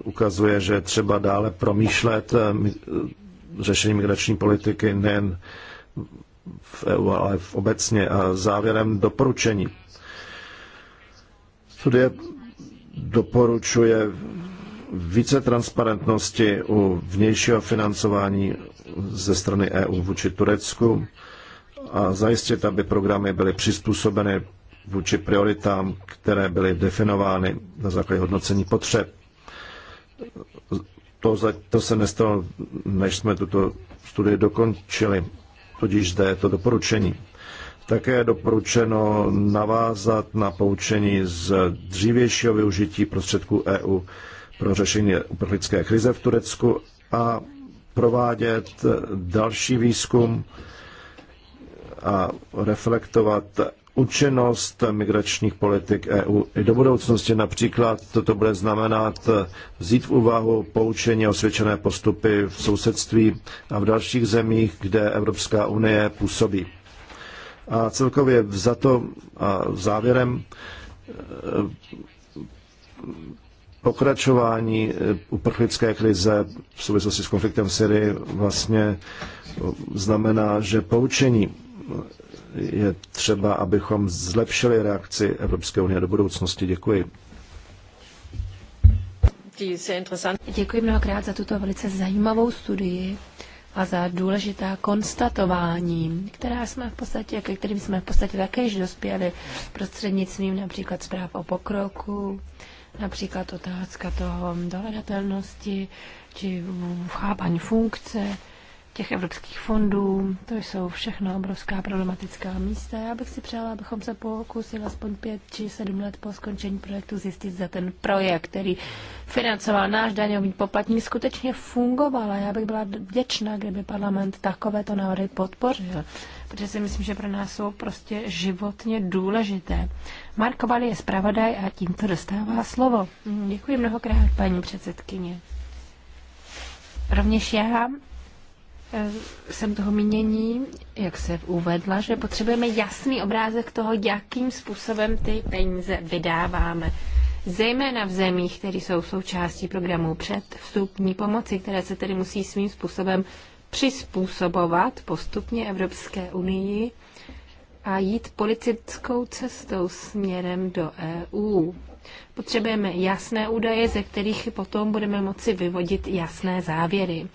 ukazuje, že třeba dále promýšlet eh, eh, řešení migrační politiky nejen v EU, ale v obecně. A závěrem doporučení. Studie doporučuje více transparentnosti u vnějšího financování ze strany EU vůči Turecku a zajistit, aby programy byly přizpůsobeny vůči prioritám, které byly definovány na základě hodnocení potřeb to, to se nestalo, než jsme tuto studii dokončili, tudíž zde je to doporučení. Také je doporučeno navázat na poučení z dřívějšího využití prostředků EU pro řešení uprchlické krize v Turecku a provádět další výzkum a reflektovat účinnost migračních politik EU i do budoucnosti. Například toto bude znamenat eh, vzít v úvahu poučení osvědčené postupy v sousedství a v dalších zemích, kde Evropská unie působí. A celkově to a závěrem eh, pokračování eh, uprchlické krize v souvislosti s konfliktem v Syrii vlastně znamená, že poučení je třeba, abychom zlepšili reakci Evropské unie do budoucnosti. Děkuji. Děkuji mnohokrát za tuto velice zajímavou studii a za důležitá konstatování, která jsme v podstatě, ke kterým jsme v podstatě také již dospěli prostřednictvím například zpráv o pokroku, například otázka toho dohledatelnosti či chápaní funkce, těch evropských fondů. To jsou všechno obrovská problematická místa. Já bych si přála, abychom se pokusili aspoň pět či sedm let po skončení projektu zjistit, za ten projekt, který financoval náš daňový poplatník, skutečně fungoval. A já bych byla vděčná, kdyby parlament takovéto návrhy podpořil, protože si myslím, že pro nás jsou prostě životně důležité. Marko Bali je zpravodaj a tímto dostává slovo. Děkuji mnohokrát, paní předsedkyně. Rovněž já Eh, jsem toho mínění, jak se uvedla, že potřebujeme jasný obrázek toho, jakým způsobem ty peníze vydáváme. Zejména v zemích, které jsou součástí programu předvstupní pomoci, které se tedy musí svým způsobem přizpůsobovat postupně Evropské unii a jít politickou cestou směrem do EU. Potřebujeme jasné údaje, ze kterých potom budeme moci vyvodit jasné závěry.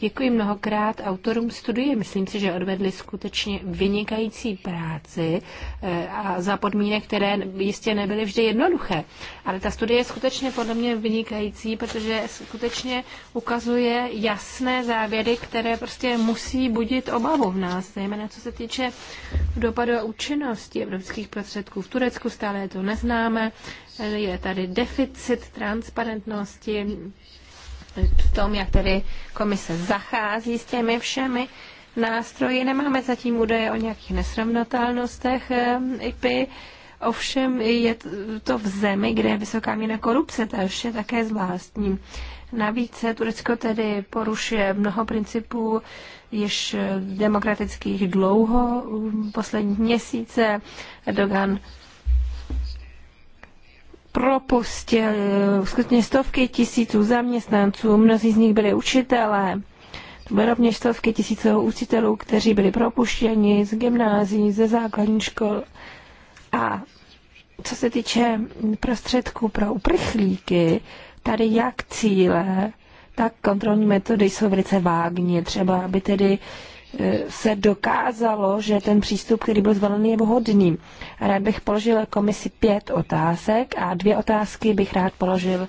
Děkuji mnohokrát autorům studie. Myslím si, že odvedli skutečně vynikající práci eh, a za podmínek, které jistě nebyly vždy jednoduché. Ale ta studie je skutečně podle mě vynikající, protože skutečně ukazuje jasné závěry, které prostě musí budit obavu v nás, zejména co se týče dopadu a účinnosti evropských prostředků. V Turecku stále je to neznáme, eh, je tady deficit transparentnosti, v tom, jak tedy komise zachází s těmi všemi nástroji. Nemáme zatím údaje o nějakých nesrovnatelnostech IPy, ovšem je to v zemi, kde je vysoká míra korupce, je také zvláštní. Navíc Turecko tedy porušuje mnoho principů již demokratických dlouho, poslední měsíce. Erdogan propustil skutečně stovky tisíců zaměstnanců, mnozí z nich byli učitelé. To byly rovněž stovky tisíců učitelů, kteří byli propuštěni z gymnázií, ze základních škol. A co se týče prostředků pro uprchlíky, tady jak cíle, tak kontrolní metody jsou velice vágní. Třeba, aby tedy Eh, se dokázalo, že ten přístup, který byl zvolen, je vhodný. Rád bych položil komisi pět otázek a dvě otázky bych rád položil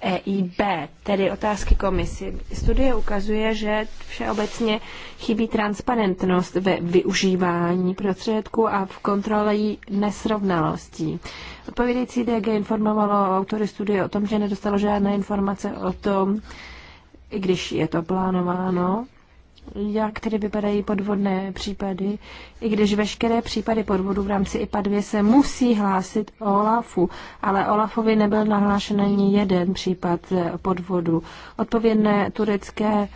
EIB, tedy otázky komisi. Studie ukazuje, že všeobecně chybí transparentnost ve využívání prostředků a v kontrole nesrovnalostí. Odpovědající DG informovalo autory studie o tom, že nedostalo žádné informace o tom, i když je to plánováno, jak tedy vypadají podvodné případy, i když veškeré případy podvodu v rámci IPA 2 se musí hlásit OLAFu, ale OLAFovi nebyl nahlášen ani jeden případ podvodu. Odpovědné turecké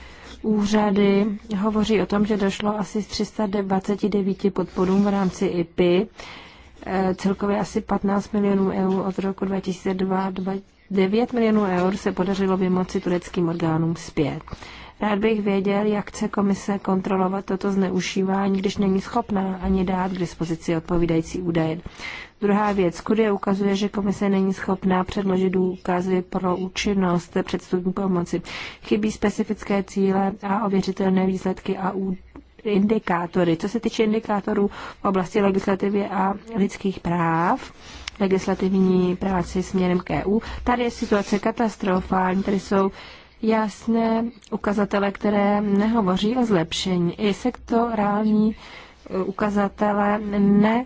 úřady hovoří o tom, že došlo asi z 329 podvodům v rámci IPy, eh, celkově asi 15 milionů eur od roku 2002 9 milionů eur se podařilo vymoci tureckým orgánům zpět. Rád bych věděl, jak chce komise kontrolovat toto zneužívání, když není schopná ani dát k dispozici odpovídající údaje. Druhá věc. Studie ukazuje, že komise není schopná předložit důkazy pro účinnost předstupní pomoci. Chybí specifické cíle a ověřitelné výsledky a indikátory. Co se týče indikátorů v oblasti legislativy a lidských práv, legislativní práci směrem k EU. Tady je situace katastrofální, tady jsou jasné ukazatele, které nehovoří o zlepšení. I sektorální e, ukazatele ne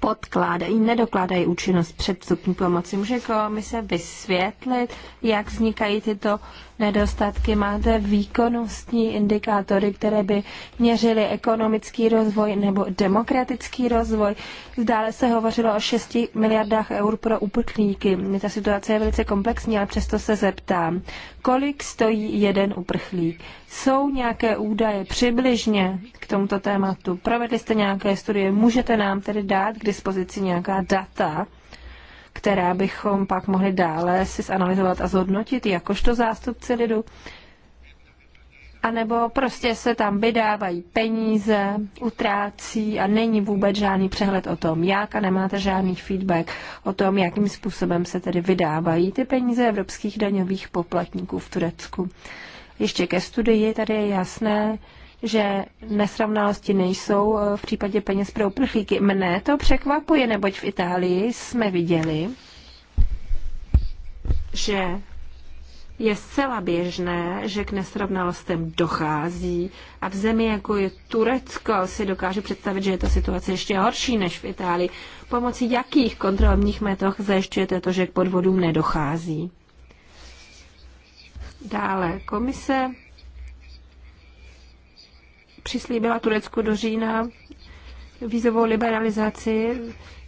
podkládají, nedokládají účinnost předstupní pomoci. Může komise vysvětlit, jak vznikají tyto nedostatky, máte výkonnostní indikátory, které by měřily ekonomický rozvoj nebo demokratický rozvoj. Zdále se hovořilo o 6 miliardách eur pro uprchlíky. Ta situace je velice komplexní, ale přesto se zeptám. Kolik stojí jeden uprchlík? Jsou nějaké údaje přibližně k tomuto tématu? Provedli jste nějaké studie? Můžete nám tedy dát k dispozici nějaká data? která bychom pak mohli dále si zanalizovat a zhodnotit jakožto zástupci lidu. A nebo prostě se tam vydávají peníze, utrácí a není vůbec žádný přehled o tom, jak a nemáte žádný feedback o tom, jakým způsobem se tedy vydávají ty peníze evropských daňových poplatníků v Turecku. Ještě ke studii tady je jasné, že nesrovnalosti nejsou eh, v případě peněz pro uprchlíky. Mne to překvapuje, neboť v Itálii jsme viděli, že je zcela běžné, že k nesrovnalostem dochází a v zemi, jako je Turecko, si dokážu představit, že je ta situace ještě horší než v Itálii. Pomocí jakých kontrolních metod zajišťujete to, že k podvodům nedochází? Dále, komise přislíbila Turecku do října vízovou liberalizaci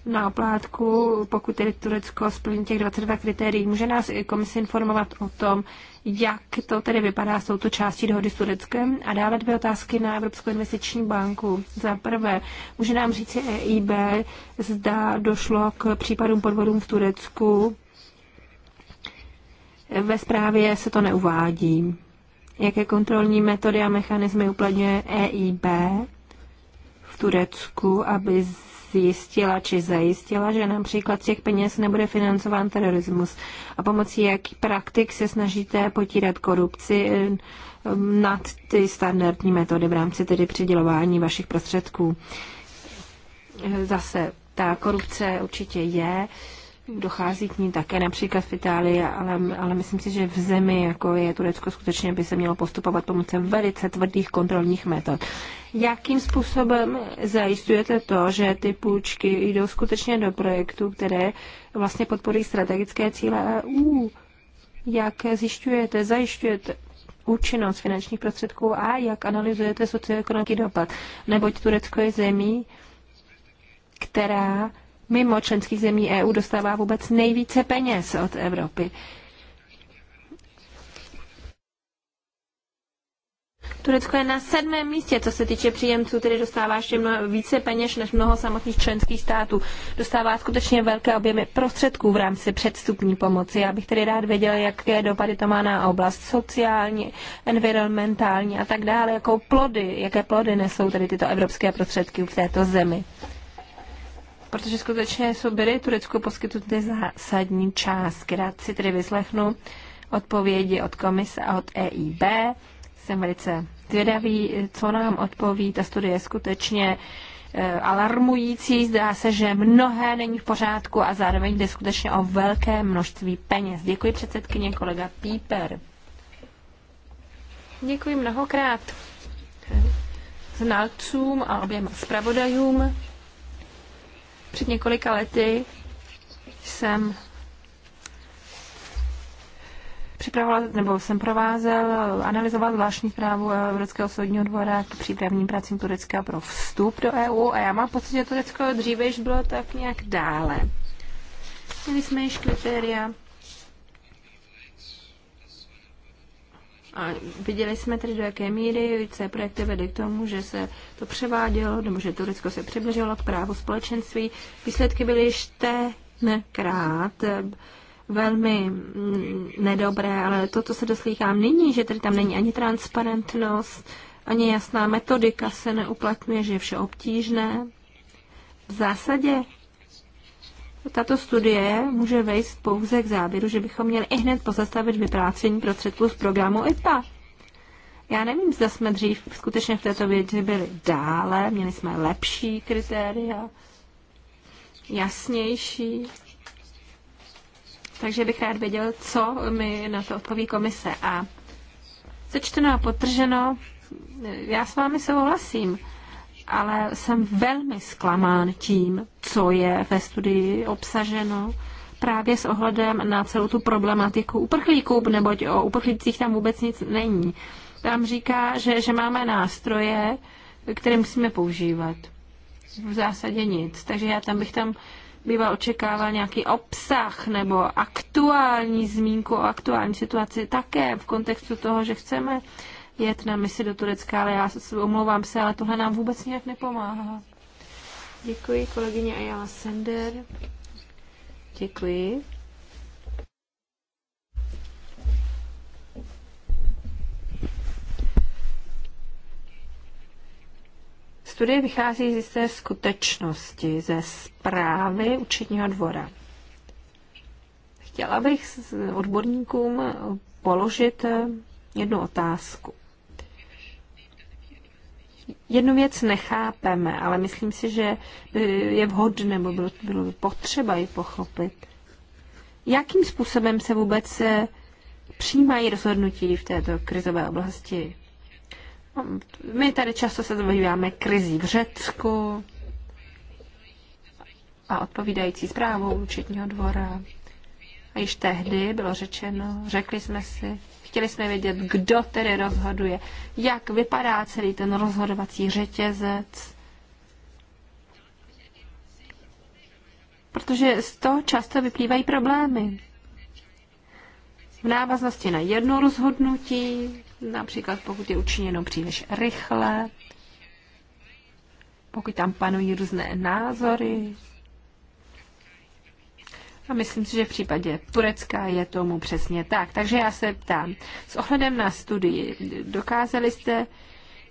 náplátku, pokud tedy Turecko splní těch 22 kritérií. Může nás komise informovat o tom, jak to tedy vypadá s touto částí dohody s Tureckem? A dále dvě otázky na Evropskou investiční banku. Za prvé, může nám říct EIB, zda došlo k případům podvodům v Turecku? Ve zprávě se to neuvádí jaké kontrolní metody a mechanismy uplatňuje EIB v Turecku, aby zjistila či zajistila, že například z těch peněz nebude financován terorismus a pomocí jaký praktik se snažíte potírat korupci eh, nad ty standardní metody v rámci tedy přidělování vašich prostředků. Eh, zase ta korupce určitě je dochází k ní také například v Itálii, ale, ale myslím si, že v zemi, jako je Turecko, skutečně by se mělo postupovat pomocí velice tvrdých kontrolních metod. Jakým způsobem zajistujete to, že ty půjčky jdou skutečně do projektů, které vlastně podporují strategické cíle EU? Jak zjišťujete, zajišťujete, účinnost finančních prostředků a jak analyzujete socioekonomický dopad. Neboť Turecko je zemí, která mimo členských zemí EU dostává vůbec nejvíce peněz od Evropy. Turecko je na sedmém místě, co se týče příjemců, tedy dostává ještě mnoho, více peněz než mnoho samotných členských států. Dostává skutečně velké objemy prostředků v rámci předstupní pomoci. Já bych tedy rád věděl, jaké dopady to má na oblast sociální, environmentální a tak dále, jakou plody, jaké plody nesou tedy tyto evropské prostředky v této zemi protože skutečně jsou byly Turecku poskytnuty zásadní část, Rád si tedy vyslechnu odpovědi od komise a od EIB. Jsem velice zvědavý, co nám odpoví. Ta studie je skutečně e, alarmující. Zdá se, že mnohé není v pořádku a zároveň jde skutečně o velké množství peněz. Děkuji předsedkyně kolega Píper. Děkuji mnohokrát znalcům a oběma zpravodajům. Před několika lety jsem připravoval, nebo jsem provázel, analyzoval zvláštní zprávu Evropského soudního dvora k přípravným pracím Turecka pro vstup do EU a já mám pocit, že Turecko dříve již bylo tak nějak dále. Měli jsme již kritéria A viděli jsme tedy, do jaké míry se projekty vedly k tomu, že se to převádělo, nebo že Turecko se přibližovalo k právu společenství. Výsledky byly nekrát eh, velmi mm, nedobré, ale to, co se doslýchám nyní, že tady tam není ani transparentnost, ani jasná metodika se neuplatňuje, že je vše obtížné. V zásadě tato studie může vést pouze k závěru, že bychom měli i hned pozastavit vyprácení prostředků z programu IPA. Já nevím, zda jsme dřív skutečně v této věci byli dále, měli jsme lepší kritéria, jasnější. Takže bych rád věděl, co mi na to odpoví komise. A sečteno a potrženo, já s vámi souhlasím ale jsem velmi zklamán tím, co je ve studii obsaženo právě s ohledem na celou tu problematiku uprchlíků, neboť o uprchlících tam vůbec nic není. Tam říká, že, že máme nástroje, které musíme používat. V zásadě nic. Takže já tam bych tam býval očekával nějaký obsah nebo aktuální zmínku o aktuální situaci také v kontextu toho, že chceme jet na misi do Turecka, ale já se omlouvám se, ale tohle nám vůbec nějak nepomáhá. Děkuji, kolegyně Ayala Sender. Děkuji. Studie vychází z jisté skutečnosti, ze zprávy účetního dvora. Chtěla bych odborníkům položit eh, jednu otázku. Jednu věc nechápeme, ale myslím si, že eh, je vhodné, nebo bylo, bylo potřeba ji pochopit. Jakým způsobem se vůbec eh, přijímají rozhodnutí v této krizové oblasti? No, my tady často se zabýváme krizí v Řecku a odpovídající zprávou účetního dvora. A již tehdy bylo řečeno, řekli jsme si, Chtěli jsme vědět, kdo tedy rozhoduje, jak vypadá celý ten rozhodovací řetězec. Protože z toho často vyplývají problémy. V návaznosti na jedno rozhodnutí, například pokud je učiněno příliš rychle, pokud tam panují různé názory, a myslím si, že v případě Turecka je tomu přesně tak. Takže já se ptám, s ohledem na studii, dokázali jste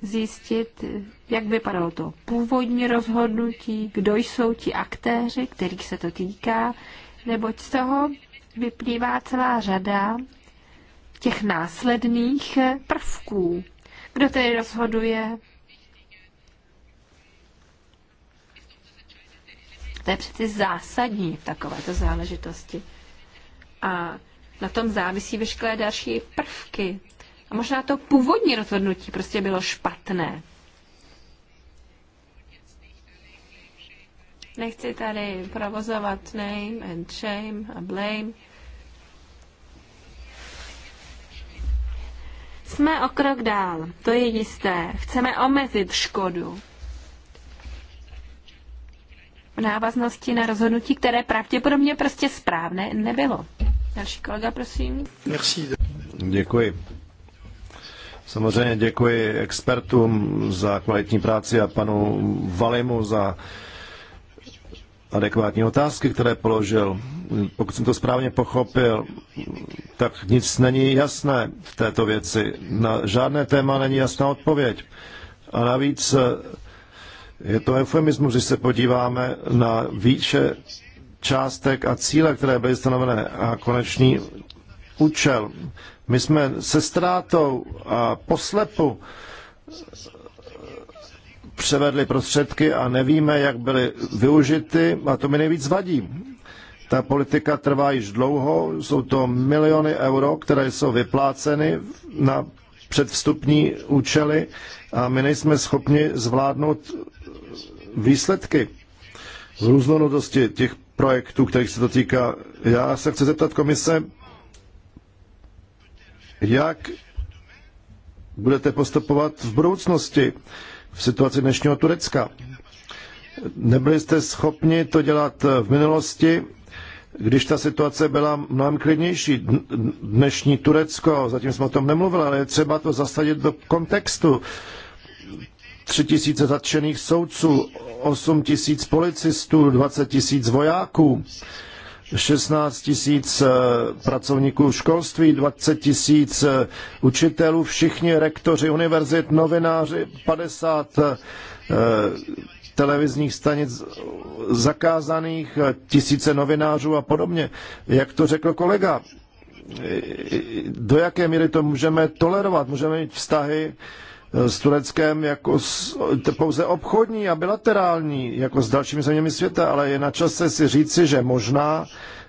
zjistit, jak vypadalo to původní rozhodnutí, kdo jsou ti aktéři, kterých se to týká, neboť z toho vyplývá celá řada těch následných prvků. Kdo tedy rozhoduje, To je přeci zásadní v takovéto záležitosti. A na tom závisí veškeré další prvky. A možná to původní rozhodnutí prostě bylo špatné. Nechci tady provozovat name and shame a blame. Jsme o krok dál, to je jisté. Chceme omezit škodu návaznosti na rozhodnutí, které pravděpodobně prostě správné nebylo. Další kolega, prosím. Merci. Děkuji. Samozřejmě děkuji expertům za kvalitní práci a panu Valimu za adekvátní otázky, které položil. Pokud jsem to správně pochopil, tak nic není jasné v této věci. Na žádné téma není jasná odpověď. A navíc je to eufemismus, když se podíváme na výše částek a cíle, které byly stanovené a konečný účel. My jsme se ztrátou a poslepu převedli prostředky a nevíme, jak byly využity a to mi nejvíc vadí. Ta politika trvá již dlouho, jsou to miliony euro, které jsou vypláceny na předvstupní účely a my nejsme schopni zvládnout výsledky v různorodosti těch projektů, kterých se to týká. Já se chci zeptat komise, jak budete postupovat v budoucnosti v situaci dnešního Turecka. Nebyli jste schopni to dělat v minulosti, když ta situace byla mnohem klidnější. Dnešní Turecko, zatím jsme o tom nemluvili, ale je třeba to zasadit do kontextu. 3 tisíce zatčených soudců, 8 tisíc policistů, 20 tisíc vojáků, 16 tisíc eh, pracovníků školství, 20 tisíc eh, učitelů, všichni rektoři univerzit, novináři, 50 eh, televizních stanic zakázaných, tisíce novinářů a podobně. Jak to řekl kolega, do jaké míry to můžeme tolerovat? Můžeme mít vztahy, Eh, s Tureckem jako s, pouze obchodní a bilaterální, jako s dalšími zeměmi světa, ale je na čase si říci, že možná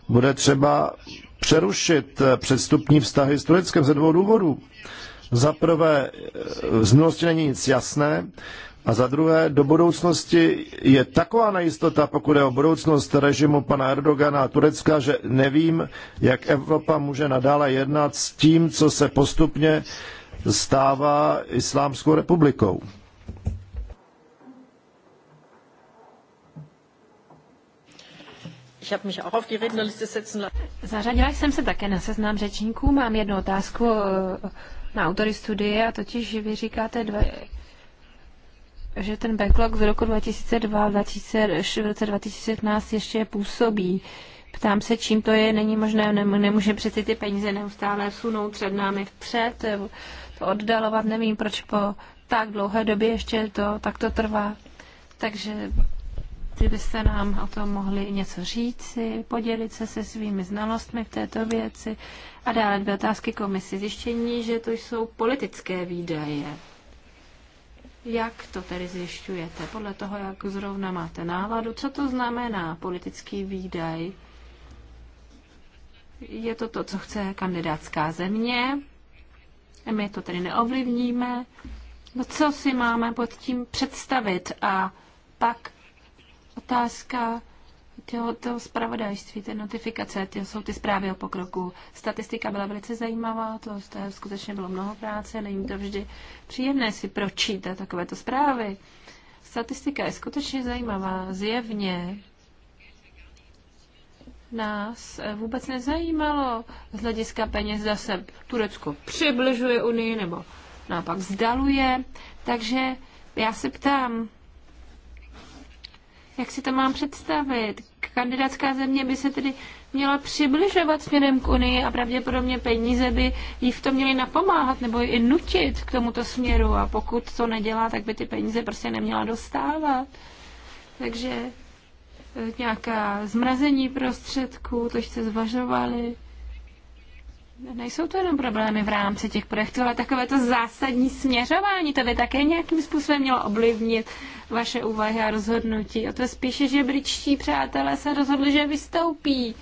bude třeba přerušit eh, předstupní vztahy s Tureckem ze dvou důvodů. Za prvé, eh, z minulosti není nic jasné, a za druhé, do budoucnosti je taková nejistota, pokud je o budoucnost režimu pana Erdogana a Turecka, že nevím, jak Evropa může nadále jednat s tím, co se postupně uh, stává Islámskou republikou. Zařadila jsem se také na seznam řečníků. Mám jednu otázku eh, na autory studie, a totiž, vy říkáte, dva, že ten backlog z roku 2002 v roce 2017 ještě působí. Ptám se, čím to je, není možné, nemůže přeci ty peníze neustále sunout před námi vpřed oddalovat. Nevím, proč po tak dlouhé době ještě to takto trvá. Takže kdybyste nám o tom mohli něco říci, podělit se se svými znalostmi v této věci a dále dvě otázky komisi. Zjištění, že to jsou politické výdaje. Jak to tedy zjišťujete? Podle toho, jak zrovna máte náladu, co to znamená politický výdaj? Je to to, co chce kandidátská země? My to tedy neovlivníme. No co si máme pod tím představit? A pak otázka toho, toho zpravodajství, ty notifikace, to jsou ty zprávy o pokroku. Statistika byla velice zajímavá, to, to skutečně bylo mnoho práce, není to vždy příjemné si pročítat takovéto zprávy. Statistika je skutečně zajímavá, zjevně nás eh, vůbec nezajímalo z hlediska peněz, zda se Turecko přibližuje Unii nebo naopak vzdaluje. Takže já se ptám, jak si to mám představit? Kandidátská země by se tedy měla přibližovat směrem k Unii a pravděpodobně peníze by jí v tom měly napomáhat nebo i nutit k tomuto směru a pokud to nedělá, tak by ty peníze prostě neměla dostávat. Takže nějaká zmrazení prostředků, to jste zvažovali? Nejsou to jenom problémy v rámci těch projektů, ale takové to zásadní směřování, to by také nějakým způsobem mělo oblivnit vaše úvahy a rozhodnutí. A to spíše, že britští přátelé se rozhodli, že vystoupí.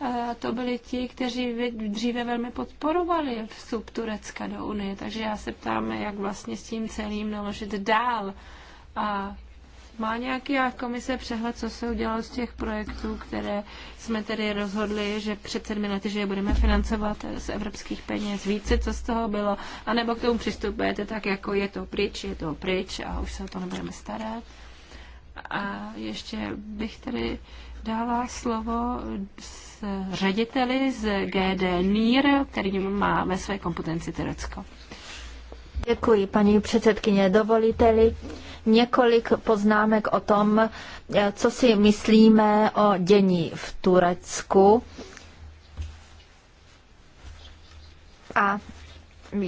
A to byli ti, kteří dříve velmi podporovali vstup Turecka do Unie. Takže já se ptám, jak vlastně s tím celým naložit dál. A má nějaký a komise přehled, co se udělalo z těch projektů, které jsme tedy rozhodli, že před sedmi lety, že je budeme financovat z evropských peněz více, co z toho bylo, anebo k tomu přistupujete tak, jako je to pryč, je to pryč a už se o to nebudeme starat. A ještě bych tedy dala slovo s řediteli z GD NIR, který má ve své kompetenci Turecko. Děkuji, paní předsedkyně. Dovolíte-li, několik poznámek o tom, eh, co si myslíme o dění v Turecku a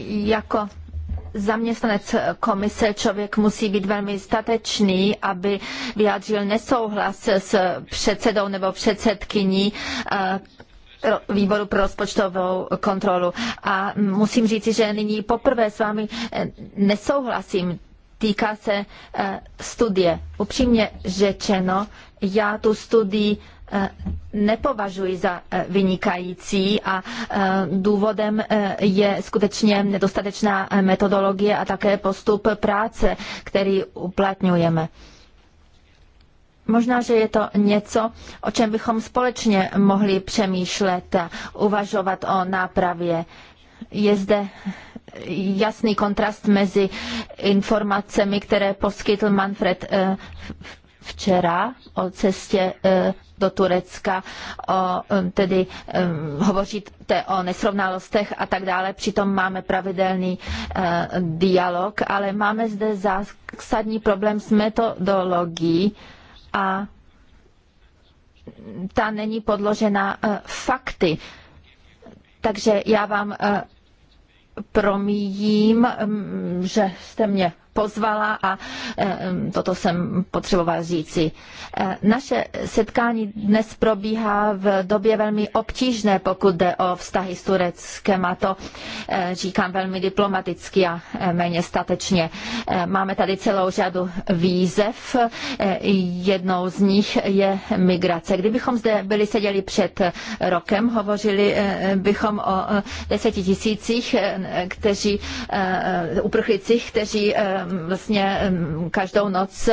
jako zaměstnanec komise člověk musí být velmi statečný, aby vyjádřil nesouhlas s předsedou nebo předsedkyní eh, výboru pro rozpočtovou kontrolu. A musím říci, že nyní poprvé s vámi eh, nesouhlasím týká se eh, studie. Upřímně řečeno, já tu studii eh, nepovažuji za eh, vynikající a důvodem je skutečně nedostatečná metodologie a také postup práce, který uplatňujeme. Možná, že je to něco, o čem bychom společně mohli přemýšlet a uvažovat o nápravě. Je zde jasný kontrast mezi informacemi, které poskytl Manfred eh, včera o cestě eh, do Turecka, o, eh, tedy hovoříte o nesrovnalostech a tak dále. Přitom máme pravidelný dialog, ale máme zde zásadní problém s metodologií a ta není podložena fakty. Takže já vám promíjím, že jste mě pozvala a eh, toto jsem potřebovala říci. Eh, naše setkání dnes probíhá v době velmi obtížné, pokud jde o vztahy s Tureckem a to eh, říkám velmi diplomaticky a méně statečně. Máme tady celou řadu výzev. Jednou z nich je migrace. Kdybychom zde byli seděli před rokem, hovořili bychom o desetitisících, kteří uprchlících, kteří vlastně každou noc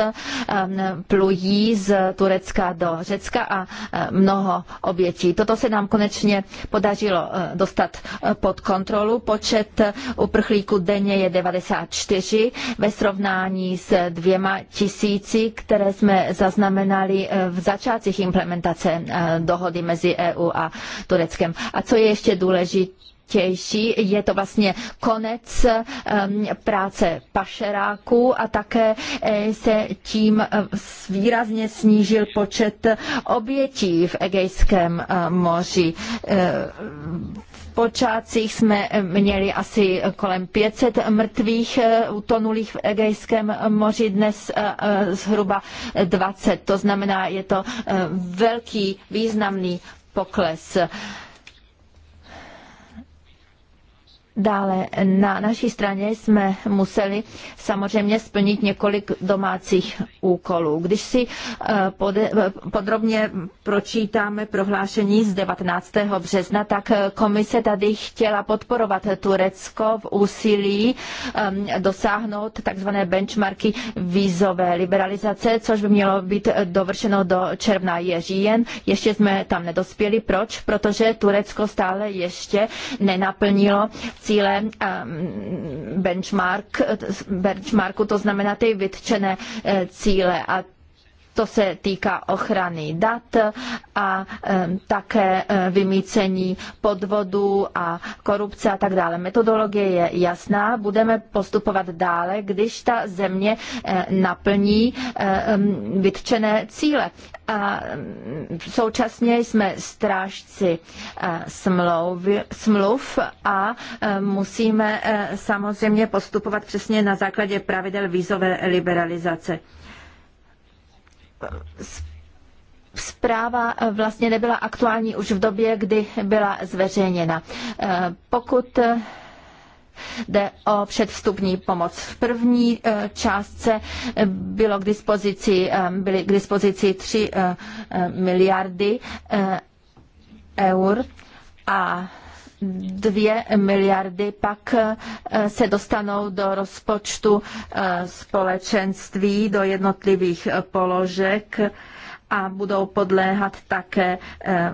plují z Turecka do Řecka a mnoho obětí. Toto se nám konečně podařilo eh, dostat eh, pod kontrolu. Počet eh, uprchlíků denně je 94 ve srovnání s dvěma tisíci, které jsme zaznamenali v začátcích implementace dohody mezi EU a Tureckem. A co je ještě důležité, nejdůležitější. Je to vlastně konec práce pašeráků a také e, se tím e, výrazně snížil počet obětí v Egejském e, moři. V počátcích jsme měli asi kolem 500 mrtvých utonulých v Egejském moři, dnes zhruba 20. To znamená, je to velký, významný pokles. Dále na naší straně jsme museli samozřejmě splnit několik domácích úkolů. Když si eh, eh, podrobně pročítáme prohlášení z 19. března, tak eh, komise tady chtěla podporovat Turecko v úsilí ehm, dosáhnout takzvané benchmarky vízové liberalizace, což by mělo být dovršeno do června Ježíjen. Ještě jsme tam nedospěli. Proč? Protože Turecko stále ještě nenaplnilo cíl cíle um, benchmark, benchmarku, to znamená ty vytčené eh, cíle. A to se týká ochrany dat a také vymícení podvodů a korupce a tak dále. Metodologie je jasná, budeme postupovat dále, když ta země e, naplní e, vytčené cíle. A současně jsme strážci e, smlouv, smluv a musíme samozřejmě postupovat přesně na základě pravidel vízové liberalizace zpráva eh, vlastně nebyla aktuální už v době, kdy byla zveřejněna. Eh, pokud eh, Jde o předvstupní pomoc. V první částce bylo k dispozici, byly k dispozici 3 miliardy eur a 2 miliardy pak eh, se dostanou do rozpočtu eh, společenství, do jednotlivých eh, položek a budou podléhat také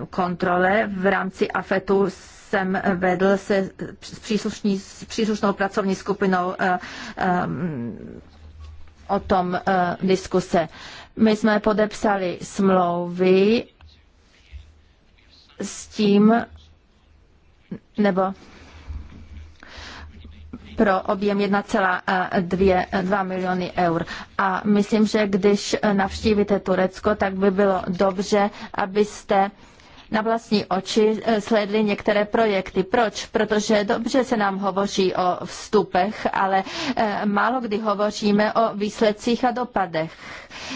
kontrole. V rámci AFETu jsem vedl se s, příslušní, s příslušnou pracovní skupinou o tom diskuse. My jsme podepsali smlouvy s tím, nebo pro objem 1,2 miliony eur. A myslím, že když navštívíte Turecko, tak by bylo dobře, abyste na vlastní oči eh, sledli některé projekty. Proč? Protože dobře se nám hovoří o vstupech, ale eh, málo kdy hovoříme o výsledcích a dopadech.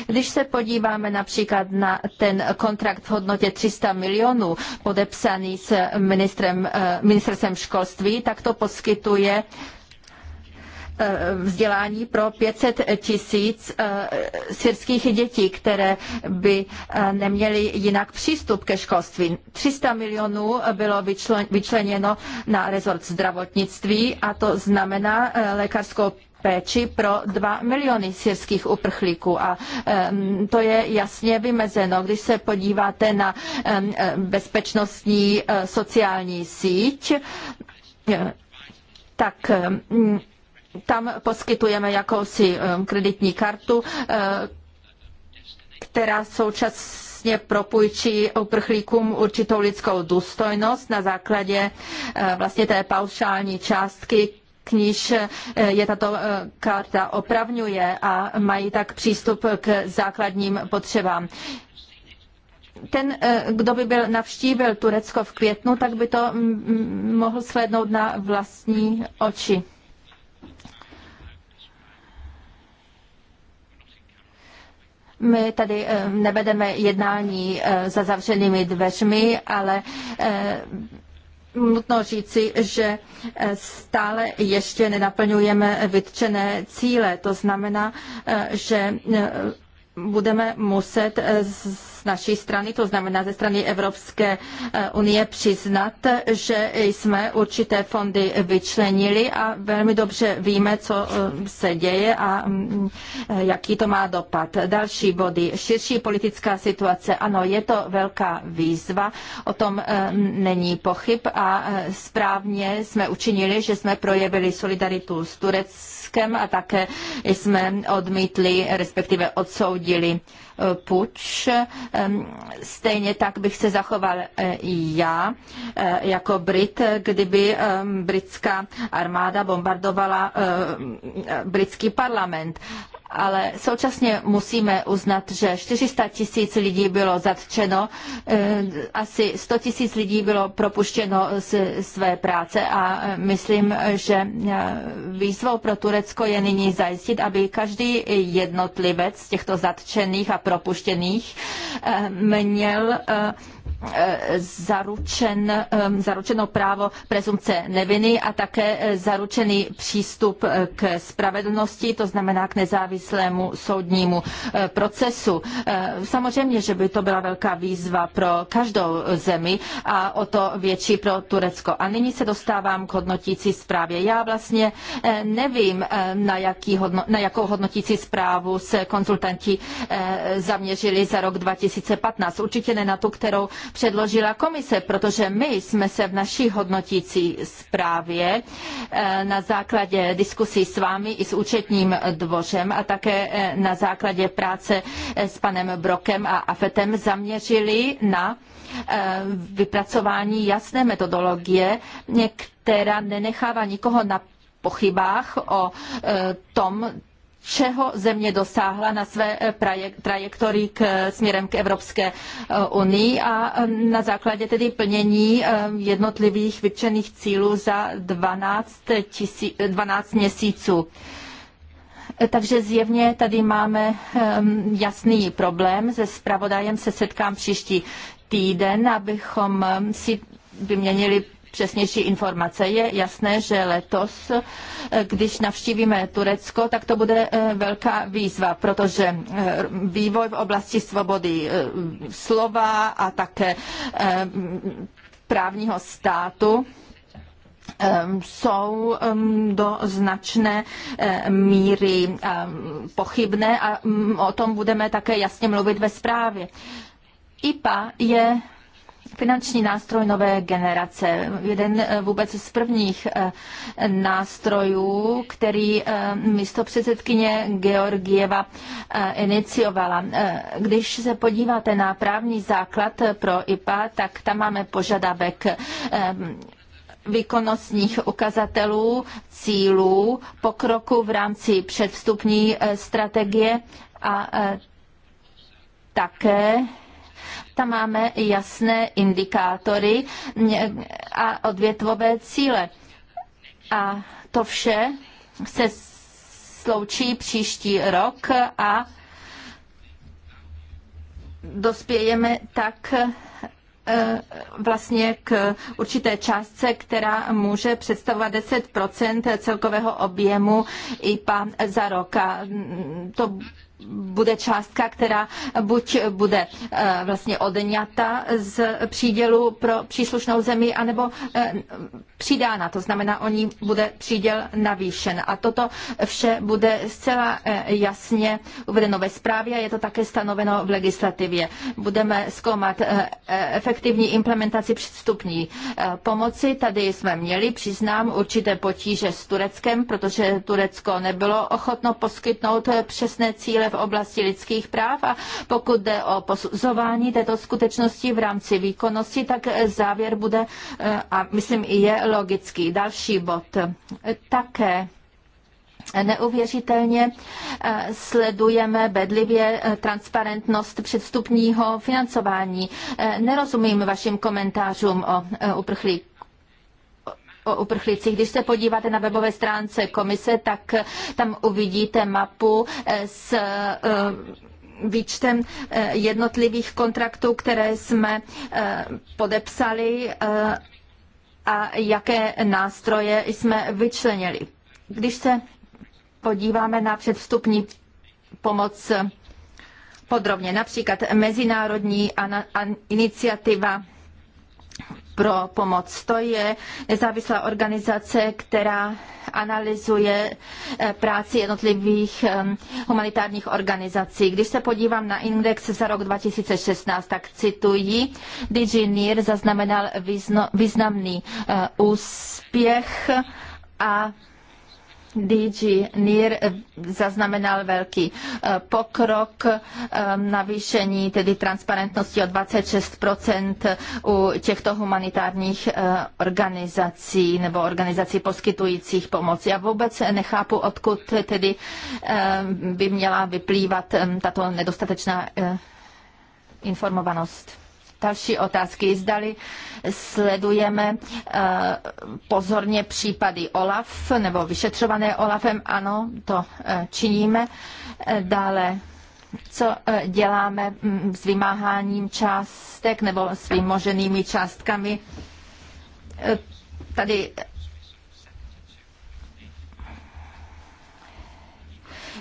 Když se podíváme například na ten kontrakt v hodnotě 300 milionů podepsaný s ministrem, eh, ministerstvem školství, tak to poskytuje Eh, vzdělání pro 500 tisíc eh, syrských dětí, které by eh, neměly jinak přístup ke školství. 300 milionů bylo vyčleněno na rezort zdravotnictví a to znamená lékařskou péči pro 2 miliony syrských uprchlíků. A to je jasně vymezeno. Když se podíváte na bezpečnostní sociální síť, tak tam poskytujeme jakousi um, kreditní kartu, uh, která současně propůjčí uprchlíkům určitou lidskou důstojnost na základě uh, vlastně té paušální částky, k níž uh, je tato karta opravňuje a mají tak přístup k základním potřebám ten, kdo by byl navštívil Turecko v květnu, tak by to mohl slednout na vlastní oči. My tady eh, nevedeme jednání eh, za zavřenými dveřmi, ale eh, nutno říci, že stále ještě nenaplňujeme vytčené cíle. To znamená, že budeme muset eh, z naší strany, to znamená ze strany Evropské eh, unie, přiznat, že jsme určité fondy vyčlenili a velmi dobře víme, co eh, se děje a mm, jaký to má dopad. Další body. Širší politická situace. Ano, je to velká výzva, o tom není pochyb a správně jsme učinili, že jsme projevili solidaritu s Tureckem Ruskem a také jsme odmítli, respektive odsoudili eh, puč. Ehm, stejně tak bych se zachoval eh, já eh, jako Brit, kdyby ehm, britská armáda bombardovala ehm, britský parlament ale současně musíme uznat, že 400 tisíc lidí bylo zatčeno, eh, asi 100 tisíc lidí bylo propuštěno z své práce a eh, myslím, že eh, výzvou pro Turecko je nyní zajistit, aby každý jednotlivec z těchto zatčených a propuštěných měl Eh, zaručen, eh, zaručeno právo prezumce neviny a také eh, zaručený přístup k spravedlnosti, to znamená k nezávislému soudnímu procesu. Samozřejmě, že by to byla velká výzva pro každou zemi a o to větší pro Turecko. A nyní se dostávám k hodnotící zprávě. Já vlastně nevím, na, jaký hodno, na jakou hodnotící zprávu se konzultanti zaměřili za rok 2015. Určitě ne na tu, kterou předložila komise, protože my jsme se v naší hodnotící zprávě eh, na základě diskusí s vámi i s účetním dvořem a také eh, na základě práce eh, s panem Brokem a Afetem zaměřili na vypracování jasné metodologie, která nenechává nikoho na pochybách o tom, čeho země dosáhla na své eh, trajektorii k, eh, směrem k Evropské eh, unii a na základě tedy plnění jednotlivých vytčených cílů za 12, tisí, 12 měsíců. Takže zjevně tady máme jasný problém. Se spravodajem se setkám příští týden, abychom si vyměnili přesnější informace. Je jasné, že letos, eh, když navštívíme Turecko, tak to bude eh, velká výzva, protože eh, vývoj v oblasti svobody slova a také právního státu jsou do značné míry pochybné a mm, o tom budeme také jasně mluvit ve zprávě. IPA je finanční nástroj nové generace. Jeden eh, vůbec z prvních eh, nástrojů, který eh, místo předsedkyně Georgieva iniciovala. Když se podíváte na právní základ pro IPA, tak tam máme požadavek výkonnostních ukazatelů, cílů, pokroku v rámci předvstupní strategie a také tam máme jasné indikátory a odvětvové cíle. A to vše se sloučí příští rok a dospějeme tak eh, vlastně k určité částce, která může představovat 10 celkového objemu IPA za rok. A to bude částka, která buď bude eh, vlastně odňata z přídělu pro příslušnou zemi, anebo eh, přidána. To znamená, o ní bude příděl navýšen. A toto vše bude zcela eh, jasně uvedeno ve zprávě a je to také stanoveno v legislativě. Budeme zkoumat efektivní implementaci předstupní pomoci. Tady jsme měli, přiznám, určité potíže s Tureckem, protože Turecko nebylo ochotno poskytnout přesné cíle v oblasti lidských práv a pokud jde o posuzování této skutečnosti v rámci výkonnosti, tak závěr bude eh, a myslím i je logický. Další bod. Také Neuvěřitelně eh, sledujeme bedlivě eh, transparentnost předstupního financování. Nerozumím vašim komentářům o uprchlík o uprchlících. Když se podíváte na webové stránce komise, tak eh, tam uvidíte mapu eh, s eh, výčtem jednotlivých kontraktů, které jsme podepsali a jaké nástroje jsme vyčlenili. Když se podíváme na předvstupní pomoc podrobně, například mezinárodní iniciativa pro pomoc. To je nezávislá organizace, která analyzuje eh, práci jednotlivých humanitárních organizací. Když se podívám na index za rok 2016, tak cituji, DigiNIR zaznamenal významný eh, úspěch a DG NIR zaznamenal velký eh, pokrok eh, navýšení tedy transparentnosti o 26 u těchto humanitárních eh, organizací nebo organizací poskytujících pomoc. Já vůbec nechápu, odkud tedy by měla vyplývat tato nedostatečná informovanost další otázky. Zdali sledujeme eh, pozorně případy OLAF nebo vyšetřované OLAFem. Ano, to eh, činíme. Eh, dále co děláme mm, s vymáháním částek nebo s vymoženými částkami. Tady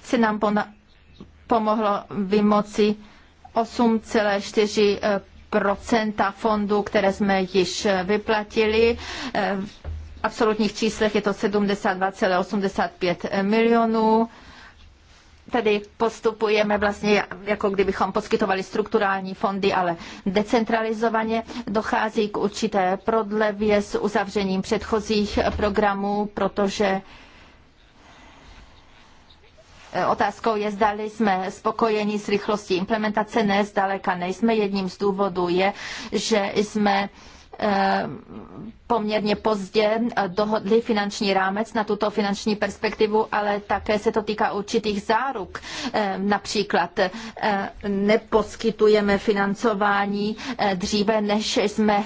se nám pomohlo vymoci 8,4 procenta fondů, které jsme již vyplatili. V absolutních číslech je to 72,85 milionů tedy postupujeme vlastně, jako kdybychom poskytovali strukturální fondy, ale decentralizovaně dochází k určité prodlevě s uzavřením předchozích programů, protože Eh, otázkou je, zdali jsme spokojeni s rychlostí implementace. Ne, zdaleka nejsme. Jedním z důvodů je, že jsme eh, poměrně pozdě eh, dohodli finanční rámec na tuto finanční perspektivu, ale také se to týká určitých záruk. Například neposkytujeme financování dříve, než jsme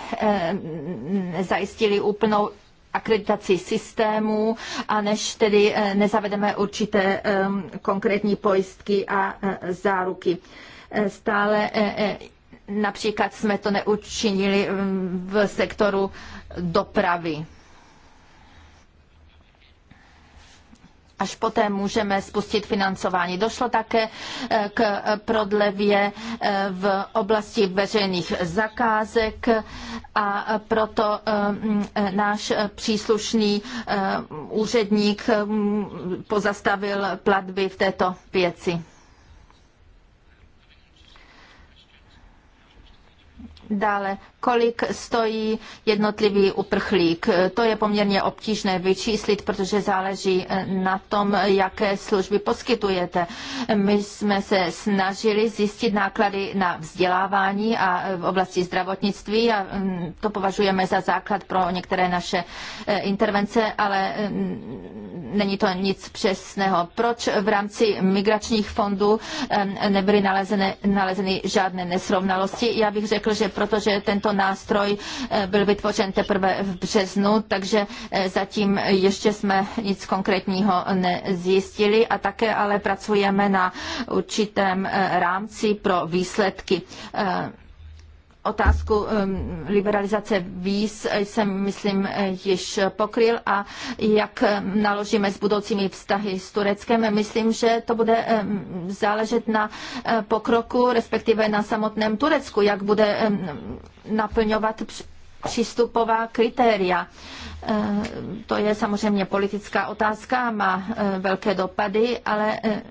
zajistili úplnou akreditaci systémů a než tedy eh, nezavedeme určité konkrétní pojistky a eh, záruky. Eh, stále například jsme to neučinili v sektoru dopravy. až poté můžeme spustit financování. Došlo také eh, k prodlevě eh, v oblasti veřejných zakázek a proto eh, mm, náš příslušný úředník mm, pozastavil platby v této věci. Dále, kolik stojí jednotlivý uprchlík. To je poměrně obtížné vyčíslit, protože záleží na tom, jaké služby poskytujete. My jsme se snažili zjistit náklady na vzdělávání a v oblasti zdravotnictví a mm, to považujeme za základ pro některé naše e, intervence, ale mm, není to nic přesného. Proč v rámci migračních fondů e, nebyly nalezeny, nalezeny žádné nesrovnalosti? Já bych řekl, že protože tento nástroj eh, byl vytvořen teprve v březnu, takže eh, zatím ještě jsme nic konkrétního nezjistili a také ale pracujeme na určitém eh, rámci pro výsledky otázku um, liberalizace víz jsem, myslím, již pokryl a jak um, naložíme s budoucími vztahy s Tureckem. Myslím, že to bude um, záležet na uh, pokroku, respektive na samotném Turecku, jak bude naplňovat přístupová kritéria. E, to je samozřejmě politická otázka, má e, velké dopady, ale e,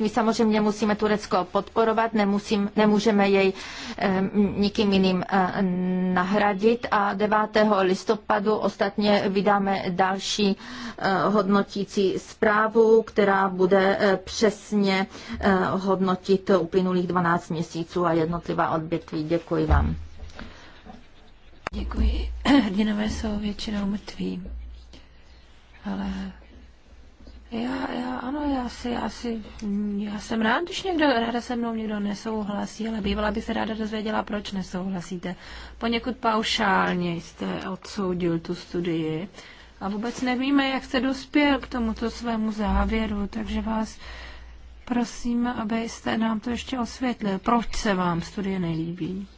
my samozřejmě musíme Turecko podporovat, nemusím, nemůžeme jej nikým jiným nahradit a 9. listopadu ostatně vydáme další hodnotící zprávu, která bude přesně hodnotit uplynulých 12 měsíců a jednotlivá odbětví. Děkuji vám. Děkuji. Hrdinové jsou většinou mrtví. Ale já, já, ano, já si, já si, já jsem rád, když někdo, ráda se mnou někdo nesouhlasí, ale bývala by se ráda dozvěděla, proč nesouhlasíte. Poněkud paušálně jste odsoudil tu studii a vůbec nevíme, jak se dospěl k tomuto svému závěru, takže vás prosím, abyste nám to ještě osvětlil, proč se vám studie nelíbí.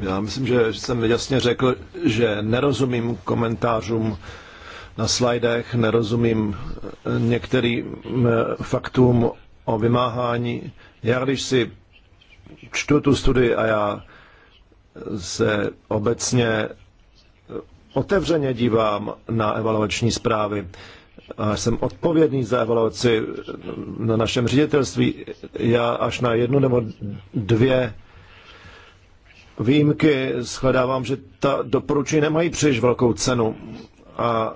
Já myslím, že jsem jasně řekl, že nerozumím komentářům na slajdech, nerozumím eh, některým eh, faktům o vymáhání. Já když si čtu tu studii a já se obecně eh, otevřeně dívám na evaluační zprávy, a jsem odpovědný za evaluaci na našem ředitelství. Já až na jednu nebo dvě výjimky, shledávám, že ta doporučení nemají příliš velkou cenu. A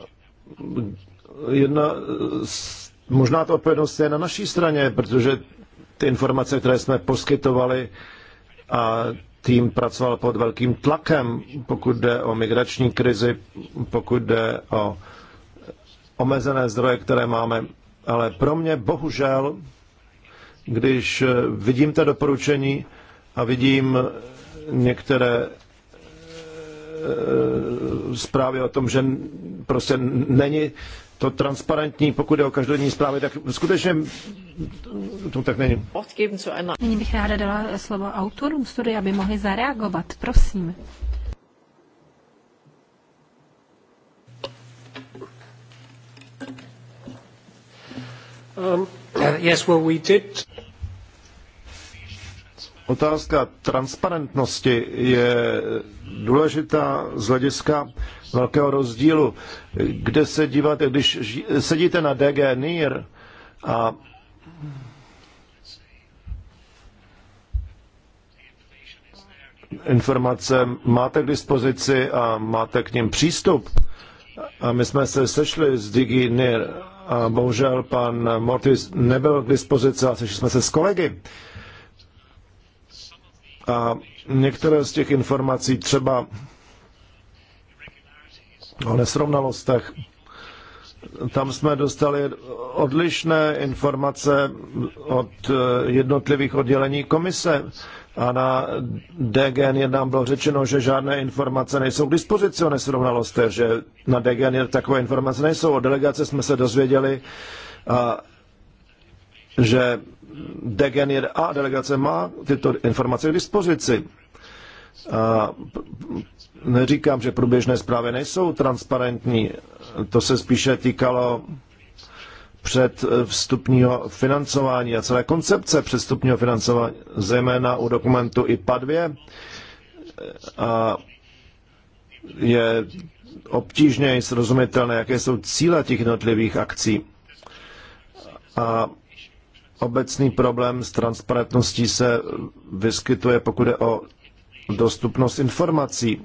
jedna, možná ta odpovědnost je na naší straně, protože ty informace, které jsme poskytovali a tým pracoval pod velkým tlakem, pokud jde o migrační krizi, pokud jde o omezené zdroje, které máme. Ale pro mě bohužel, když vidím ta doporučení a vidím, některé eh, zprávy o tom, že prostě není to transparentní, pokud je o každodenní zprávy, tak skutečně to tak není. Nyní bych ráda dala slovo autorům studie, aby mohli zareagovat. Prosím. Um, yes, well, we did. Otázka transparentnosti je důležitá z hlediska velkého rozdílu. Kde se díváte, když sedíte na DG NIR a informace máte k dispozici a máte k ním přístup. A my jsme se sešli s Digi NIR a bohužel pan Mortis nebyl k dispozici a sešli jsme se s kolegy. A některé z těch informací, třeba o nesrovnalostech, tam jsme dostali odlišné informace od eh, jednotlivých oddělení komise. A na DGN nám bylo řečeno, že žádné informace nejsou k dispozici o nesrovnalostech, že na DGN takové informace nejsou. O delegace jsme se dozvěděli a že DGN a delegace má tyto informace k dispozici. A neříkám, že průběžné zprávy nejsou transparentní. To se spíše týkalo před eh, vstupního financování a celé koncepce předstupního financování, zejména u dokumentu IPA 2. A je obtížně srozumitelné, jaké jsou cíle těch jednotlivých akcí. A Obecný problém s transparentností se vyskytuje, pokud je o dostupnost informací.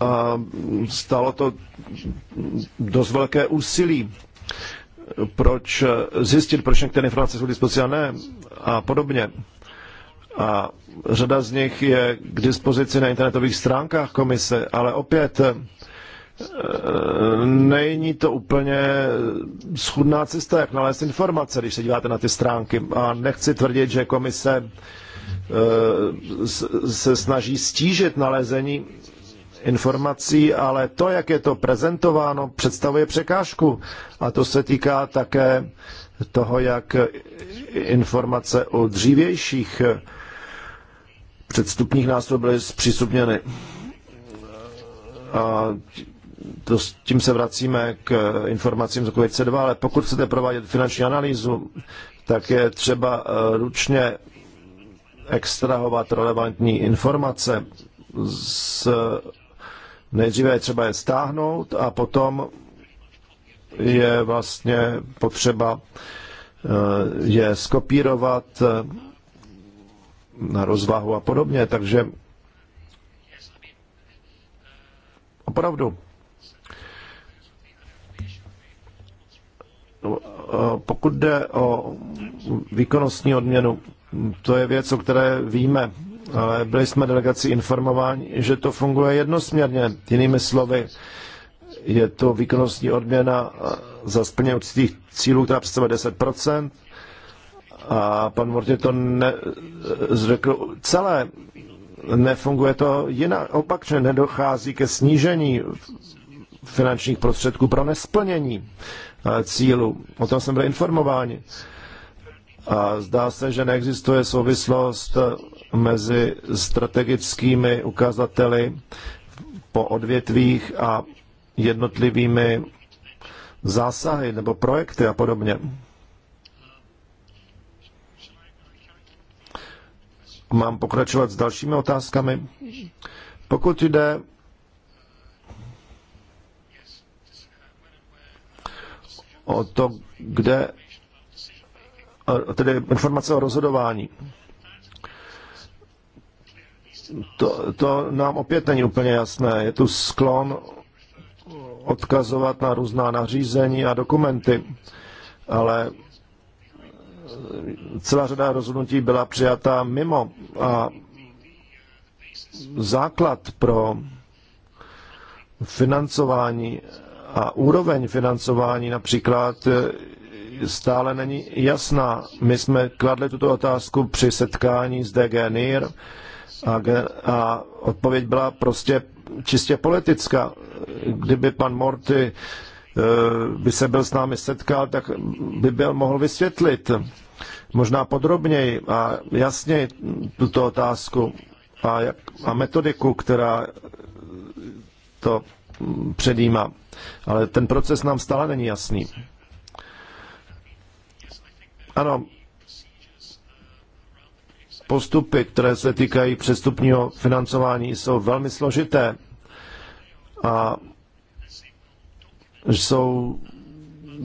A stalo to dost velké úsilí proč zjistit, proč některé informace jsou dispozici a ne a podobně. A řada z nich je k dispozici na internetových stránkách komise, ale opět Eh, není to úplně schudná cesta, jak nalézt informace, když se díváte na ty stránky. A nechci tvrdit, že komise eh, se snaží stížit nalezení informací, ale to, jak je to prezentováno, představuje překážku. A to se týká také toho, jak informace o dřívějších předstupních nástrojů byly zpřístupněny. A to, s tím se vracíme k informacím z roku 2002, ale pokud chcete provádět finanční analýzu, tak je třeba eh, ručně extrahovat relevantní informace z Nejdříve je třeba je stáhnout a potom je vlastně potřeba eh, je skopírovat eh, na rozvahu a podobně, takže opravdu No, eh, pokud jde o výkonnostní odměnu, to je věc, o které víme, ale byli jsme delegací informováni, že to funguje jednosměrně. Jinými slovy, je to výkonnostní odměna eh, za splně určitých cílů, která představuje 10%. A pan Mortě to ne, eh, řekl celé. Nefunguje to jinak. že nedochází ke snížení finančních prostředků pro nesplnění cílu. O tom jsme byli informováni. A zdá se, že neexistuje souvislost mezi strategickými ukazateli po odvětvích a jednotlivými zásahy nebo projekty a podobně. Mám pokračovat s dalšími otázkami. Pokud jde o to, kde tedy informace o rozhodování. To, to nám opět není úplně jasné. Je tu sklon odkazovat na různá nařízení a dokumenty, ale celá řada rozhodnutí byla přijata mimo a základ pro financování a úroveň financování například e, stále není jasná. My jsme kladli tuto otázku při setkání s DG NIR a, a odpověď byla prostě čistě politická. Kdyby pan Morty e, by se byl s námi setkal, tak by byl mohl vysvětlit možná podrobněji a jasněji tuto otázku a, jak, a metodiku, která to předjímá. Ale ten proces nám stále není jasný. Ano, postupy, které se týkají přestupního financování, jsou velmi složité a jsou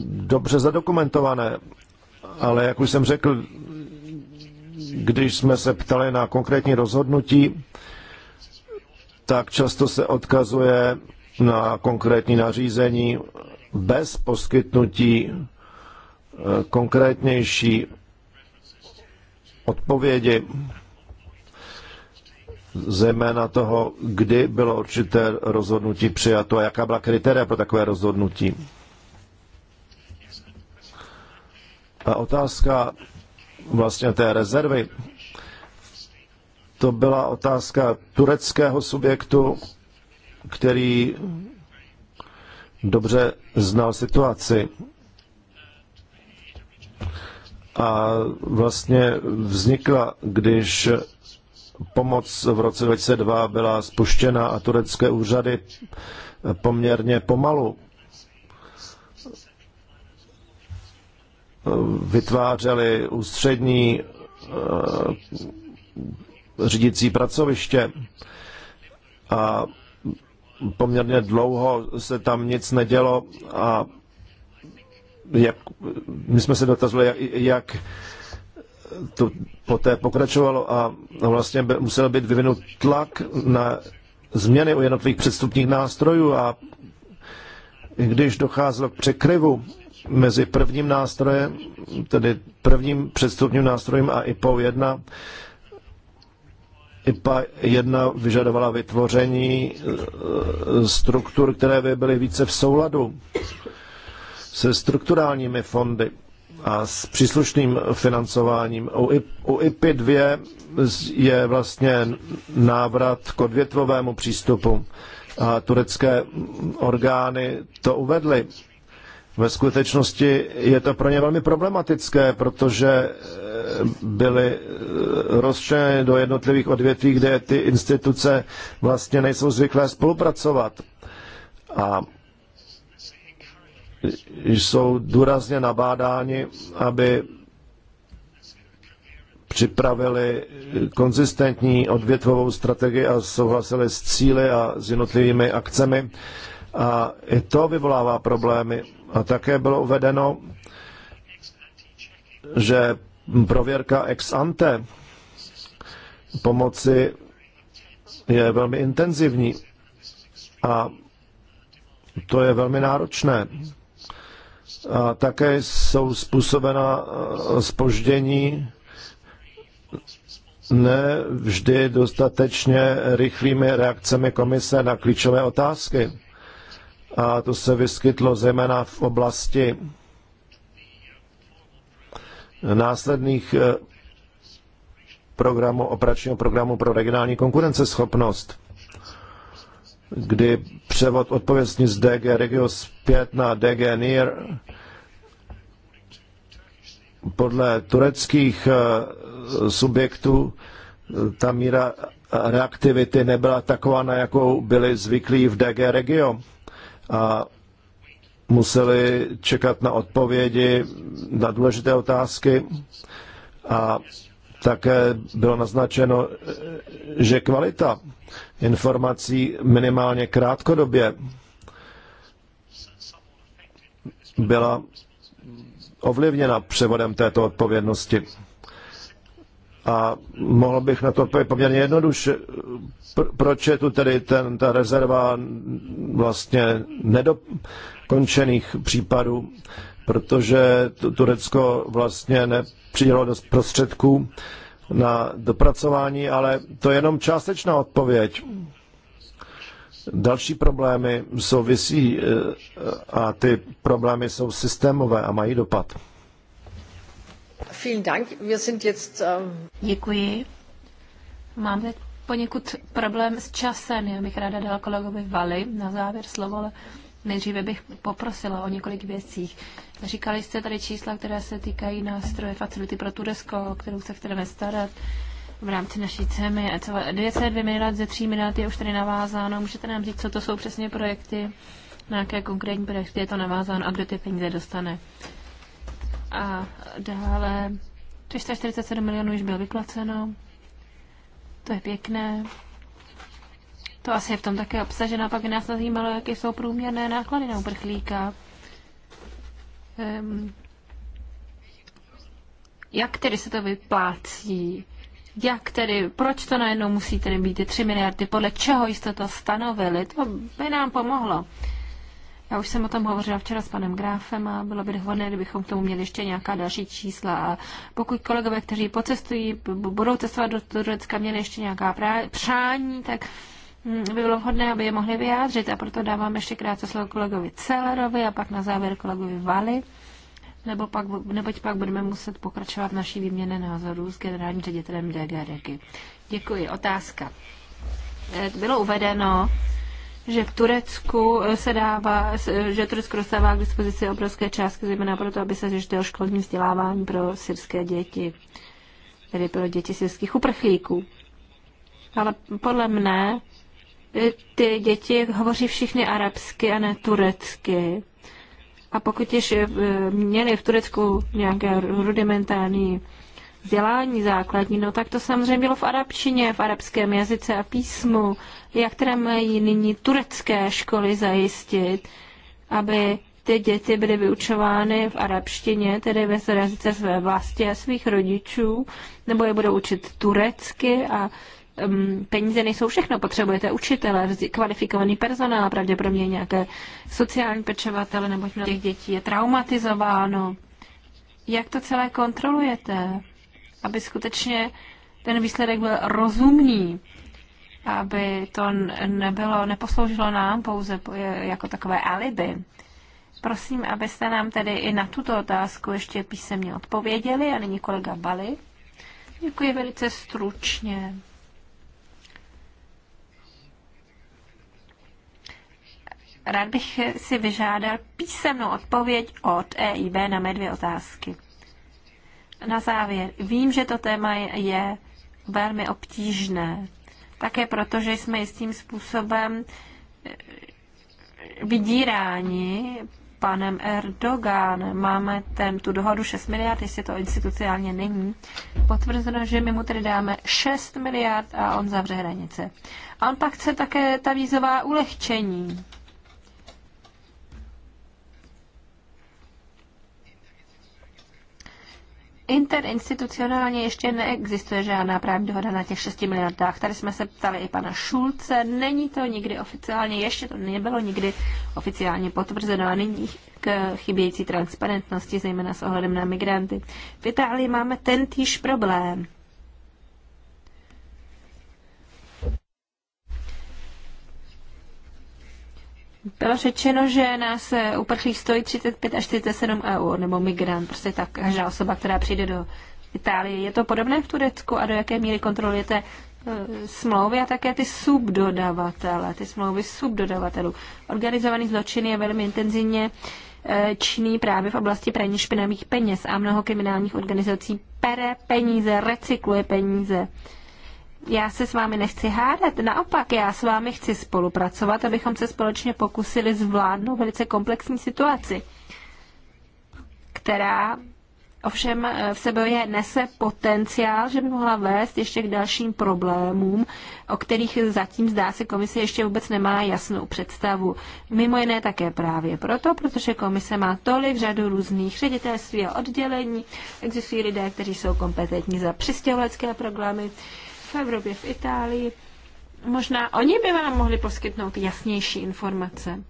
dobře zadokumentované. Ale jak už jsem řekl, když jsme se ptali na konkrétní rozhodnutí, tak často se odkazuje na konkrétní nařízení bez poskytnutí eh, konkrétnější odpovědi, zejména toho, kdy bylo určité rozhodnutí přijato a jaká byla kritéria pro takové rozhodnutí. A otázka vlastně té rezervy, to byla otázka tureckého subjektu který dobře znal situaci a vlastně vznikla, když pomoc v roce 2002 byla spuštěna a turecké úřady poměrně pomalu vytvářely ústřední eh, řídící pracoviště a poměrně dlouho se tam nic nedělo a jak, my jsme se dotazovali, jak, jak to poté pokračovalo a vlastně musel být vyvinut tlak na změny u jednotlivých předstupních nástrojů a když docházelo k překryvu mezi prvním nástrojem, tedy prvním předstupním nástrojem a IPO 1, IPA 1 vyžadovala vytvoření eh, struktur, které by byly více v souladu se strukturálními fondy a s příslušným financováním. U IPI 2 je vlastně návrat k odvětvovému přístupu a turecké orgány to uvedly ve skutečnosti je to pro ně velmi problematické, protože eh, byly eh, rozčleněny do jednotlivých odvětví, kde ty instituce vlastně nejsou zvyklé spolupracovat. A jsou důrazně nabádáni, aby připravili konzistentní odvětvovou strategii a souhlasili s cíly a s jednotlivými akcemi. A i to vyvolává problémy a také bylo uvedeno, že prověrka ex ante pomoci je velmi intenzivní a to je velmi náročné. A také jsou způsobena spoždění eh, ne vždy dostatečně rychlými reakcemi komise na klíčové otázky. A to se vyskytlo zejména v oblasti následných eh, programu, operačního programu pro regionální konkurenceschopnost, kdy převod odpovědnosti z DG Regio 5 na DG NIR podle tureckých eh, subjektů eh, ta míra reaktivity nebyla taková, na jakou byli zvyklí v DG Regio a museli čekat na odpovědi na důležité otázky a také bylo naznačeno, že kvalita informací minimálně krátkodobě byla ovlivněna převodem této odpovědnosti. A mohl bych na to poměrně jednoduše, proč je tu tedy ten, ta rezerva vlastně nedokončených případů, protože Turecko vlastně nepřidělo dost prostředků na dopracování, ale to je jenom částečná odpověď. Další problémy souvisí e, a ty problémy jsou systémové a mají dopad. Ähm, Děkuji. Máme teď poněkud problém s časem. Já bych ráda dala kolegovi Vali na závěr slovo, ale nejdříve bych poprosila o několik věcí. Říkali jste tady čísla, která se týkají nástroje facility pro Turecko, o kterou se chceme starat v rámci naší ceny. 202 miliard ze 3 miliard je už tady navázáno. Můžete nám říct, co to jsou přesně projekty, na jaké konkrétní projekty je to navázáno a kdo ty peníze dostane? A dále 347 milionů již bylo vyplaceno. To je pěkné. To asi je v tom také obsaženo. Pak by nás zajímalo, jaké jsou průměrné náklady na uprchlíka. Um, jak tedy se to vyplácí? Jak tedy, proč to najednou musí tedy být ty 3 miliardy? Podle čeho jste to stanovili? To by nám pomohlo. Já už jsem o tom hovořila včera s panem Gráfem a bylo by hodné, kdybychom k tomu měli ještě nějaká další čísla. A pokud kolegové, kteří pocestují, budou cestovat do Turecka, měli ještě nějaká přání, tak hm, by bylo vhodné, aby je mohli vyjádřit. A proto dávám ještě krátce slovo kolegovi Celerovi a pak na závěr kolegovi Vali. Nebo pak, neboť pak budeme muset pokračovat v naší výměně názorů s generálním ředitelem DG Děkuji. Otázka. Eh, bylo uvedeno, že v Turecku eh, se dává, eh, že Turecko dostává k dispozici obrovské částky, zejména proto, aby se řešilo školní vzdělávání pro syrské děti, tedy pro děti syrských uprchlíků. Ale podle mne eh, ty děti hovoří všichni arabsky a ne turecky. A pokud již měli v Turecku nějaké rudimentární vzdělání základní, no tak to samozřejmě bylo v arabčině, v arabském jazyce a písmu, jak teda mají nyní turecké školy zajistit, aby ty děti byly vyučovány v arabštině, tedy ve jazyce své vlasti a svých rodičů, nebo je budou učit turecky a um, peníze nejsou všechno, potřebujete učitele, kvalifikovaný personál, pravděpodobně nějaké sociální pečovatele, nebo těch dětí je traumatizováno. Jak to celé kontrolujete? aby skutečně ten výsledek byl rozumný, aby to nebylo, neposloužilo nám pouze jako takové alibi. Prosím, abyste nám tedy i na tuto otázku ještě písemně odpověděli a nyní kolega Bali. Děkuji velice stručně. Rád bych si vyžádal písemnou odpověď od EIB na mé dvě otázky na závěr. Vím, že to téma je velmi obtížné. Také proto, že jsme jistým způsobem eh, vydíráni panem Erdogan. Máme ten, tu dohodu 6 miliard, jestli to institucionálně není. Potvrzeno, že my mu tedy dáme 6 miliard a on zavře hranice. A on pak chce také ta vízová ulehčení. Interinstitucionálně ještě neexistuje žádná právní dohoda na těch 6 miliardách. Tady jsme se ptali i pana Šulce. Není to nikdy oficiálně, ještě to nebylo nikdy oficiálně potvrzeno a nyní k chybějící transparentnosti, zejména s ohledem na migranty. V Itálii máme tentýž problém. Bylo řečeno, že nás uprchlých stojí 35 až 37 eur, nebo migrant, prostě tak každá osoba, která přijde do Itálie. Je to podobné v Turecku a do jaké míry kontrolujete e, smlouvy a také ty subdodavatele, ty smlouvy subdodavatelů. Organizovaný zločin je velmi intenzivně e, činný právě v oblasti praní špinavých peněz a mnoho kriminálních organizací pere peníze, recykluje peníze já se s vámi nechci hádat, naopak já s vámi chci spolupracovat, abychom se společně pokusili zvládnout velice komplexní situaci, která ovšem eh, v sebe nese potenciál, že by mohla vést ještě k dalším problémům, o kterých zatím zdá se komise ještě vůbec nemá jasnou představu. Mimo jiné také právě proto, protože komise má tolik řadu různých ředitelství a oddělení, existují lidé, kteří jsou kompetentní za přistěhovalecké problémy v Evropě, v Itálii. Možná oni by vám mohli poskytnout jasnější informace.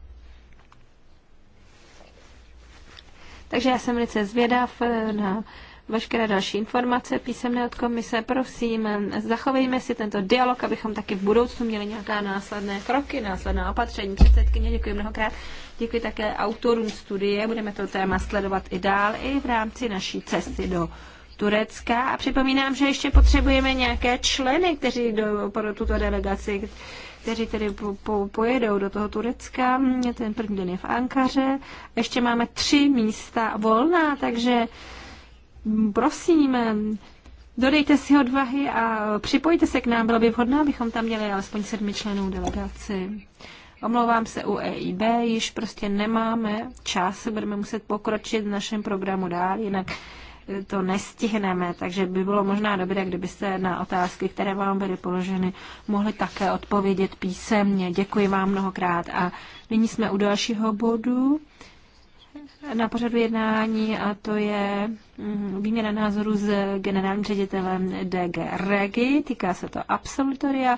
Takže já jsem velice zvědav eh, na veškeré další informace písemné od komise. Prosím, eh, zachovejme si tento dialog, abychom taky v budoucnu měli nějaká následné kroky, následná opatření. Předsedkyně, děkuji mnohokrát. Děkuji také autorům studie. Budeme to téma sledovat i dál, i v rámci naší cesty do Turecka a připomínám, že ještě potřebujeme nějaké členy, kteří do, pro tuto delegaci, kteří tedy po, po, pojedou do toho Turecka. Ten první den je v Ankaře. Ještě máme tři místa volná, takže prosím, dodejte si odvahy a připojte se k nám. Bylo by vhodné, abychom tam měli alespoň sedmi členů delegaci. Omlouvám se u EIB, již prostě nemáme čas, budeme muset pokročit v našem programu dál, jinak to nestihneme, takže by bylo možná dobré, kdybyste na otázky, které vám byly položeny, mohli také odpovědět písemně. Děkuji vám mnohokrát a nyní jsme u dalšího bodu na pořadu jednání a to je mm, výměna názoru s generálním ředitelem DG Regi. Týká se to absolutoria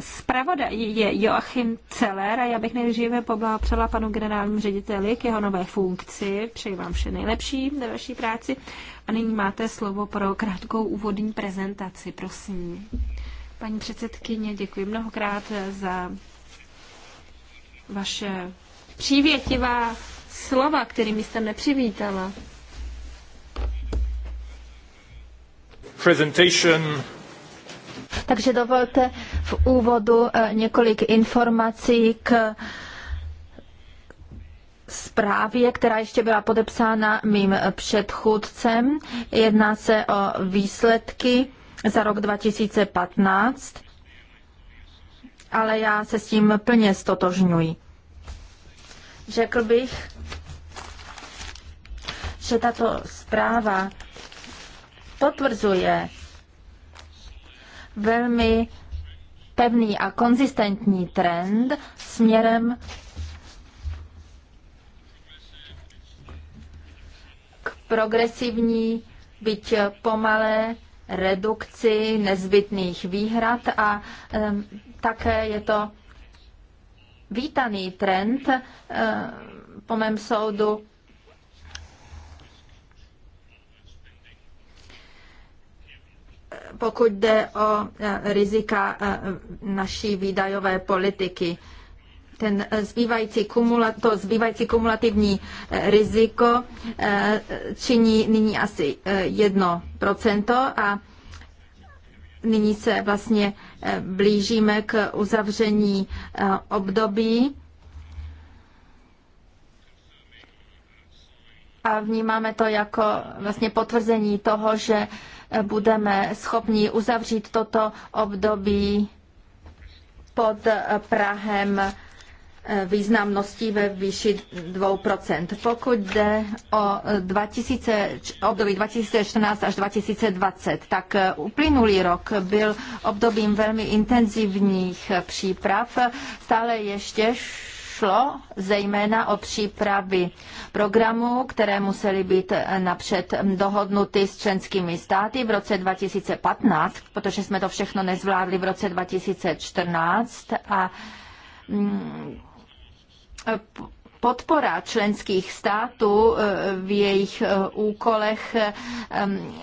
zpravodaj je Joachim Celer a já bych nejdříve poblápřela panu generálnímu řediteli k jeho nové funkci. Přeji vám vše nejlepší ve vaší práci. A nyní máte slovo pro krátkou úvodní prezentaci, prosím. Paní předsedkyně, děkuji mnohokrát za vaše přívětivá slova, kterými jste mě přivítala. Presentation takže dovolte v úvodu eh, několik informací k zprávě, která ještě byla podepsána mým předchůdcem. Jedná se o výsledky za rok 2015, ale já se s tím plně stotožňuji. Řekl bych, že tato zpráva potvrzuje velmi pevný a konzistentní trend směrem k progresivní, byť pomalé redukci nezbytných výhrad a také je to vítaný trend po mém soudu pokud jde o e, rizika e, naší výdajové politiky. Ten zbývající kumula, to zbývající kumulativní e, riziko činí nyní asi 1% a nyní se vlastně blížíme k uzavření období a vnímáme to jako vlastně potvrzení toho, že budeme schopni uzavřít toto období pod Prahem významností ve výši 2%. Pokud jde o 2000, období 2014 až 2020, tak uplynulý rok byl obdobím velmi intenzivních příprav. Stále ještě šlo zejména o přípravy programů, které musely být eh, napřed hm, dohodnuty s členskými státy v roce 2015, protože jsme to všechno nezvládli v roce 2014 a hm, podpora členských států eh, v jejich eh, úkolech hm,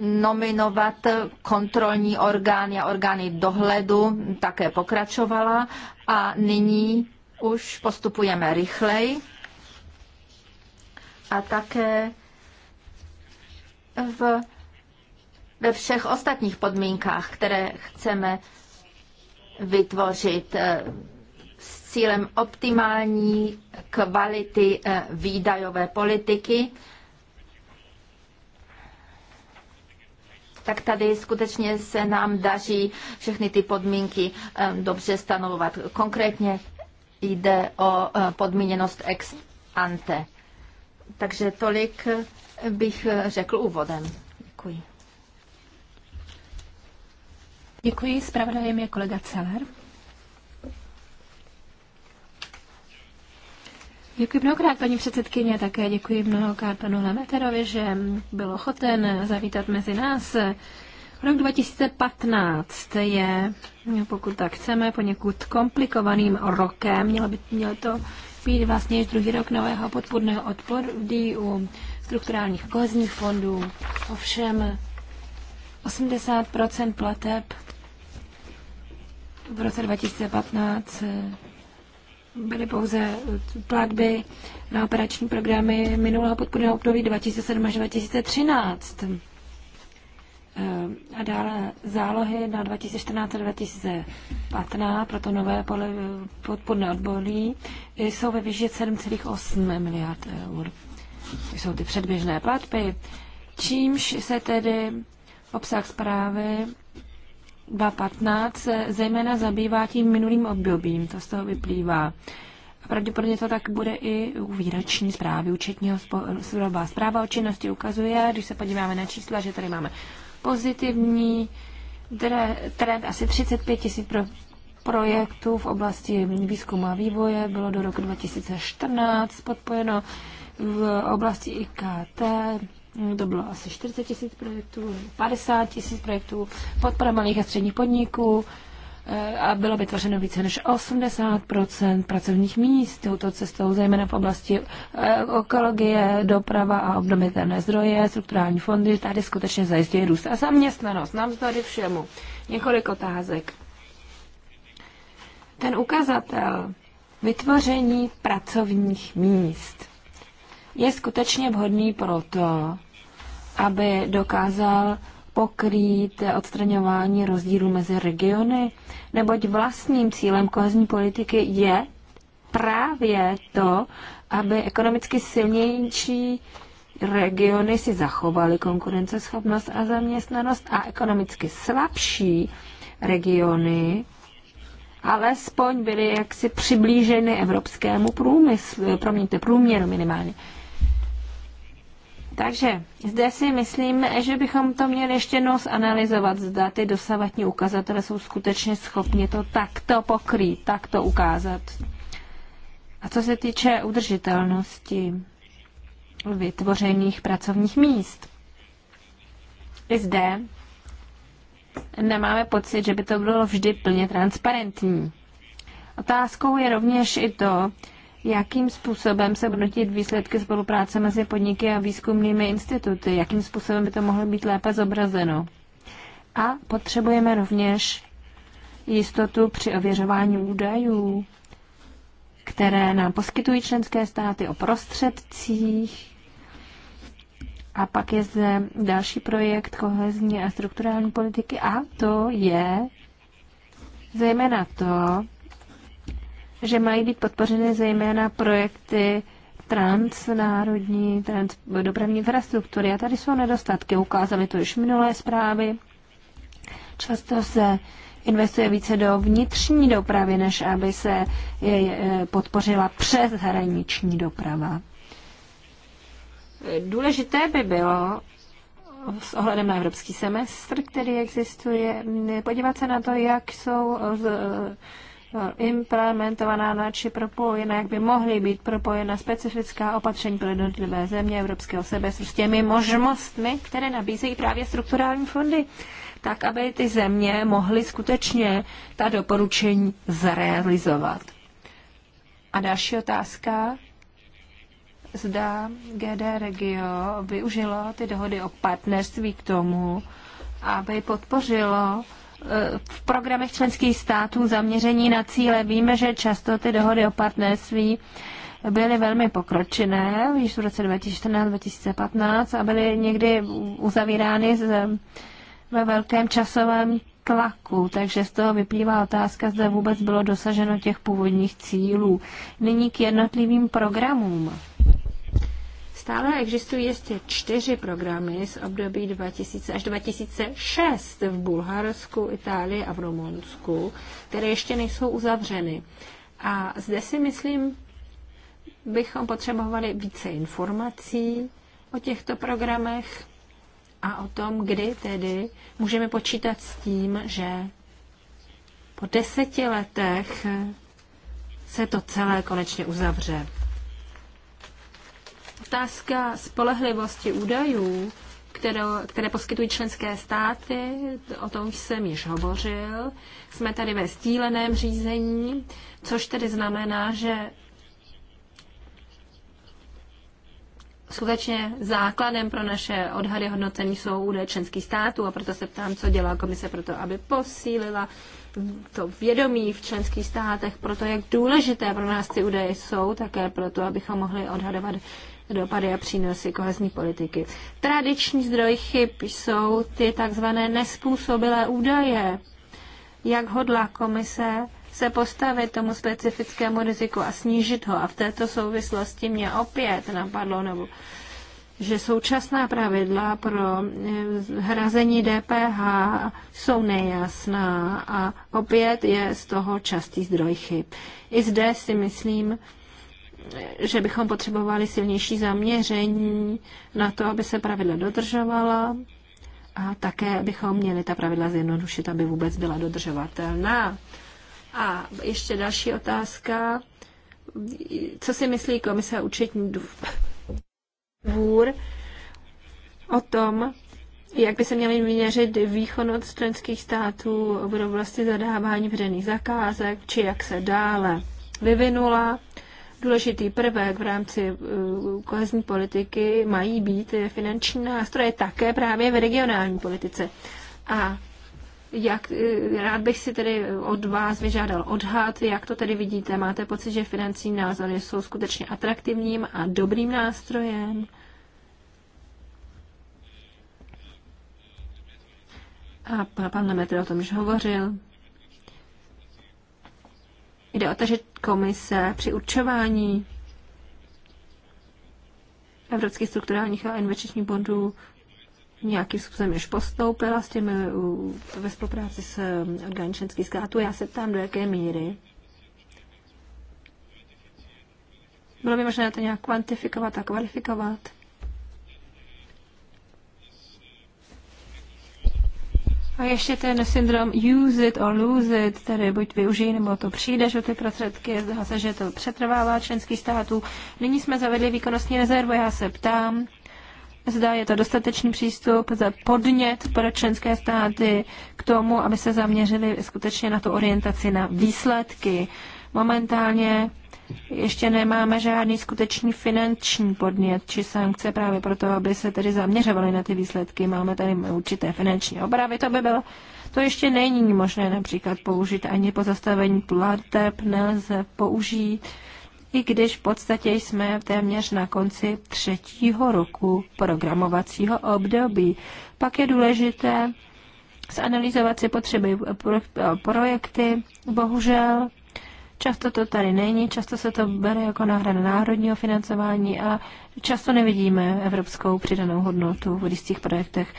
nominovat kontrolní orgány a orgány dohledu také pokračovala a nyní už postupujeme rychleji a také v, ve všech ostatních podmínkách, které chceme vytvořit eh, s cílem optimální kvality eh, výdajové politiky tak tady skutečně se nám daří všechny ty podmínky dobře stanovovat. Konkrétně jde o e, podmíněnost ex ante. Takže tolik bych e, řekl úvodem. Děkuji. Děkuji. zpravodajem je kolega Celer. Děkuji mnohokrát, paní předsedkyně, také děkuji mnohokrát panu Lemeterovi, že byl ochoten zavítat mezi nás. Rok 2015 je, pokud tak chceme, poněkud komplikovaným rokem. Mělo by mělo to být vlastně již druhý rok nového podpůrného odporu u strukturálních kohezních fondů. Ovšem 80 plateb v roce 2015 byly pouze eh, platby na operační programy minulého podpůrného období 2007 až 2013. Eh, a dále zálohy na 2014 a 2015 pro to nové eh, podpůrné odbolí jsou ve výši 7,8 miliard eur. jsou ty předběžné platby. Čímž se tedy obsah zprávy 2015 se zejména zabývá tím minulým obdobím, to z toho vyplývá. A pravděpodobně to tak bude i u výroční zprávy účetního zhruba. Zpráva o činnosti ukazuje, když se podíváme na čísla, že tady máme pozitivní trend asi 35 tisíc pro projektů v oblasti výzkumu a vývoje bylo do roku 2014 podpojeno v oblasti IKT Eh, to bylo asi 40 tisíc projektů, 50 tisíc projektů, podpora malých a středních podniků eh, a bylo vytvořeno více než 80 pracovních míst touto cestou, zejména v oblasti eh, ekologie, doprava a obnovitelné zdroje, strukturální fondy. Tady skutečně zajistí růst a zaměstnanost. Navzdory všemu. Několik otázek. Ten ukazatel vytvoření pracovních míst je skutečně vhodný proto, aby dokázal pokrýt odstraňování rozdílů mezi regiony, neboť vlastním cílem kohezní politiky je právě to, aby ekonomicky silnější regiony si zachovaly konkurenceschopnost a zaměstnanost a ekonomicky slabší regiony alespoň byly jaksi přiblíženy evropskému průmyslu, promiňte, průměru minimálně. Takže zde si myslím, že bychom to měli ještě jednou zanalizovat, zda ty dosavatní ukazatele jsou skutečně schopni to takto pokrýt, takto ukázat. A co se týče udržitelnosti vytvořených pracovních míst, i zde nemáme pocit, že by to bylo vždy plně transparentní. Otázkou je rovněž i to, jakým způsobem se hodnotit výsledky spolupráce mezi podniky a výzkumnými instituty, jakým způsobem by to mohlo být lépe zobrazeno. A potřebujeme rovněž jistotu při ověřování údajů, které nám poskytují členské státy o prostředcích. A pak je zde další projekt kohezní a strukturální politiky a to je zejména to, že mají být podpořeny zejména projekty transnárodní trans, dopravní infrastruktury. A tady jsou nedostatky, ukázaly to už minulé zprávy. Často se investuje více do vnitřní dopravy, než aby se podpořila přeshraniční doprava. Důležité by bylo s ohledem na evropský semestr, který existuje, podívat se na to, jak jsou eh, No, implementovaná na či propojena, jak by mohly být propojena specifická opatření pro jednotlivé země evropského sebe s těmi prostě možnostmi, které nabízejí právě strukturální fondy, tak aby ty země mohly skutečně ta doporučení zrealizovat. A další otázka. Zda GD Regio využilo ty dohody o partnerství k tomu, aby podpořilo v programech členských států zaměření na cíle. Víme, že často ty dohody o partnerství byly velmi pokročené, již v roce 2014-2015 a byly někdy uzavírány z, ve velkém časovém tlaku, takže z toho vyplývá otázka, zda vůbec bylo dosaženo těch původních cílů. Nyní k jednotlivým programům. Stále existují ještě čtyři programy z období 2000 až 2006 v Bulharsku, Itálii a v Rumunsku, které ještě nejsou uzavřeny. A zde si myslím, bychom potřebovali více informací o těchto programech a o tom, kdy tedy můžeme počítat s tím, že po deseti letech se to celé konečně uzavře otázka spolehlivosti údajů, které, které poskytují členské státy, o tom jsem již hovořil. Jsme tady ve stíleném řízení, což tedy znamená, že skutečně základem pro naše odhady hodnocení jsou údaje členských států a proto se ptám, co dělá komise pro to, aby posílila to vědomí v členských státech, pro to, jak důležité pro nás ty údaje jsou, také proto, abychom mohli odhadovat dopady a přínosy kohezní politiky. Tradiční zdroj chyb jsou ty takzvané nespůsobilé údaje. Jak hodlá komise se postavit tomu specifickému riziku a snížit ho. A v této souvislosti mě opět napadlo, nebo že současná pravidla pro eh, hrazení DPH jsou nejasná a opět je z toho častý zdroj chyb. I zde si myslím, že bychom potřebovali silnější zaměření na to, aby se pravidla dodržovala a také bychom měli ta pravidla zjednodušit, aby vůbec byla dodržovatelná. A ještě další otázka. Co si myslí komise účetní dvůr o tom, jak by se měly měřit výkon od členských států v oblasti zadávání veřejných zakázek, či jak se dále vyvinula důležitý prvek v rámci eh, kohezní politiky mají být finanční nástroje také právě v regionální politice. A jak, eh, rád bych si tedy od vás vyžádal odhad, jak to tedy vidíte. Máte pocit, že finanční názory jsou skutečně atraktivním a dobrým nástrojem? A pan Lemetr o tom už hovořil. Jde o to, že komise při určování evropských strukturálních a investičních bondů nějakým způsobem již postoupila s těmi ve spolupráci s orgány um, členských států. Já se ptám, do jaké míry. Bylo by možné to nějak kvantifikovat a kvalifikovat? A ještě ten syndrom use it or lose it, tedy buď využij nebo to přijdeš o ty prostředky, zdá se, že to přetrvává členských států. Nyní jsme zavedli výkonnostní rezervu, já se ptám, zda je to dostatečný přístup za podnět pro členské státy k tomu, aby se zaměřili skutečně na tu orientaci na výsledky. Momentálně ještě nemáme žádný skutečný finanční podnět či sankce právě proto, aby se tedy zaměřovali na ty výsledky. Máme tady určité finanční obravy, to by bylo to ještě není možné například použít ani po zastavení plateb nelze použít, i když v podstatě jsme téměř na konci třetího roku programovacího období. Pak je důležité zanalizovat si potřeby projekty. Bohužel Často to tady není, často se to bere jako náhrada národního financování a často nevidíme evropskou přidanou hodnotu v těch projektech.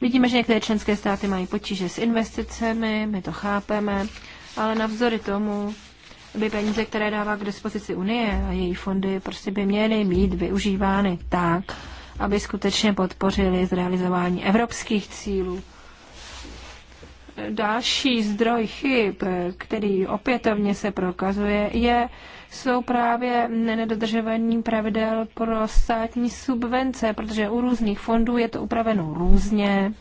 Vidíme, že některé členské státy mají potíže s investicemi, my to chápeme, ale navzory tomu aby peníze, které dává k dispozici Unie a její fondy, prostě by měly být využívány tak, aby skutečně podpořili zrealizování evropských cílů Další zdroj chyb, který opětovně se prokazuje, je, jsou právě nedodržování pravidel pro státní subvence, protože u různých fondů je to upraveno různě.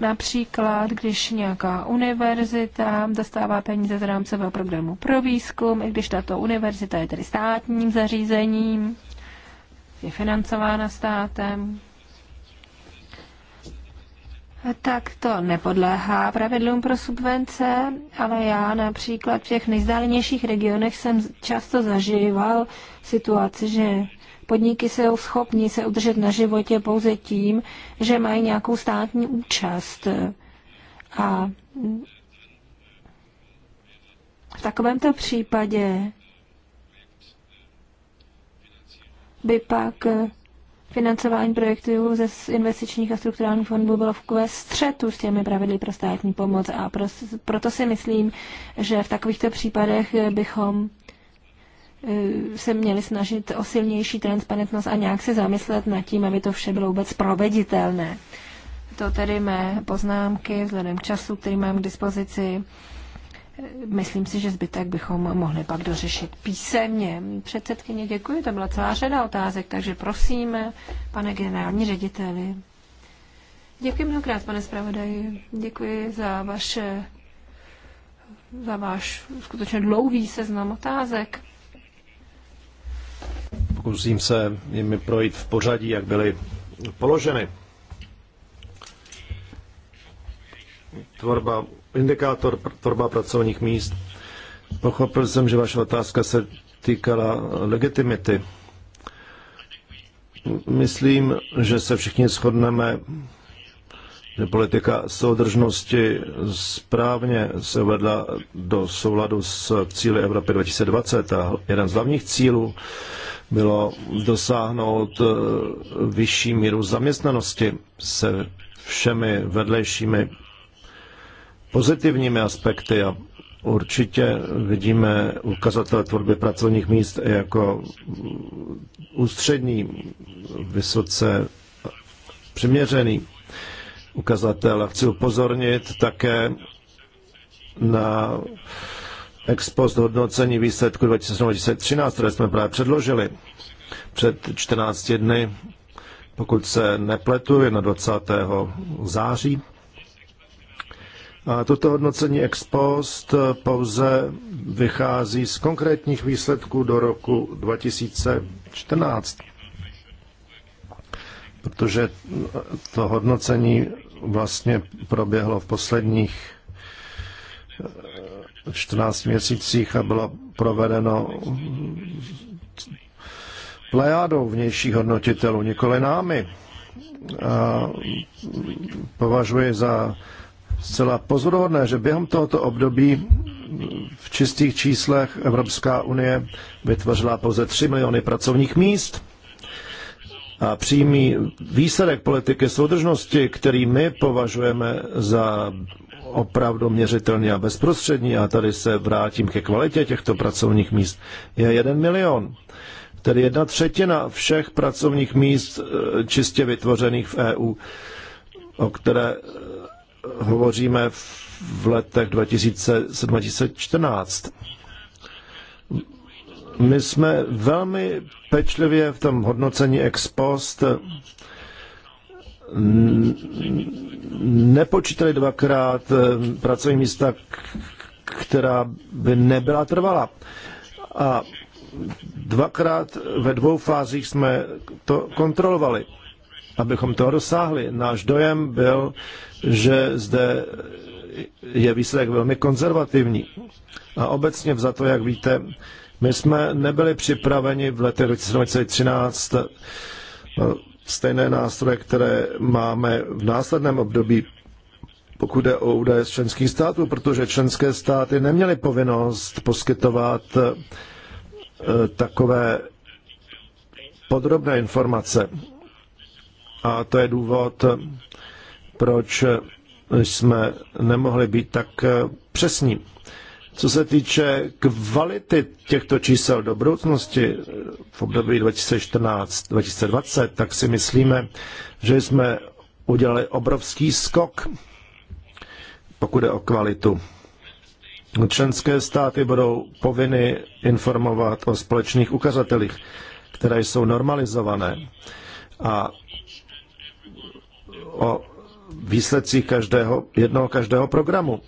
Například, když nějaká univerzita dostává peníze z rámcového programu pro výzkum, i když tato univerzita je tedy státním zařízením, je financována státem, tak to nepodléhá pravidlům pro subvence, ale já například v těch nejzdálenějších regionech jsem často zažíval situaci, že podniky jsou schopni se udržet na životě pouze tím, že mají nějakou státní účast. A v takovémto případě by pak Financování projektů ze investičních a strukturálních fondů bylo v střetu s těmi pravidly pro státní pomoc a pro, proto si myslím, že v takovýchto případech eh, bychom eh, se měli snažit o silnější transparentnost a nějak se zamyslet nad tím, aby to vše bylo vůbec proveditelné. To tedy mé poznámky vzhledem k času, který mám k dispozici Myslím si, že zbytek bychom mohli pak dořešit písemně. Předsedkyně, děkuji, to byla celá řada otázek, takže prosím, pane generální řediteli. Děkuji mnohokrát, pane zpravodaji. Děkuji za vaše za váš skutečně dlouhý seznam otázek. Pokusím se jimi projít v pořadí, jak byly položeny. Tvorba indikátor tvorba pracovních míst. Pochopil jsem, že vaše otázka se týkala legitimity. Myslím, že se všichni shodneme, že politika soudržnosti správně se vedla do souladu s cíly Evropy 2020 a jeden z hlavních cílů bylo dosáhnout eh, vyšší míru zaměstnanosti se všemi vedlejšími pozitivními aspekty a určitě vidíme ukazatele tvorby pracovních míst jako ústřední, vysoce přiměřený ukazatel. A chci upozornit také na ex post hodnocení výsledku 2013, které jsme právě předložili před 14 dny, pokud se nepletu, je na 20. září. A toto hodnocení ex post pouze vychází z konkrétních výsledků do roku 2014, protože to hodnocení vlastně proběhlo v posledních 14 eh, měsících a bylo provedeno plejádou vnějších hodnotitelů, nikoli námi. A považuji za zcela pozoruhodné, že během tohoto období v čistých číslech Evropská unie vytvořila pouze 3 miliony pracovních míst. A přímý výsledek politiky soudržnosti, který my považujeme za opravdu měřitelný a bezprostřední, a tady se vrátím ke kvalitě těchto pracovních míst, je 1 milion. Tedy jedna třetina všech pracovních míst eh, čistě vytvořených v EU, o které hovoříme v letech 2014. My jsme velmi pečlivě v tom hodnocení ex post nepočítali dvakrát e, pracovní místa, která by nebyla trvalá. A dvakrát ve dvou fázích jsme to kontrolovali abychom toho dosáhli. Náš dojem byl, že zde je výsledek velmi konzervativní. A obecně to, jak víte, my jsme nebyli připraveni v letech 2013 eh, stejné nástroje, které máme v následném období, pokud je o údaje z členských států, protože členské státy neměly povinnost poskytovat eh, takové podrobné informace. A to je důvod, proč jsme nemohli být tak přesní. Co se týče kvality těchto čísel do budoucnosti v období 2014-2020, tak si myslíme, že jsme udělali obrovský skok, pokud je o kvalitu. Členské státy budou povinny informovat o společných ukazatelích, které jsou normalizované. A o výsledcích každého, jednoho každého programu.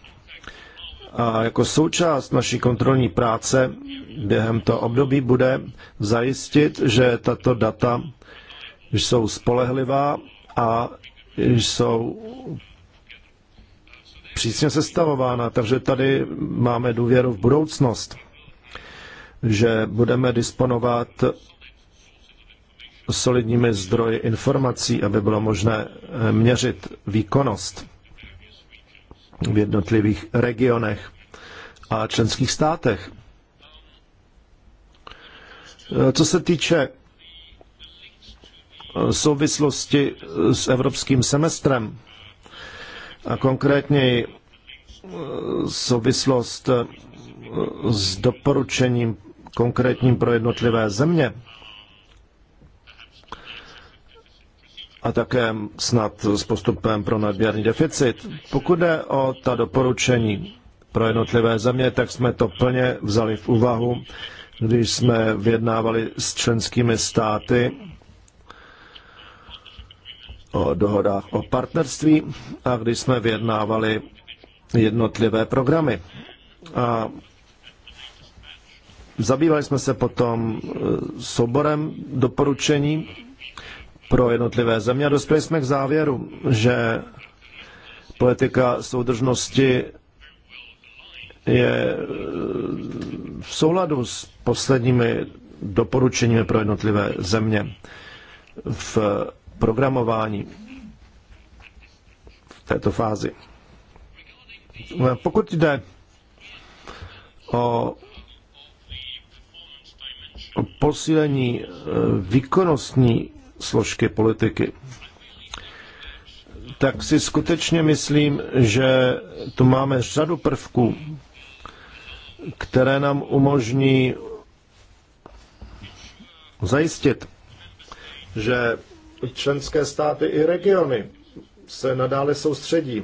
A jako součást naší kontrolní práce během toho období bude zajistit, že tato data jsou spolehlivá a jsou přísně sestavována, takže tady máme důvěru v budoucnost, že budeme disponovat solidními zdroji informací, aby bylo možné eh, měřit výkonnost v jednotlivých regionech a členských státech. Eh, co se týče eh, souvislosti s evropským semestrem a konkrétně souvislost s doporučením konkrétním pro jednotlivé země, a také snad s postupem pro nadměrný deficit. Pokud jde o ta doporučení pro jednotlivé země, tak jsme to plně vzali v úvahu, když jsme vyjednávali s členskými státy o dohodách o partnerství a když jsme vyjednávali jednotlivé programy. A zabývali jsme se potom e, souborem doporučení pro jednotlivé země. A dospěli jsme k závěru, že politika soudržnosti je eh, v souladu s posledními doporučeními pro jednotlivé země v programování v této fázi. Pokud jde o posílení eh, výkonnostní složky politiky, tak si skutečně myslím, že tu máme řadu prvků, které nám umožní zajistit, že členské státy i regiony se nadále soustředí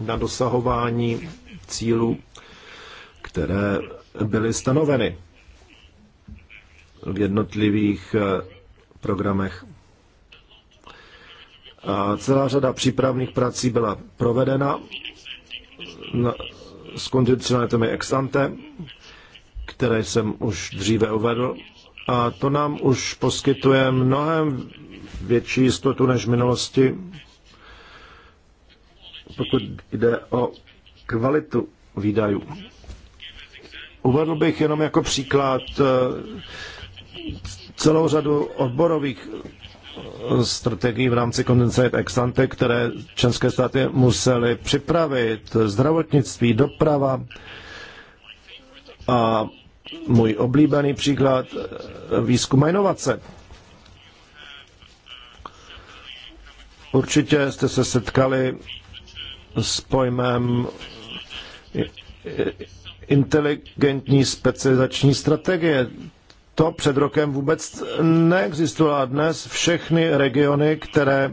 na dosahování cílů, které byly stanoveny v jednotlivých eh, programech. A celá řada přípravných prací byla provedena s kondicionalitami ex ante, které jsem už dříve uvedl. A to nám už poskytuje mnohem větší jistotu než v minulosti, pokud jde o kvalitu výdajů. Uvedl bych jenom jako příklad eh, celou řadu odborových eh, strategií v rámci konvence ex ante, které členské státy musely připravit, zdravotnictví, doprava. A můj oblíbený příklad eh, výzkum a inovace. Určitě jste se setkali s pojmem inteligentní specializační strategie to před rokem vůbec neexistovalo. A dnes všechny regiony, které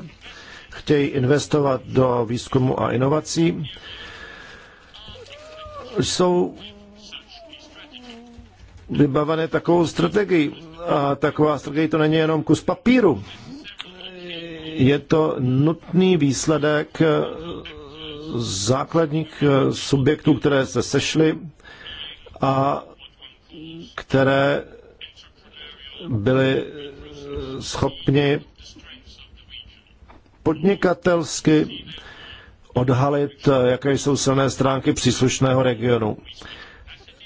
chtějí investovat do výzkumu a inovací, jsou vybavené takovou strategií. A taková strategie to není jenom kus papíru. Je to nutný výsledek základních subjektů, které se sešly a které byli eh, schopni podnikatelsky odhalit, eh, jaké jsou silné stránky příslušného regionu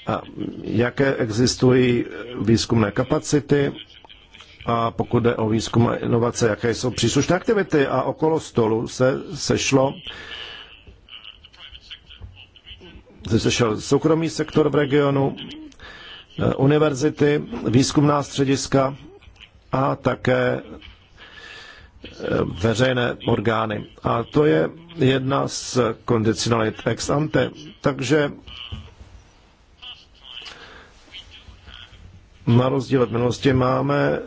a jaké existují eh, výzkumné kapacity a pokud jde o výzkum a inovace, jaké jsou příslušné aktivity. A okolo stolu se sešlo se sešel soukromý sektor v regionu Eh, univerzity, výzkumná střediska a také eh, veřejné orgány. A to je jedna z kondicionalit ex ante. Takže na rozdíl od minulosti máme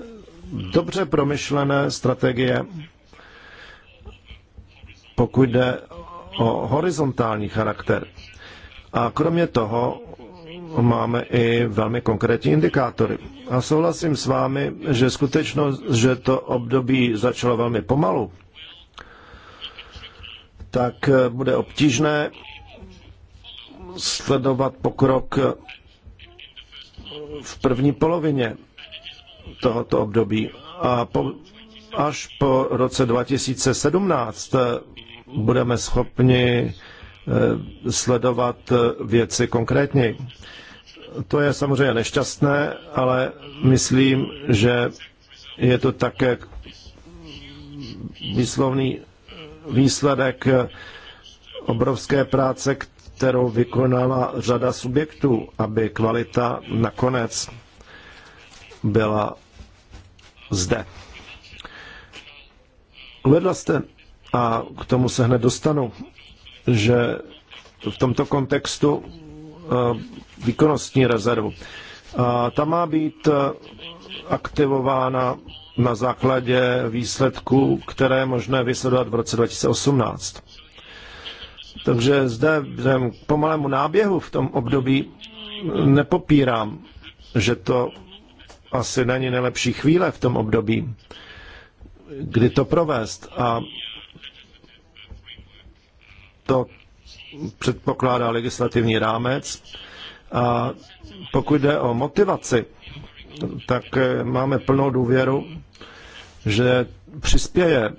dobře promyšlené strategie, pokud jde o horizontální charakter. A kromě toho máme i velmi konkrétní indikátory. A souhlasím s vámi, že skutečnost, že to období začalo velmi pomalu, tak bude obtížné sledovat pokrok v první polovině tohoto období. A po, až po roce 2017 budeme schopni eh, sledovat eh, věci konkrétněji. To je samozřejmě nešťastné, ale myslím, že je to také výslovný výsledek obrovské práce, kterou vykonala řada subjektů, aby kvalita nakonec byla zde. Uvedla jste, a k tomu se hned dostanu, že v tomto kontextu Eh, výkonnostní rezervu. ta má být eh, aktivována na základě výsledků, které je možné vysledovat v roce 2018. Takže zde vzhledem k pomalému náběhu v tom období nepopírám, že to asi není nejlepší chvíle v tom období, kdy to provést. A to předpokládá legislativní rámec. A pokud jde o motivaci, tak eh, máme plnou důvěru, že přispěje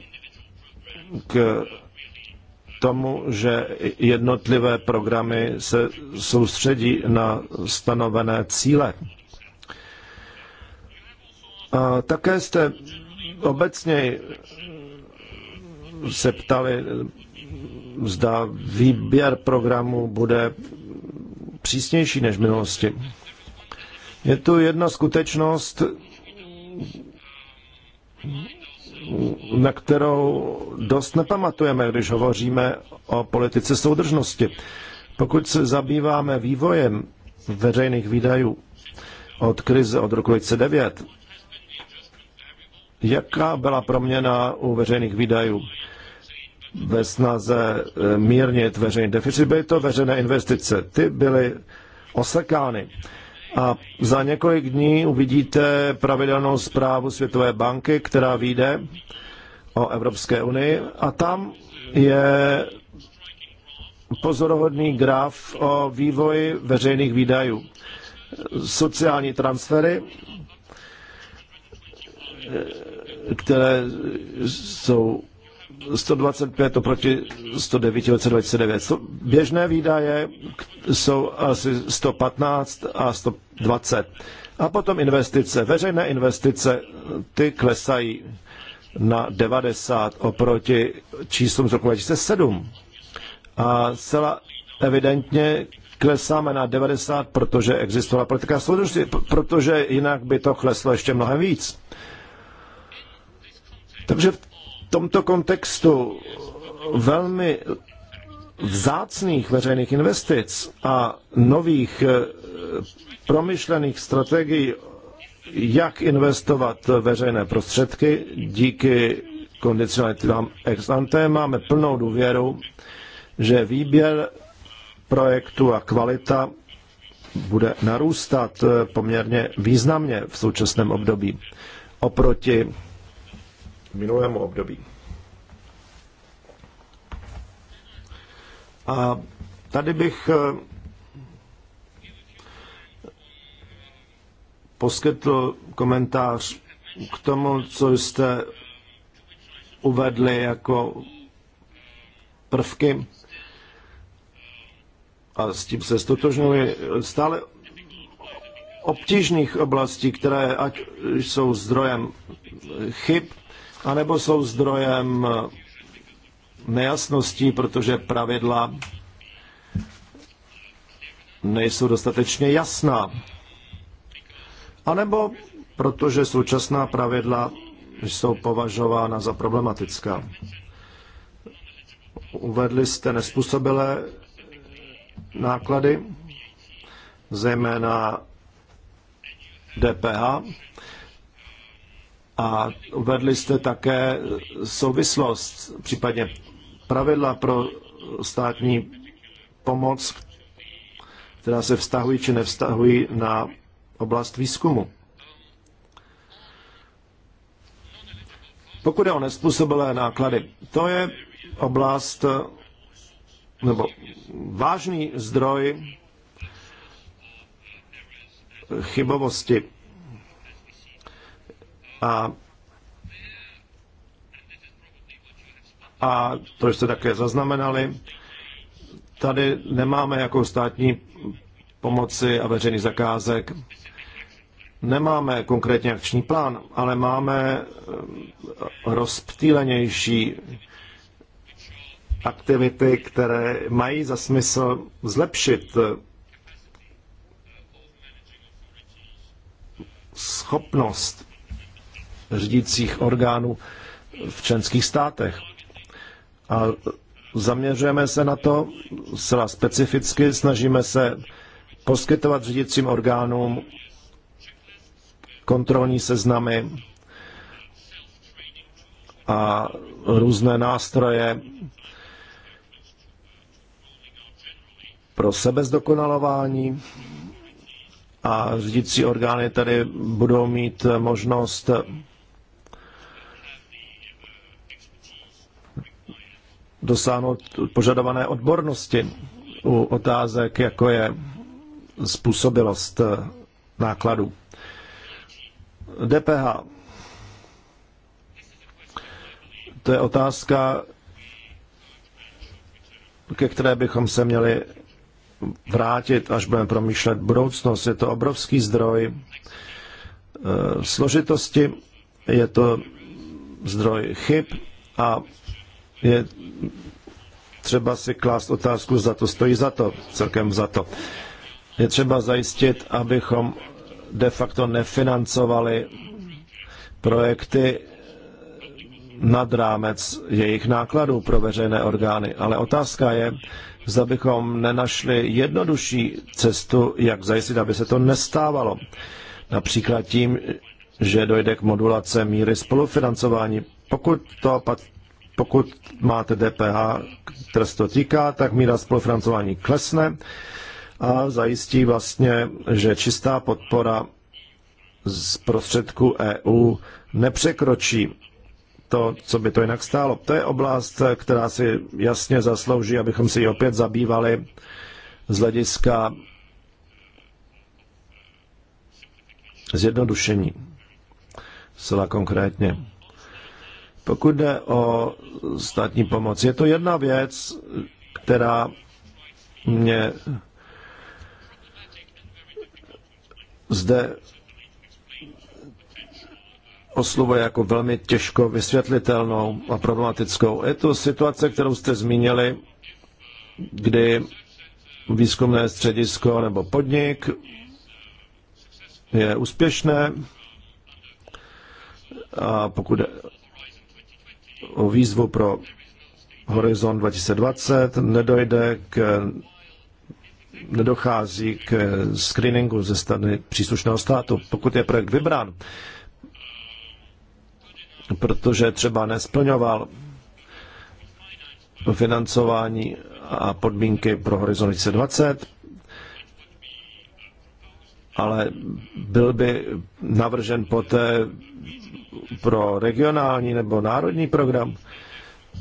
k tomu, že jednotlivé programy se soustředí na stanovené cíle. A také jste obecně se ptali zda výběr programu bude přísnější než v minulosti. Je tu jedna skutečnost, na kterou dost nepamatujeme, když hovoříme o politice soudržnosti. Pokud se zabýváme vývojem veřejných výdajů od krize od roku 2009, jaká byla proměna u veřejných výdajů? ve snaze eh, mírnit veřejný deficit, byly to veřejné investice. Ty byly osekány. A za několik dní uvidíte pravidelnou zprávu Světové banky, která vyjde o Evropské unii a tam je pozoruhodný graf o vývoji veřejných výdajů. Sociální transfery, eh, které jsou 125 oproti 109 v roce 2009. Běžné výdaje jsou asi 115 a 120. A potom investice. Veřejné investice, ty klesají na 90 oproti číslům z roku 2007. A zcela evidentně klesáme na 90, protože existovala politika soudržství, protože jinak by to kleslo ještě mnohem víc. Takže v tomto kontextu velmi vzácných veřejných investic a nových eh, promyšlených strategií, jak investovat veřejné prostředky díky kondicionalitám ex ante, máme plnou důvěru, že výběr projektu a kvalita bude narůstat eh, poměrně významně v současném období oproti minulému období. A tady bych eh, poskytl komentář k tomu, co jste uvedli jako prvky a s tím se stotožňuji stále obtížných oblastí, které ať jsou zdrojem chyb anebo jsou zdrojem nejasností, protože pravidla nejsou dostatečně jasná. A nebo protože současná pravidla jsou považována za problematická. Uvedli jste nespůsobilé náklady, zejména DPH, a uvedli jste také souvislost, případně pravidla pro státní pomoc, která se vztahují či nevztahují na oblast výzkumu. Pokud je o nespůsobilé náklady, to je oblast nebo vážný zdroj chybovosti a, a to jste také zaznamenali. Tady nemáme jako státní pomoci a veřejný zakázek. Nemáme konkrétně akční plán, ale máme eh, rozptýlenější aktivity, které mají za smysl zlepšit eh, schopnost řídících orgánů v členských státech. A zaměřujeme se na to zcela specificky, snažíme se poskytovat řídícím orgánům kontrolní seznamy a různé nástroje pro sebezdokonalování a řídící orgány tady budou mít možnost dosáhnout požadované odbornosti u otázek, jako je způsobilost eh, nákladů. DPH. To je otázka, ke které bychom se měli vrátit, až budeme promýšlet budoucnost. Je to obrovský zdroj eh, složitosti, je to zdroj chyb a je třeba si klást otázku, za to stojí za to, celkem za to. Je třeba zajistit, abychom de facto nefinancovali projekty nad rámec jejich nákladů pro veřejné orgány. Ale otázka je, zda bychom nenašli jednodušší cestu, jak zajistit, aby se to nestávalo. Například tím, že dojde k modulace míry spolufinancování. Pokud to pokud máte DPH, které se to týká, tak míra spolufinancování klesne a zajistí vlastně, že čistá podpora z prostředku e EU nepřekročí to, co by to jinak stálo. To je oblast, která si jasně zaslouží, abychom si ji opět zabývali z hlediska zjednodušení. Zcela konkrétně. Pokud jde o státní pomoc, je to jedna věc, která mě zde oslovuje jako velmi těžko vysvětlitelnou a problematickou. Je to situace, kterou jste zmínili, kdy výzkumné středisko nebo podnik je úspěšné a pokud výzvu pro Horizon 2020, nedojde k nedochází k screeningu ze strany příslušného státu, pokud je projekt vybrán, protože třeba nesplňoval financování a podmínky pro Horizon 2020, ale byl by navržen poté pro regionální nebo národní program,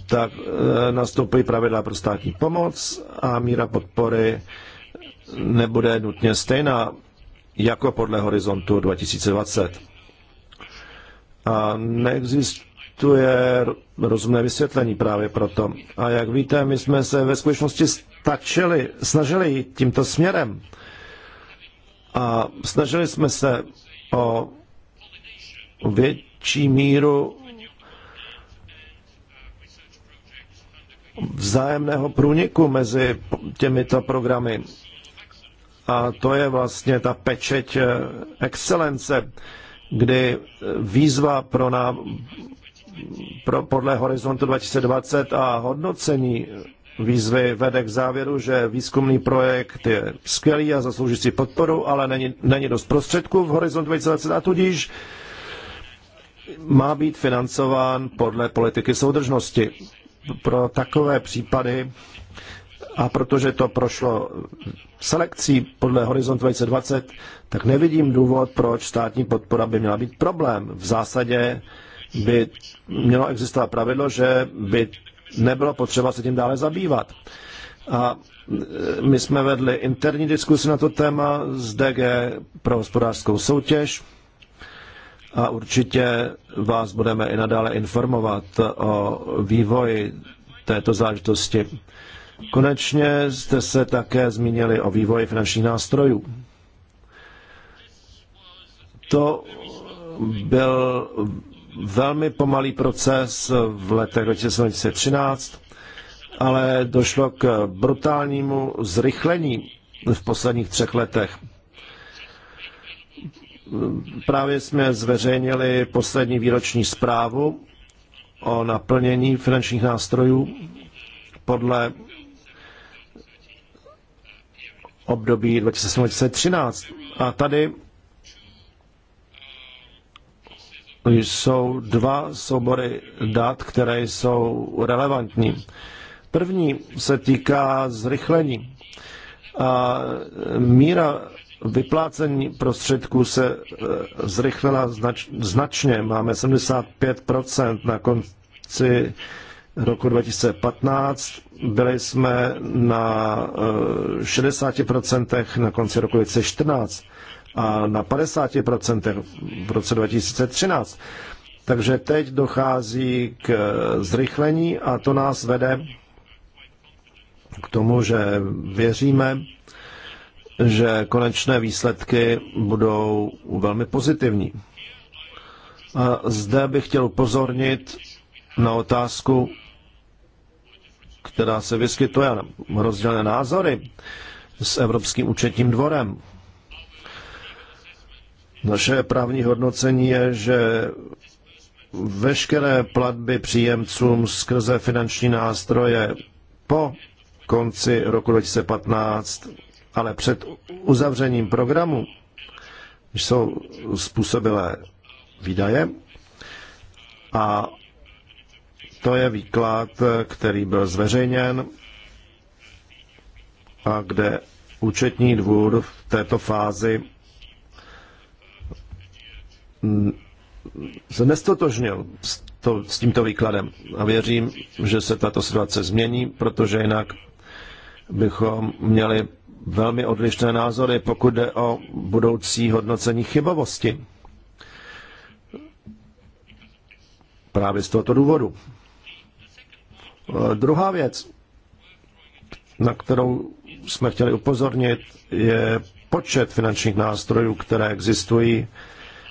tak eh, nastoupí pravidla pro státní pomoc a míra podpory nebude nutně stejná jako podle horizontu 2020. A neexistuje rozumné vysvětlení právě proto. A jak víte, my jsme se ve skutečnosti stačili, snažili jít tímto směrem. A snažili jsme se o větší větší míru vzájemného průniku mezi těmito programy. A to je vlastně ta pečeť eh, excelence, kdy eh, výzva pro ná pro, podle Horizontu 2020 a hodnocení výzvy vede k závěru, že výzkumný projekt je skvělý a zaslouží si podporu, ale není, není dost prostředků v Horizontu 2020 a tudíž má být financován podle politiky soudržnosti. Pro takové případy a protože to prošlo selekcí podle Horizont 2020, tak nevidím důvod, proč státní podpora by měla být problém. V zásadě by mělo existovat pravidlo, že by nebylo potřeba se tím dále zabývat. A my jsme vedli interní diskusi na to téma z DG pro hospodářskou soutěž a určitě vás budeme i nadále informovat o vývoji této záležitosti. Konečně jste se také zmínili o vývoji finančních nástrojů. To byl velmi pomalý proces v letech 2013, ale došlo k brutálnímu zrychlení v posledních třech letech. Právě jsme zveřejnili poslední výroční zprávu o naplnění finančních nástrojů podle období 2013. A tady jsou dva soubory dat, které jsou relevantní. První se týká zrychlení. A míra Vyplácení prostředků se eh, zrychlila znač, značně. Máme 75% na konci roku 2015. Byli jsme na 60% eh, na konci roku 2014 a na 50% v roce 2013. Takže teď dochází k eh, zrychlení a to nás vede k tomu, že věříme, že konečné výsledky budou velmi pozitivní. A zde bych chtěl upozornit na otázku, která se vyskytuje, rozdělené názory s Evropským účetním dvorem. Naše právní hodnocení je, že veškeré platby příjemcům skrze finanční nástroje po konci roku 2015 ale před uzavřením programu jsou způsobilé výdaje a to je výklad, který byl zveřejněn a kde účetní dvůr v této fázi se nestotožnil s, to, s tímto výkladem. A věřím, že se tato situace změní, protože jinak bychom měli velmi odlišné názory, pokud jde o budoucí hodnocení chybovosti. Právě z tohoto důvodu. Eh, druhá věc, na kterou jsme chtěli upozornit, je počet finančních nástrojů, které existují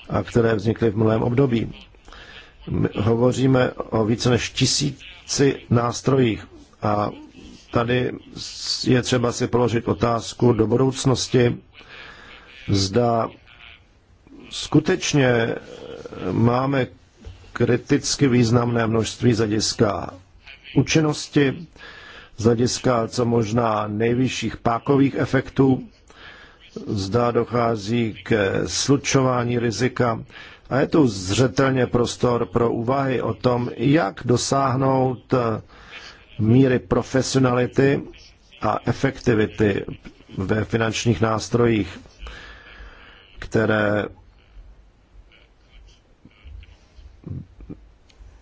a které vznikly v minulém období. My hovoříme o více než tisíci nástrojích a Tady je třeba si položit otázku do budoucnosti, zda skutečně máme kriticky významné množství zadiska účinnosti, zadiska co možná nejvyšších pákových efektů, zda dochází k slučování rizika a je tu zřetelně prostor pro úvahy o tom, jak dosáhnout míry profesionality a efektivity ve finančních nástrojích, které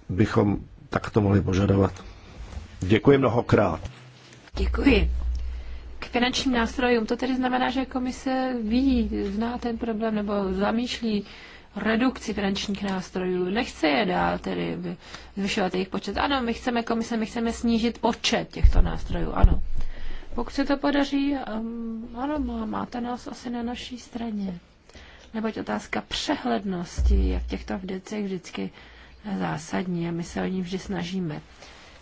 bychom takto mohli požadovat. Děkuji mnohokrát. Děkuji. K finančním nástrojům. To tedy znamená, že komise ví, zná ten problém nebo zamýšlí redukci finančních nástrojů. Nechce je dál tedy zvyšovat jejich počet. Ano, my chceme komise, my chceme snížit počet těchto nástrojů, ano. Pokud se to podaří, um, ano, má, máte nás asi na naší straně. Neboť otázka přehlednosti je v těchto věcech vždycky eh, zásadní a my se o ní vždy snažíme.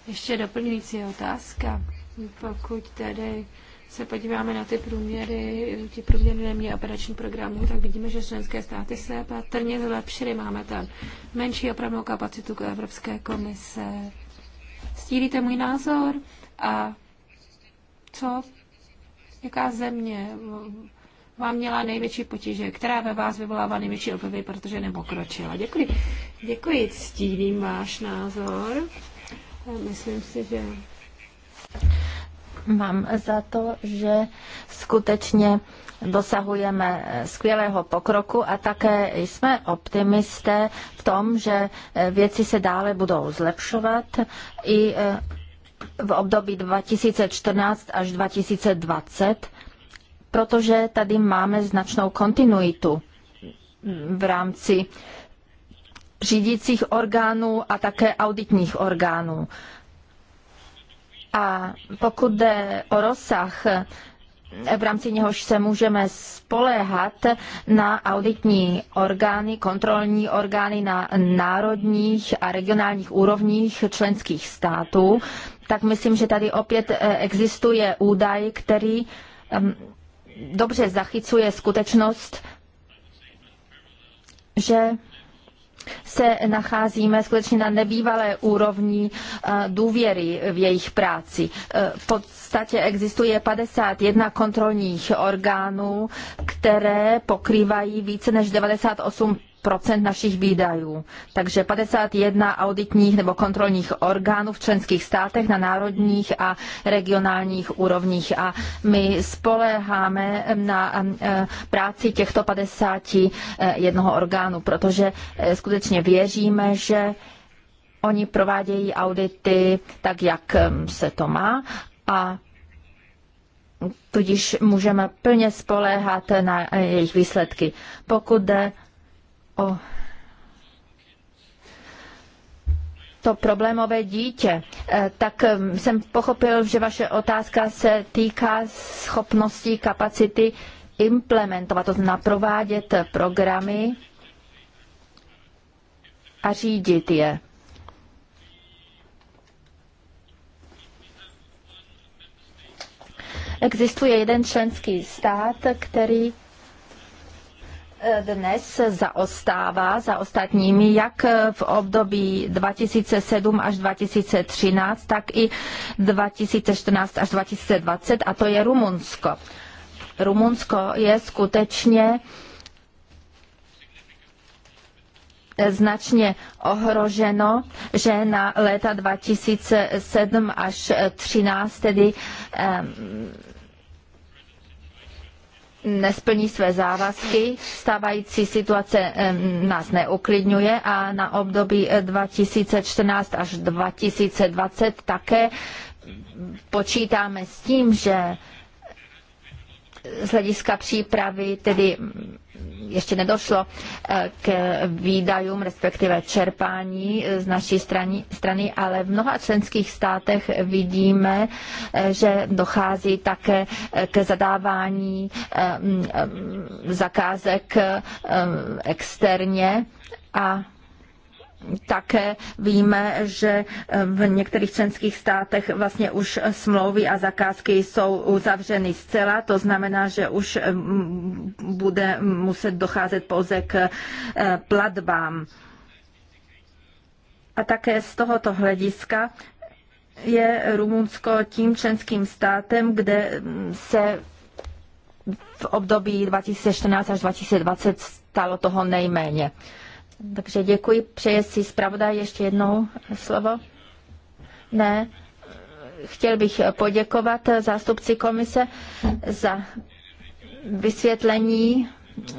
Ještě doplňující otázka. Pokud tedy se podíváme na ty průměry, ty průměry země operační programů, tak vidíme, že členské státy se patrně zlepšily. Máme tam menší opravnou kapacitu k Evropské komise. Stílíte můj názor? A co? Jaká země vám měla největší potíže, která ve vás vyvolává největší obavy, protože nepokročila? Děkuji. Děkuji, stílím váš názor. Myslím si, že Mám za to, že skutečně dosahujeme skvělého pokroku a také jsme optimisté v tom, že věci se dále budou zlepšovat i e, v období 2014 až 2020, protože tady máme značnou kontinuitu v rámci řídících orgánů a také auditních orgánů. A pokud jde o rozsah, v rámci něhož se můžeme spoléhat na auditní orgány, kontrolní orgány na národních a regionálních úrovních členských států, tak myslím, že tady opět eh, existuje údaj, který dobře zachycuje skutečnost, že se nacházíme skutečně na nebývalé úrovni eh, důvěry v jejich práci. Eh, v podstatě existuje 51 kontrolních orgánů, které pokrývají více než 98 procent našich výdajů. Takže 51 auditních nebo kontrolních orgánů v členských státech na národních a regionálních úrovních. A my spoléháme na e, práci těchto 51 orgánů, protože e, skutečně věříme, že oni provádějí audity tak, jak e, se to má a tudíž můžeme plně spoléhat na jejich výsledky. Pokud jde o to problémové dítě, eh, tak mm, jsem pochopil, že vaše otázka se týká schopností, kapacity implementovat, to znamená provádět programy a řídit je. Existuje jeden členský stát, který dnes zaostává za ostatními, jak v období 2007 až 2013, tak i 2014 až 2020, a to je Rumunsko. Rumunsko je skutečně značně ohroženo, že na léta 2007 až 2013 tedy um, nesplní své závazky. Stávající situace nás neuklidňuje a na období 2014 eh, až 2020 také počítáme s tím, že z hlediska přípravy tedy ještě nedošlo eh, k výdajům, respektive čerpání eh, z naší strany, strany, ale v mnoha členských státech vidíme, eh, že dochází také k zadávání zakázek externě a také víme, že v některých členských státech vlastně už smlouvy a zakázky jsou uzavřeny zcela, to znamená, že už mm, bude muset docházet pouze k eh, platbám. A také z tohoto hlediska je Rumunsko tím členským státem, kde mm, se v období 2014 až 2020 stalo toho nejméně. Takže děkuji. Přeje si zpravodaj ještě jednou slovo? Ne. Chtěl bych poděkovat zástupci komise za vysvětlení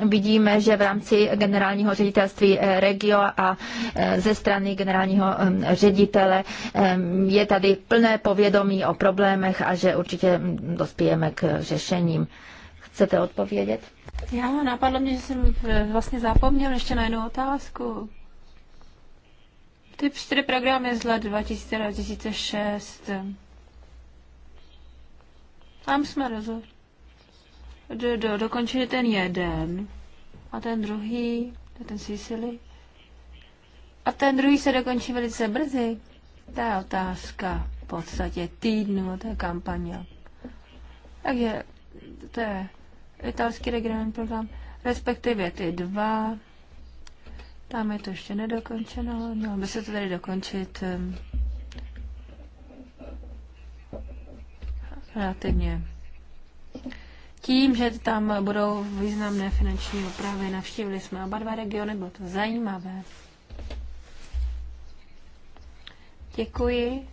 vidíme, že v rámci generálního ředitelství eh, regio a eh, ze strany generálního eh, ředitele je tady plné povědomí o problémech a že určitě mm, dospějeme k řešením. Chcete odpovědět? Já napadlo mě, že jsem eh, vlastně zapomněl ještě na jednu otázku. Ty čtyři programy z let 2006 Tam jsme rozhodli. Do, do, dokončili ten jeden a ten druhý, to je ten Sicily. A ten druhý se dokončí velice brzy. Ta je otázka v podstatě týdnu je kampaně. Takže to je italský regionální program, respektive ty dva. Tam je to ještě nedokončeno, no, by se to tady dokončit um, relativně. Tím, že tam budou významné finanční opravy, navštívili jsme oba dva regiony, bylo to zajímavé. Děkuji.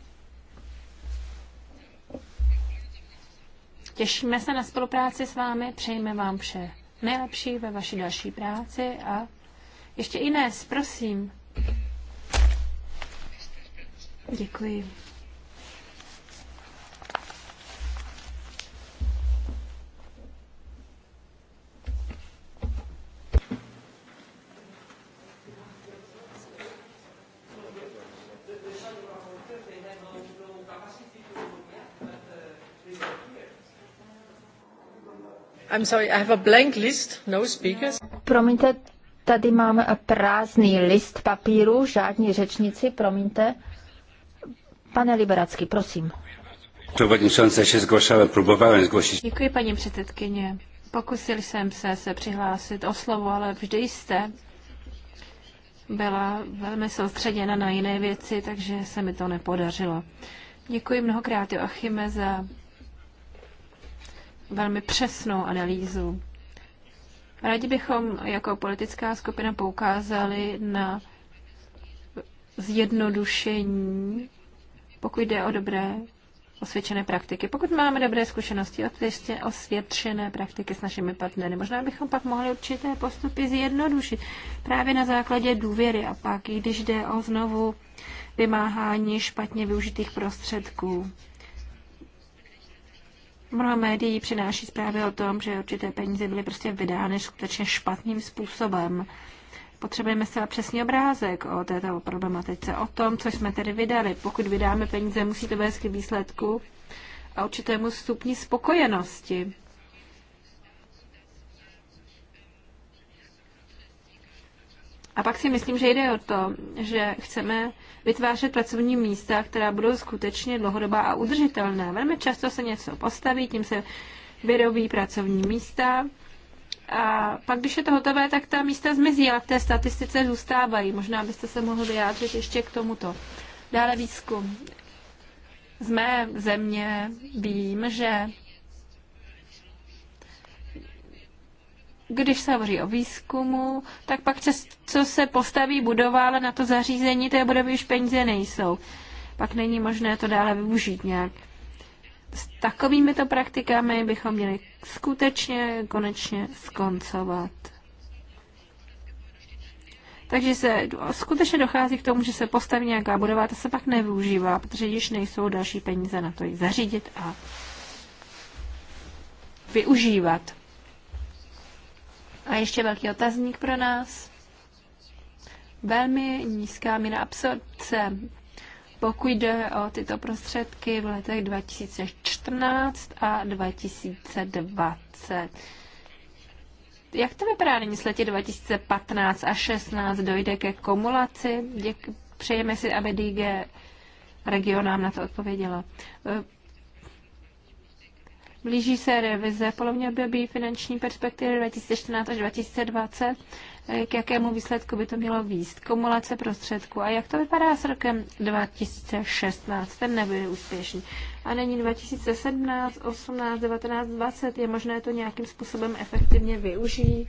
Těšíme se na spolupráci s vámi, přejeme vám vše nejlepší ve vaší další práci a ještě Inés, prosím. Děkuji. I'm sorry, I have a blank list, no speakers. Promiňte, tady máme prázdný list papíru, žádní řečníci, promiňte. Pane Liberacky, prosím. Przewodnicząca się zgłaszałem, próbowałem zgłosić. Děkuji, paní předsedkyně. Pokusil jsem se, se přihlásit o slovo, ale vždy jste byla velmi soustředěna na jiné věci, takže se mi to nepodařilo. Děkuji mnohokrát Joachime za velmi přesnou analýzu. Rádi bychom jako politická skupina poukázali na zjednodušení, pokud jde o dobré osvědčené praktiky. Pokud máme dobré zkušenosti, otvěřte osvědčené praktiky s našimi partnery. Možná bychom pak mohli určité postupy zjednodušit právě na základě důvěry a pak, i když jde o znovu vymáhání špatně využitých prostředků. Mnoho médií přináší zprávy o tom, že určité peníze byly prostě vydány skutečně špatným způsobem. Potřebujeme se přesný obrázek o této problematice, o tom, co jsme tedy vydali. Pokud vydáme peníze, musí to vést k výsledku a určitému stupni spokojenosti. A pak si myslím, že jde o to, že chceme vytvářet pracovní místa, která budou skutečně dlouhodobá a udržitelná. Velmi často se něco postaví, tím se vyrobí pracovní místa. A pak, když je to hotové, tak ta místa zmizí, ale v té statistice zůstávají. Možná byste se mohli vyjádřit ještě k tomuto. Dále výzkum. Z mé země vím, že když se hovoří o výzkumu, tak pak čas, co se postaví budova, ale na to zařízení té budovy už peníze nejsou. Pak není možné to dále využít nějak. S takovými to praktikami bychom měli skutečně konečně skoncovat. Takže se skutečně dochází k tomu, že se postaví nějaká budova, ta se pak nevyužívá, protože již nejsou další peníze na to ji zařídit a využívat. A ještě velký otazník pro nás. Velmi nízká míra absorpce. Pokud jde o tyto prostředky v letech 2014 a 2020. Jak to vypadá nyní s lety 2015 a 16? Dojde ke kumulaci? Děk, přejeme si, aby DG region nám na to odpověděla. Blíží se revize polovně období finanční perspektivy 2014 až 2020. Eh, k jakému výsledku by to mělo výst? Kumulace prostředků. A jak to vypadá s rokem 2016? Ten nebyl úspěšný. A není 2017, 18, 19, 20. Je možné to nějakým způsobem efektivně využít?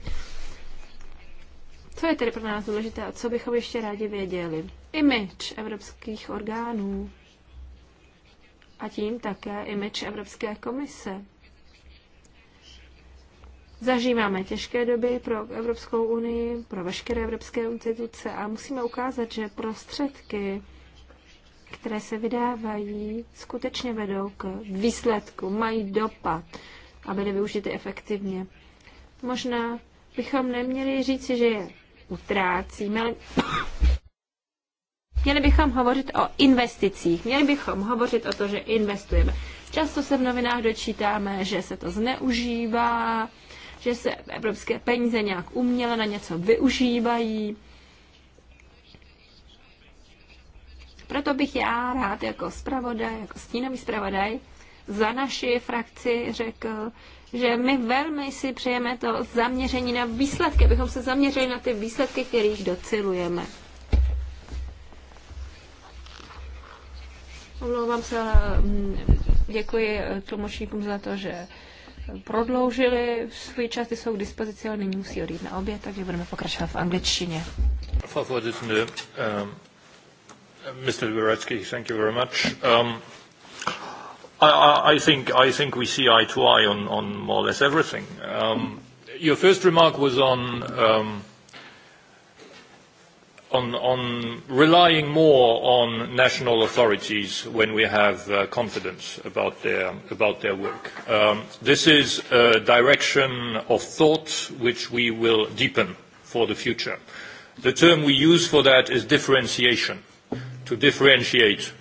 Co je tedy pro nás důležité a co bychom ještě rádi věděli? Image evropských orgánů a tím také image Evropské komise. Zažíváme těžké doby pro Evropskou unii, pro veškeré evropské instituce a musíme ukázat, že prostředky, které se vydávají, skutečně vedou k výsledku, mají dopad a byly využity efektivně. Možná bychom neměli říci, že je utrácíme, ale Měli bychom hovořit o investicích, měli bychom hovořit o to, že investujeme. Často se v novinách dočítáme, že se to zneužívá, že se evropské peníze nějak uměle na něco využívají. Proto bych já rád jako zpravodaj, jako stínový zpravodaj za naši frakci řekl, že my velmi si přejeme to zaměření na výsledky, abychom se zaměřili na ty výsledky, kterých docelujeme. Omlouvám se, ale mm, děkuji eh, tlumočníkům za to, že prodloužili svůj čas, ty jsou k dispozici, ale nyní musí odjít na oběd, takže budeme pokračovat v angličtině. Frau Vorsitzende, um, ähm, Mr. Liberetsky, thank you very much. Um, I, I, think, I think we see eye to eye on, on more or less everything. Um, your first remark was on um, on, on relying more on national authorities when we have uh, confidence about their, about their work. Um, this is a direction of thought which we will deepen for the future. The term we use for that is differentiation, to differentiate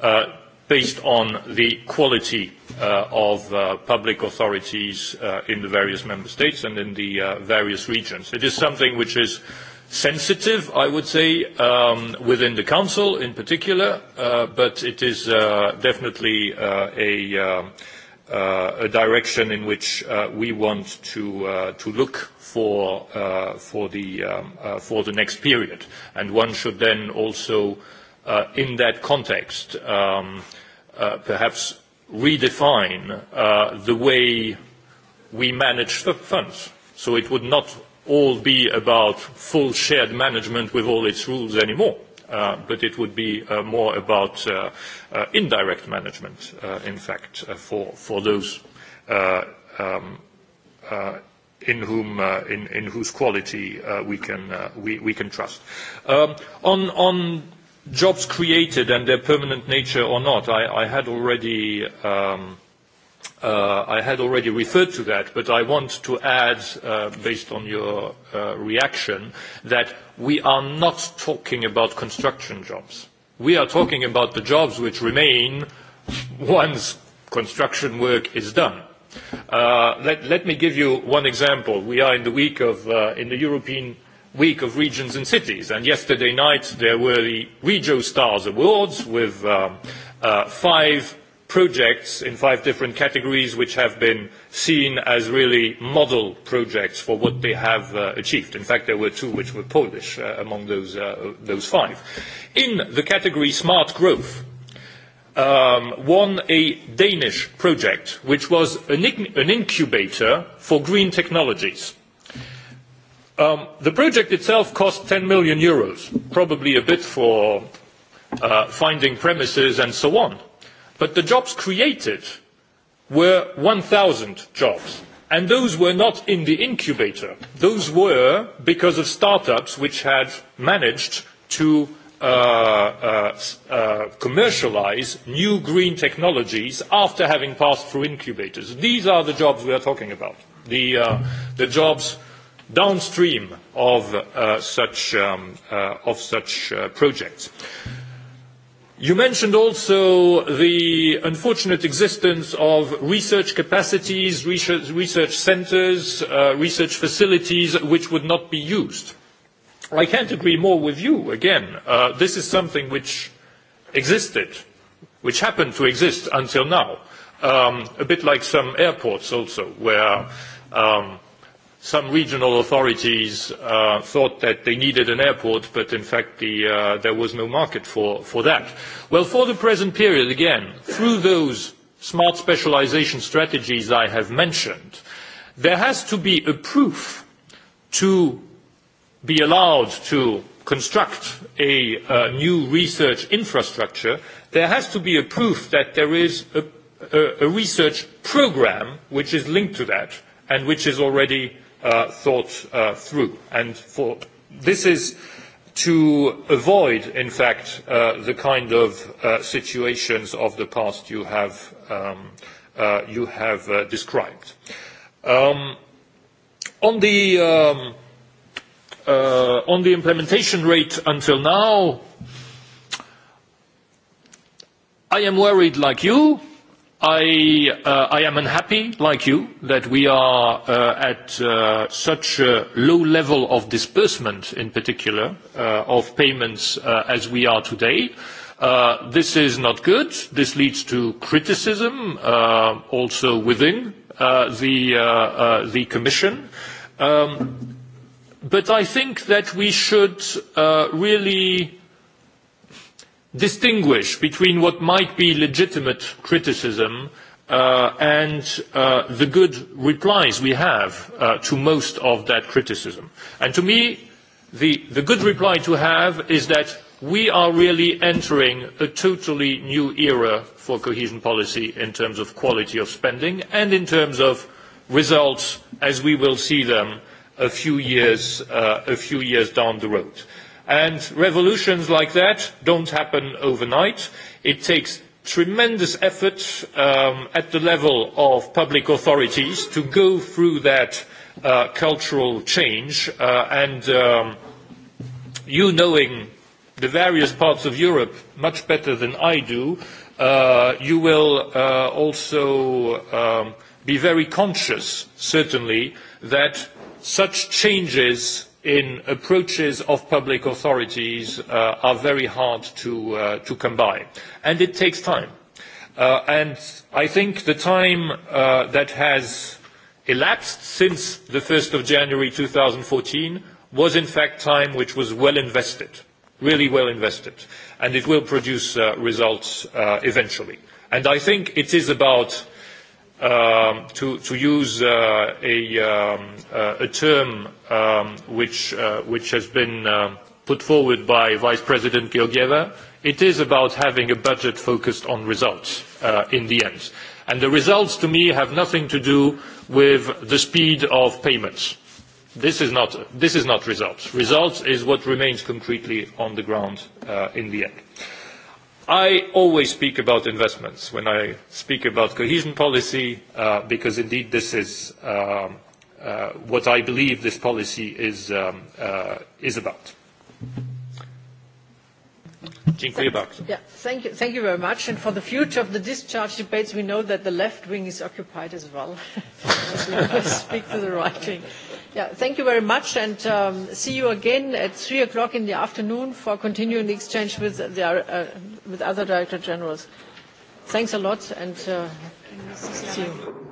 uh, based on the quality uh, of uh, public authorities uh, in the various member states and in the uh, various regions. It is something which is uh, sensitive, I would say, um, within the Council in particular, uh, but it is uh, definitely uh, a, um, uh, a direction in which uh, we want to, uh, to look for, uh, for, the, um, uh, for the next period. And one should then also, uh, in that context, um, uh, perhaps redefine uh, the way we manage the funds. So it would not all be about full shared management with all its rules anymore. Uh, but it would be uh, more about uh, uh, indirect management, uh, in fact, uh, for, for those uh, um, uh, in whom uh, in, in whose quality uh, we can uh, we, we can trust. Um, on on jobs created and their permanent nature or not, I, I had already. Um, Uh, I had already referred to that, but I want to add, uh, based on your uh, reaction, that we are not talking about construction jobs. We are talking about the jobs which remain once construction work is done. Uh, let, let me give you one example. We are in the week of, uh, in the European Week of Regions and Cities, and yesterday night there were the Regio Stars Awards with um, uh, five projects in five different categories which have been seen as really model projects for what they have uh, achieved. In fact, there were two which were Polish uh, among those, uh, those five. In the category smart growth, um, won a Danish project which was an, an incubator for green technologies. Um, the project itself cost 10 million euros, probably a bit for uh, finding premises and so on But the jobs created were 1,000 jobs. And those were not in the incubator. Those were because of startups which had managed to uh, uh, uh, commercialize new green technologies after having passed through incubators. These are the jobs we are talking about. The, uh, the jobs downstream of uh, such, um, uh, of such uh, projects. You mentioned also the unfortunate existence of research capacities, research, research centres, uh, research facilities which would not be used. I can't agree more with you again. Uh, this is something which existed, which happened to exist until now, um, a bit like some airports also, where um, some regional authorities uh, thought that they needed an airport, but in fact the, uh, there was no market for, for that. Well, for the present period, again, through those smart specialization strategies I have mentioned, there has to be a proof to be allowed to construct a new research infrastructure, there has to be a proof that there is a, a, a research program which is linked to that and which is already Uh, thought uh, through. And for, this is to avoid, in fact, uh, the kind of uh, situations of the past you have, um, uh, you have uh, described. Um, on the um, uh, on the implementation rate until now, I am worried like you i, uh, I am unhappy, like you, that we are uh, at uh, such a low level of disbursement, in particular, uh, of payments uh, as we are today. Uh, this is not good. This leads to criticism, also within the, the Commission. Um, but I think that we should really distinguish between what might be legitimate criticism uh, and uh, the good replies we have uh, to most of that criticism. And to me, the, the good reply to have is that we are really entering a totally new era for cohesion policy in terms of quality of spending and in terms of results as we will see them a few years, uh, a few years down the road. And revolutions like that don't happen overnight. It takes tremendous effort um, at the level of public authorities to go through that uh, cultural change. Uh, and um, you knowing the various parts of Europe much better than I do, uh, you will uh, also um, be very conscious, certainly, that such changes in approaches of public authorities uh, are very hard to, uh, to come by. And it takes time. Uh, and I think the time uh, that has elapsed since the 1st of January 2014 was in fact time which was well invested, really well invested. And it will produce uh, results uh, eventually. And I think it is about Um, to use uh, a, um, uh, a term um, which, uh, which has been uh, put forward by Vice President Georgieva, it is about having a budget focused on results uh, in the end. And the results to me have nothing to do with the speed of payments. This is not, this is not results. Results is what remains concretely on the ground uh, in the end. I always speak about investments when I speak about cohesion policy, uh, because indeed this is um, uh, what I believe this policy is, um, uh, is about. Dziękuję Yeah, thank you, thank you very much. And for the future of the discharge debates, we know that the left wing is occupied as well. Speak to the right wing thank you very much and um, see you again at three o'clock in the afternoon for continuing the, exchange with uh, other Director Generals. Thanks a lot and uh, see you.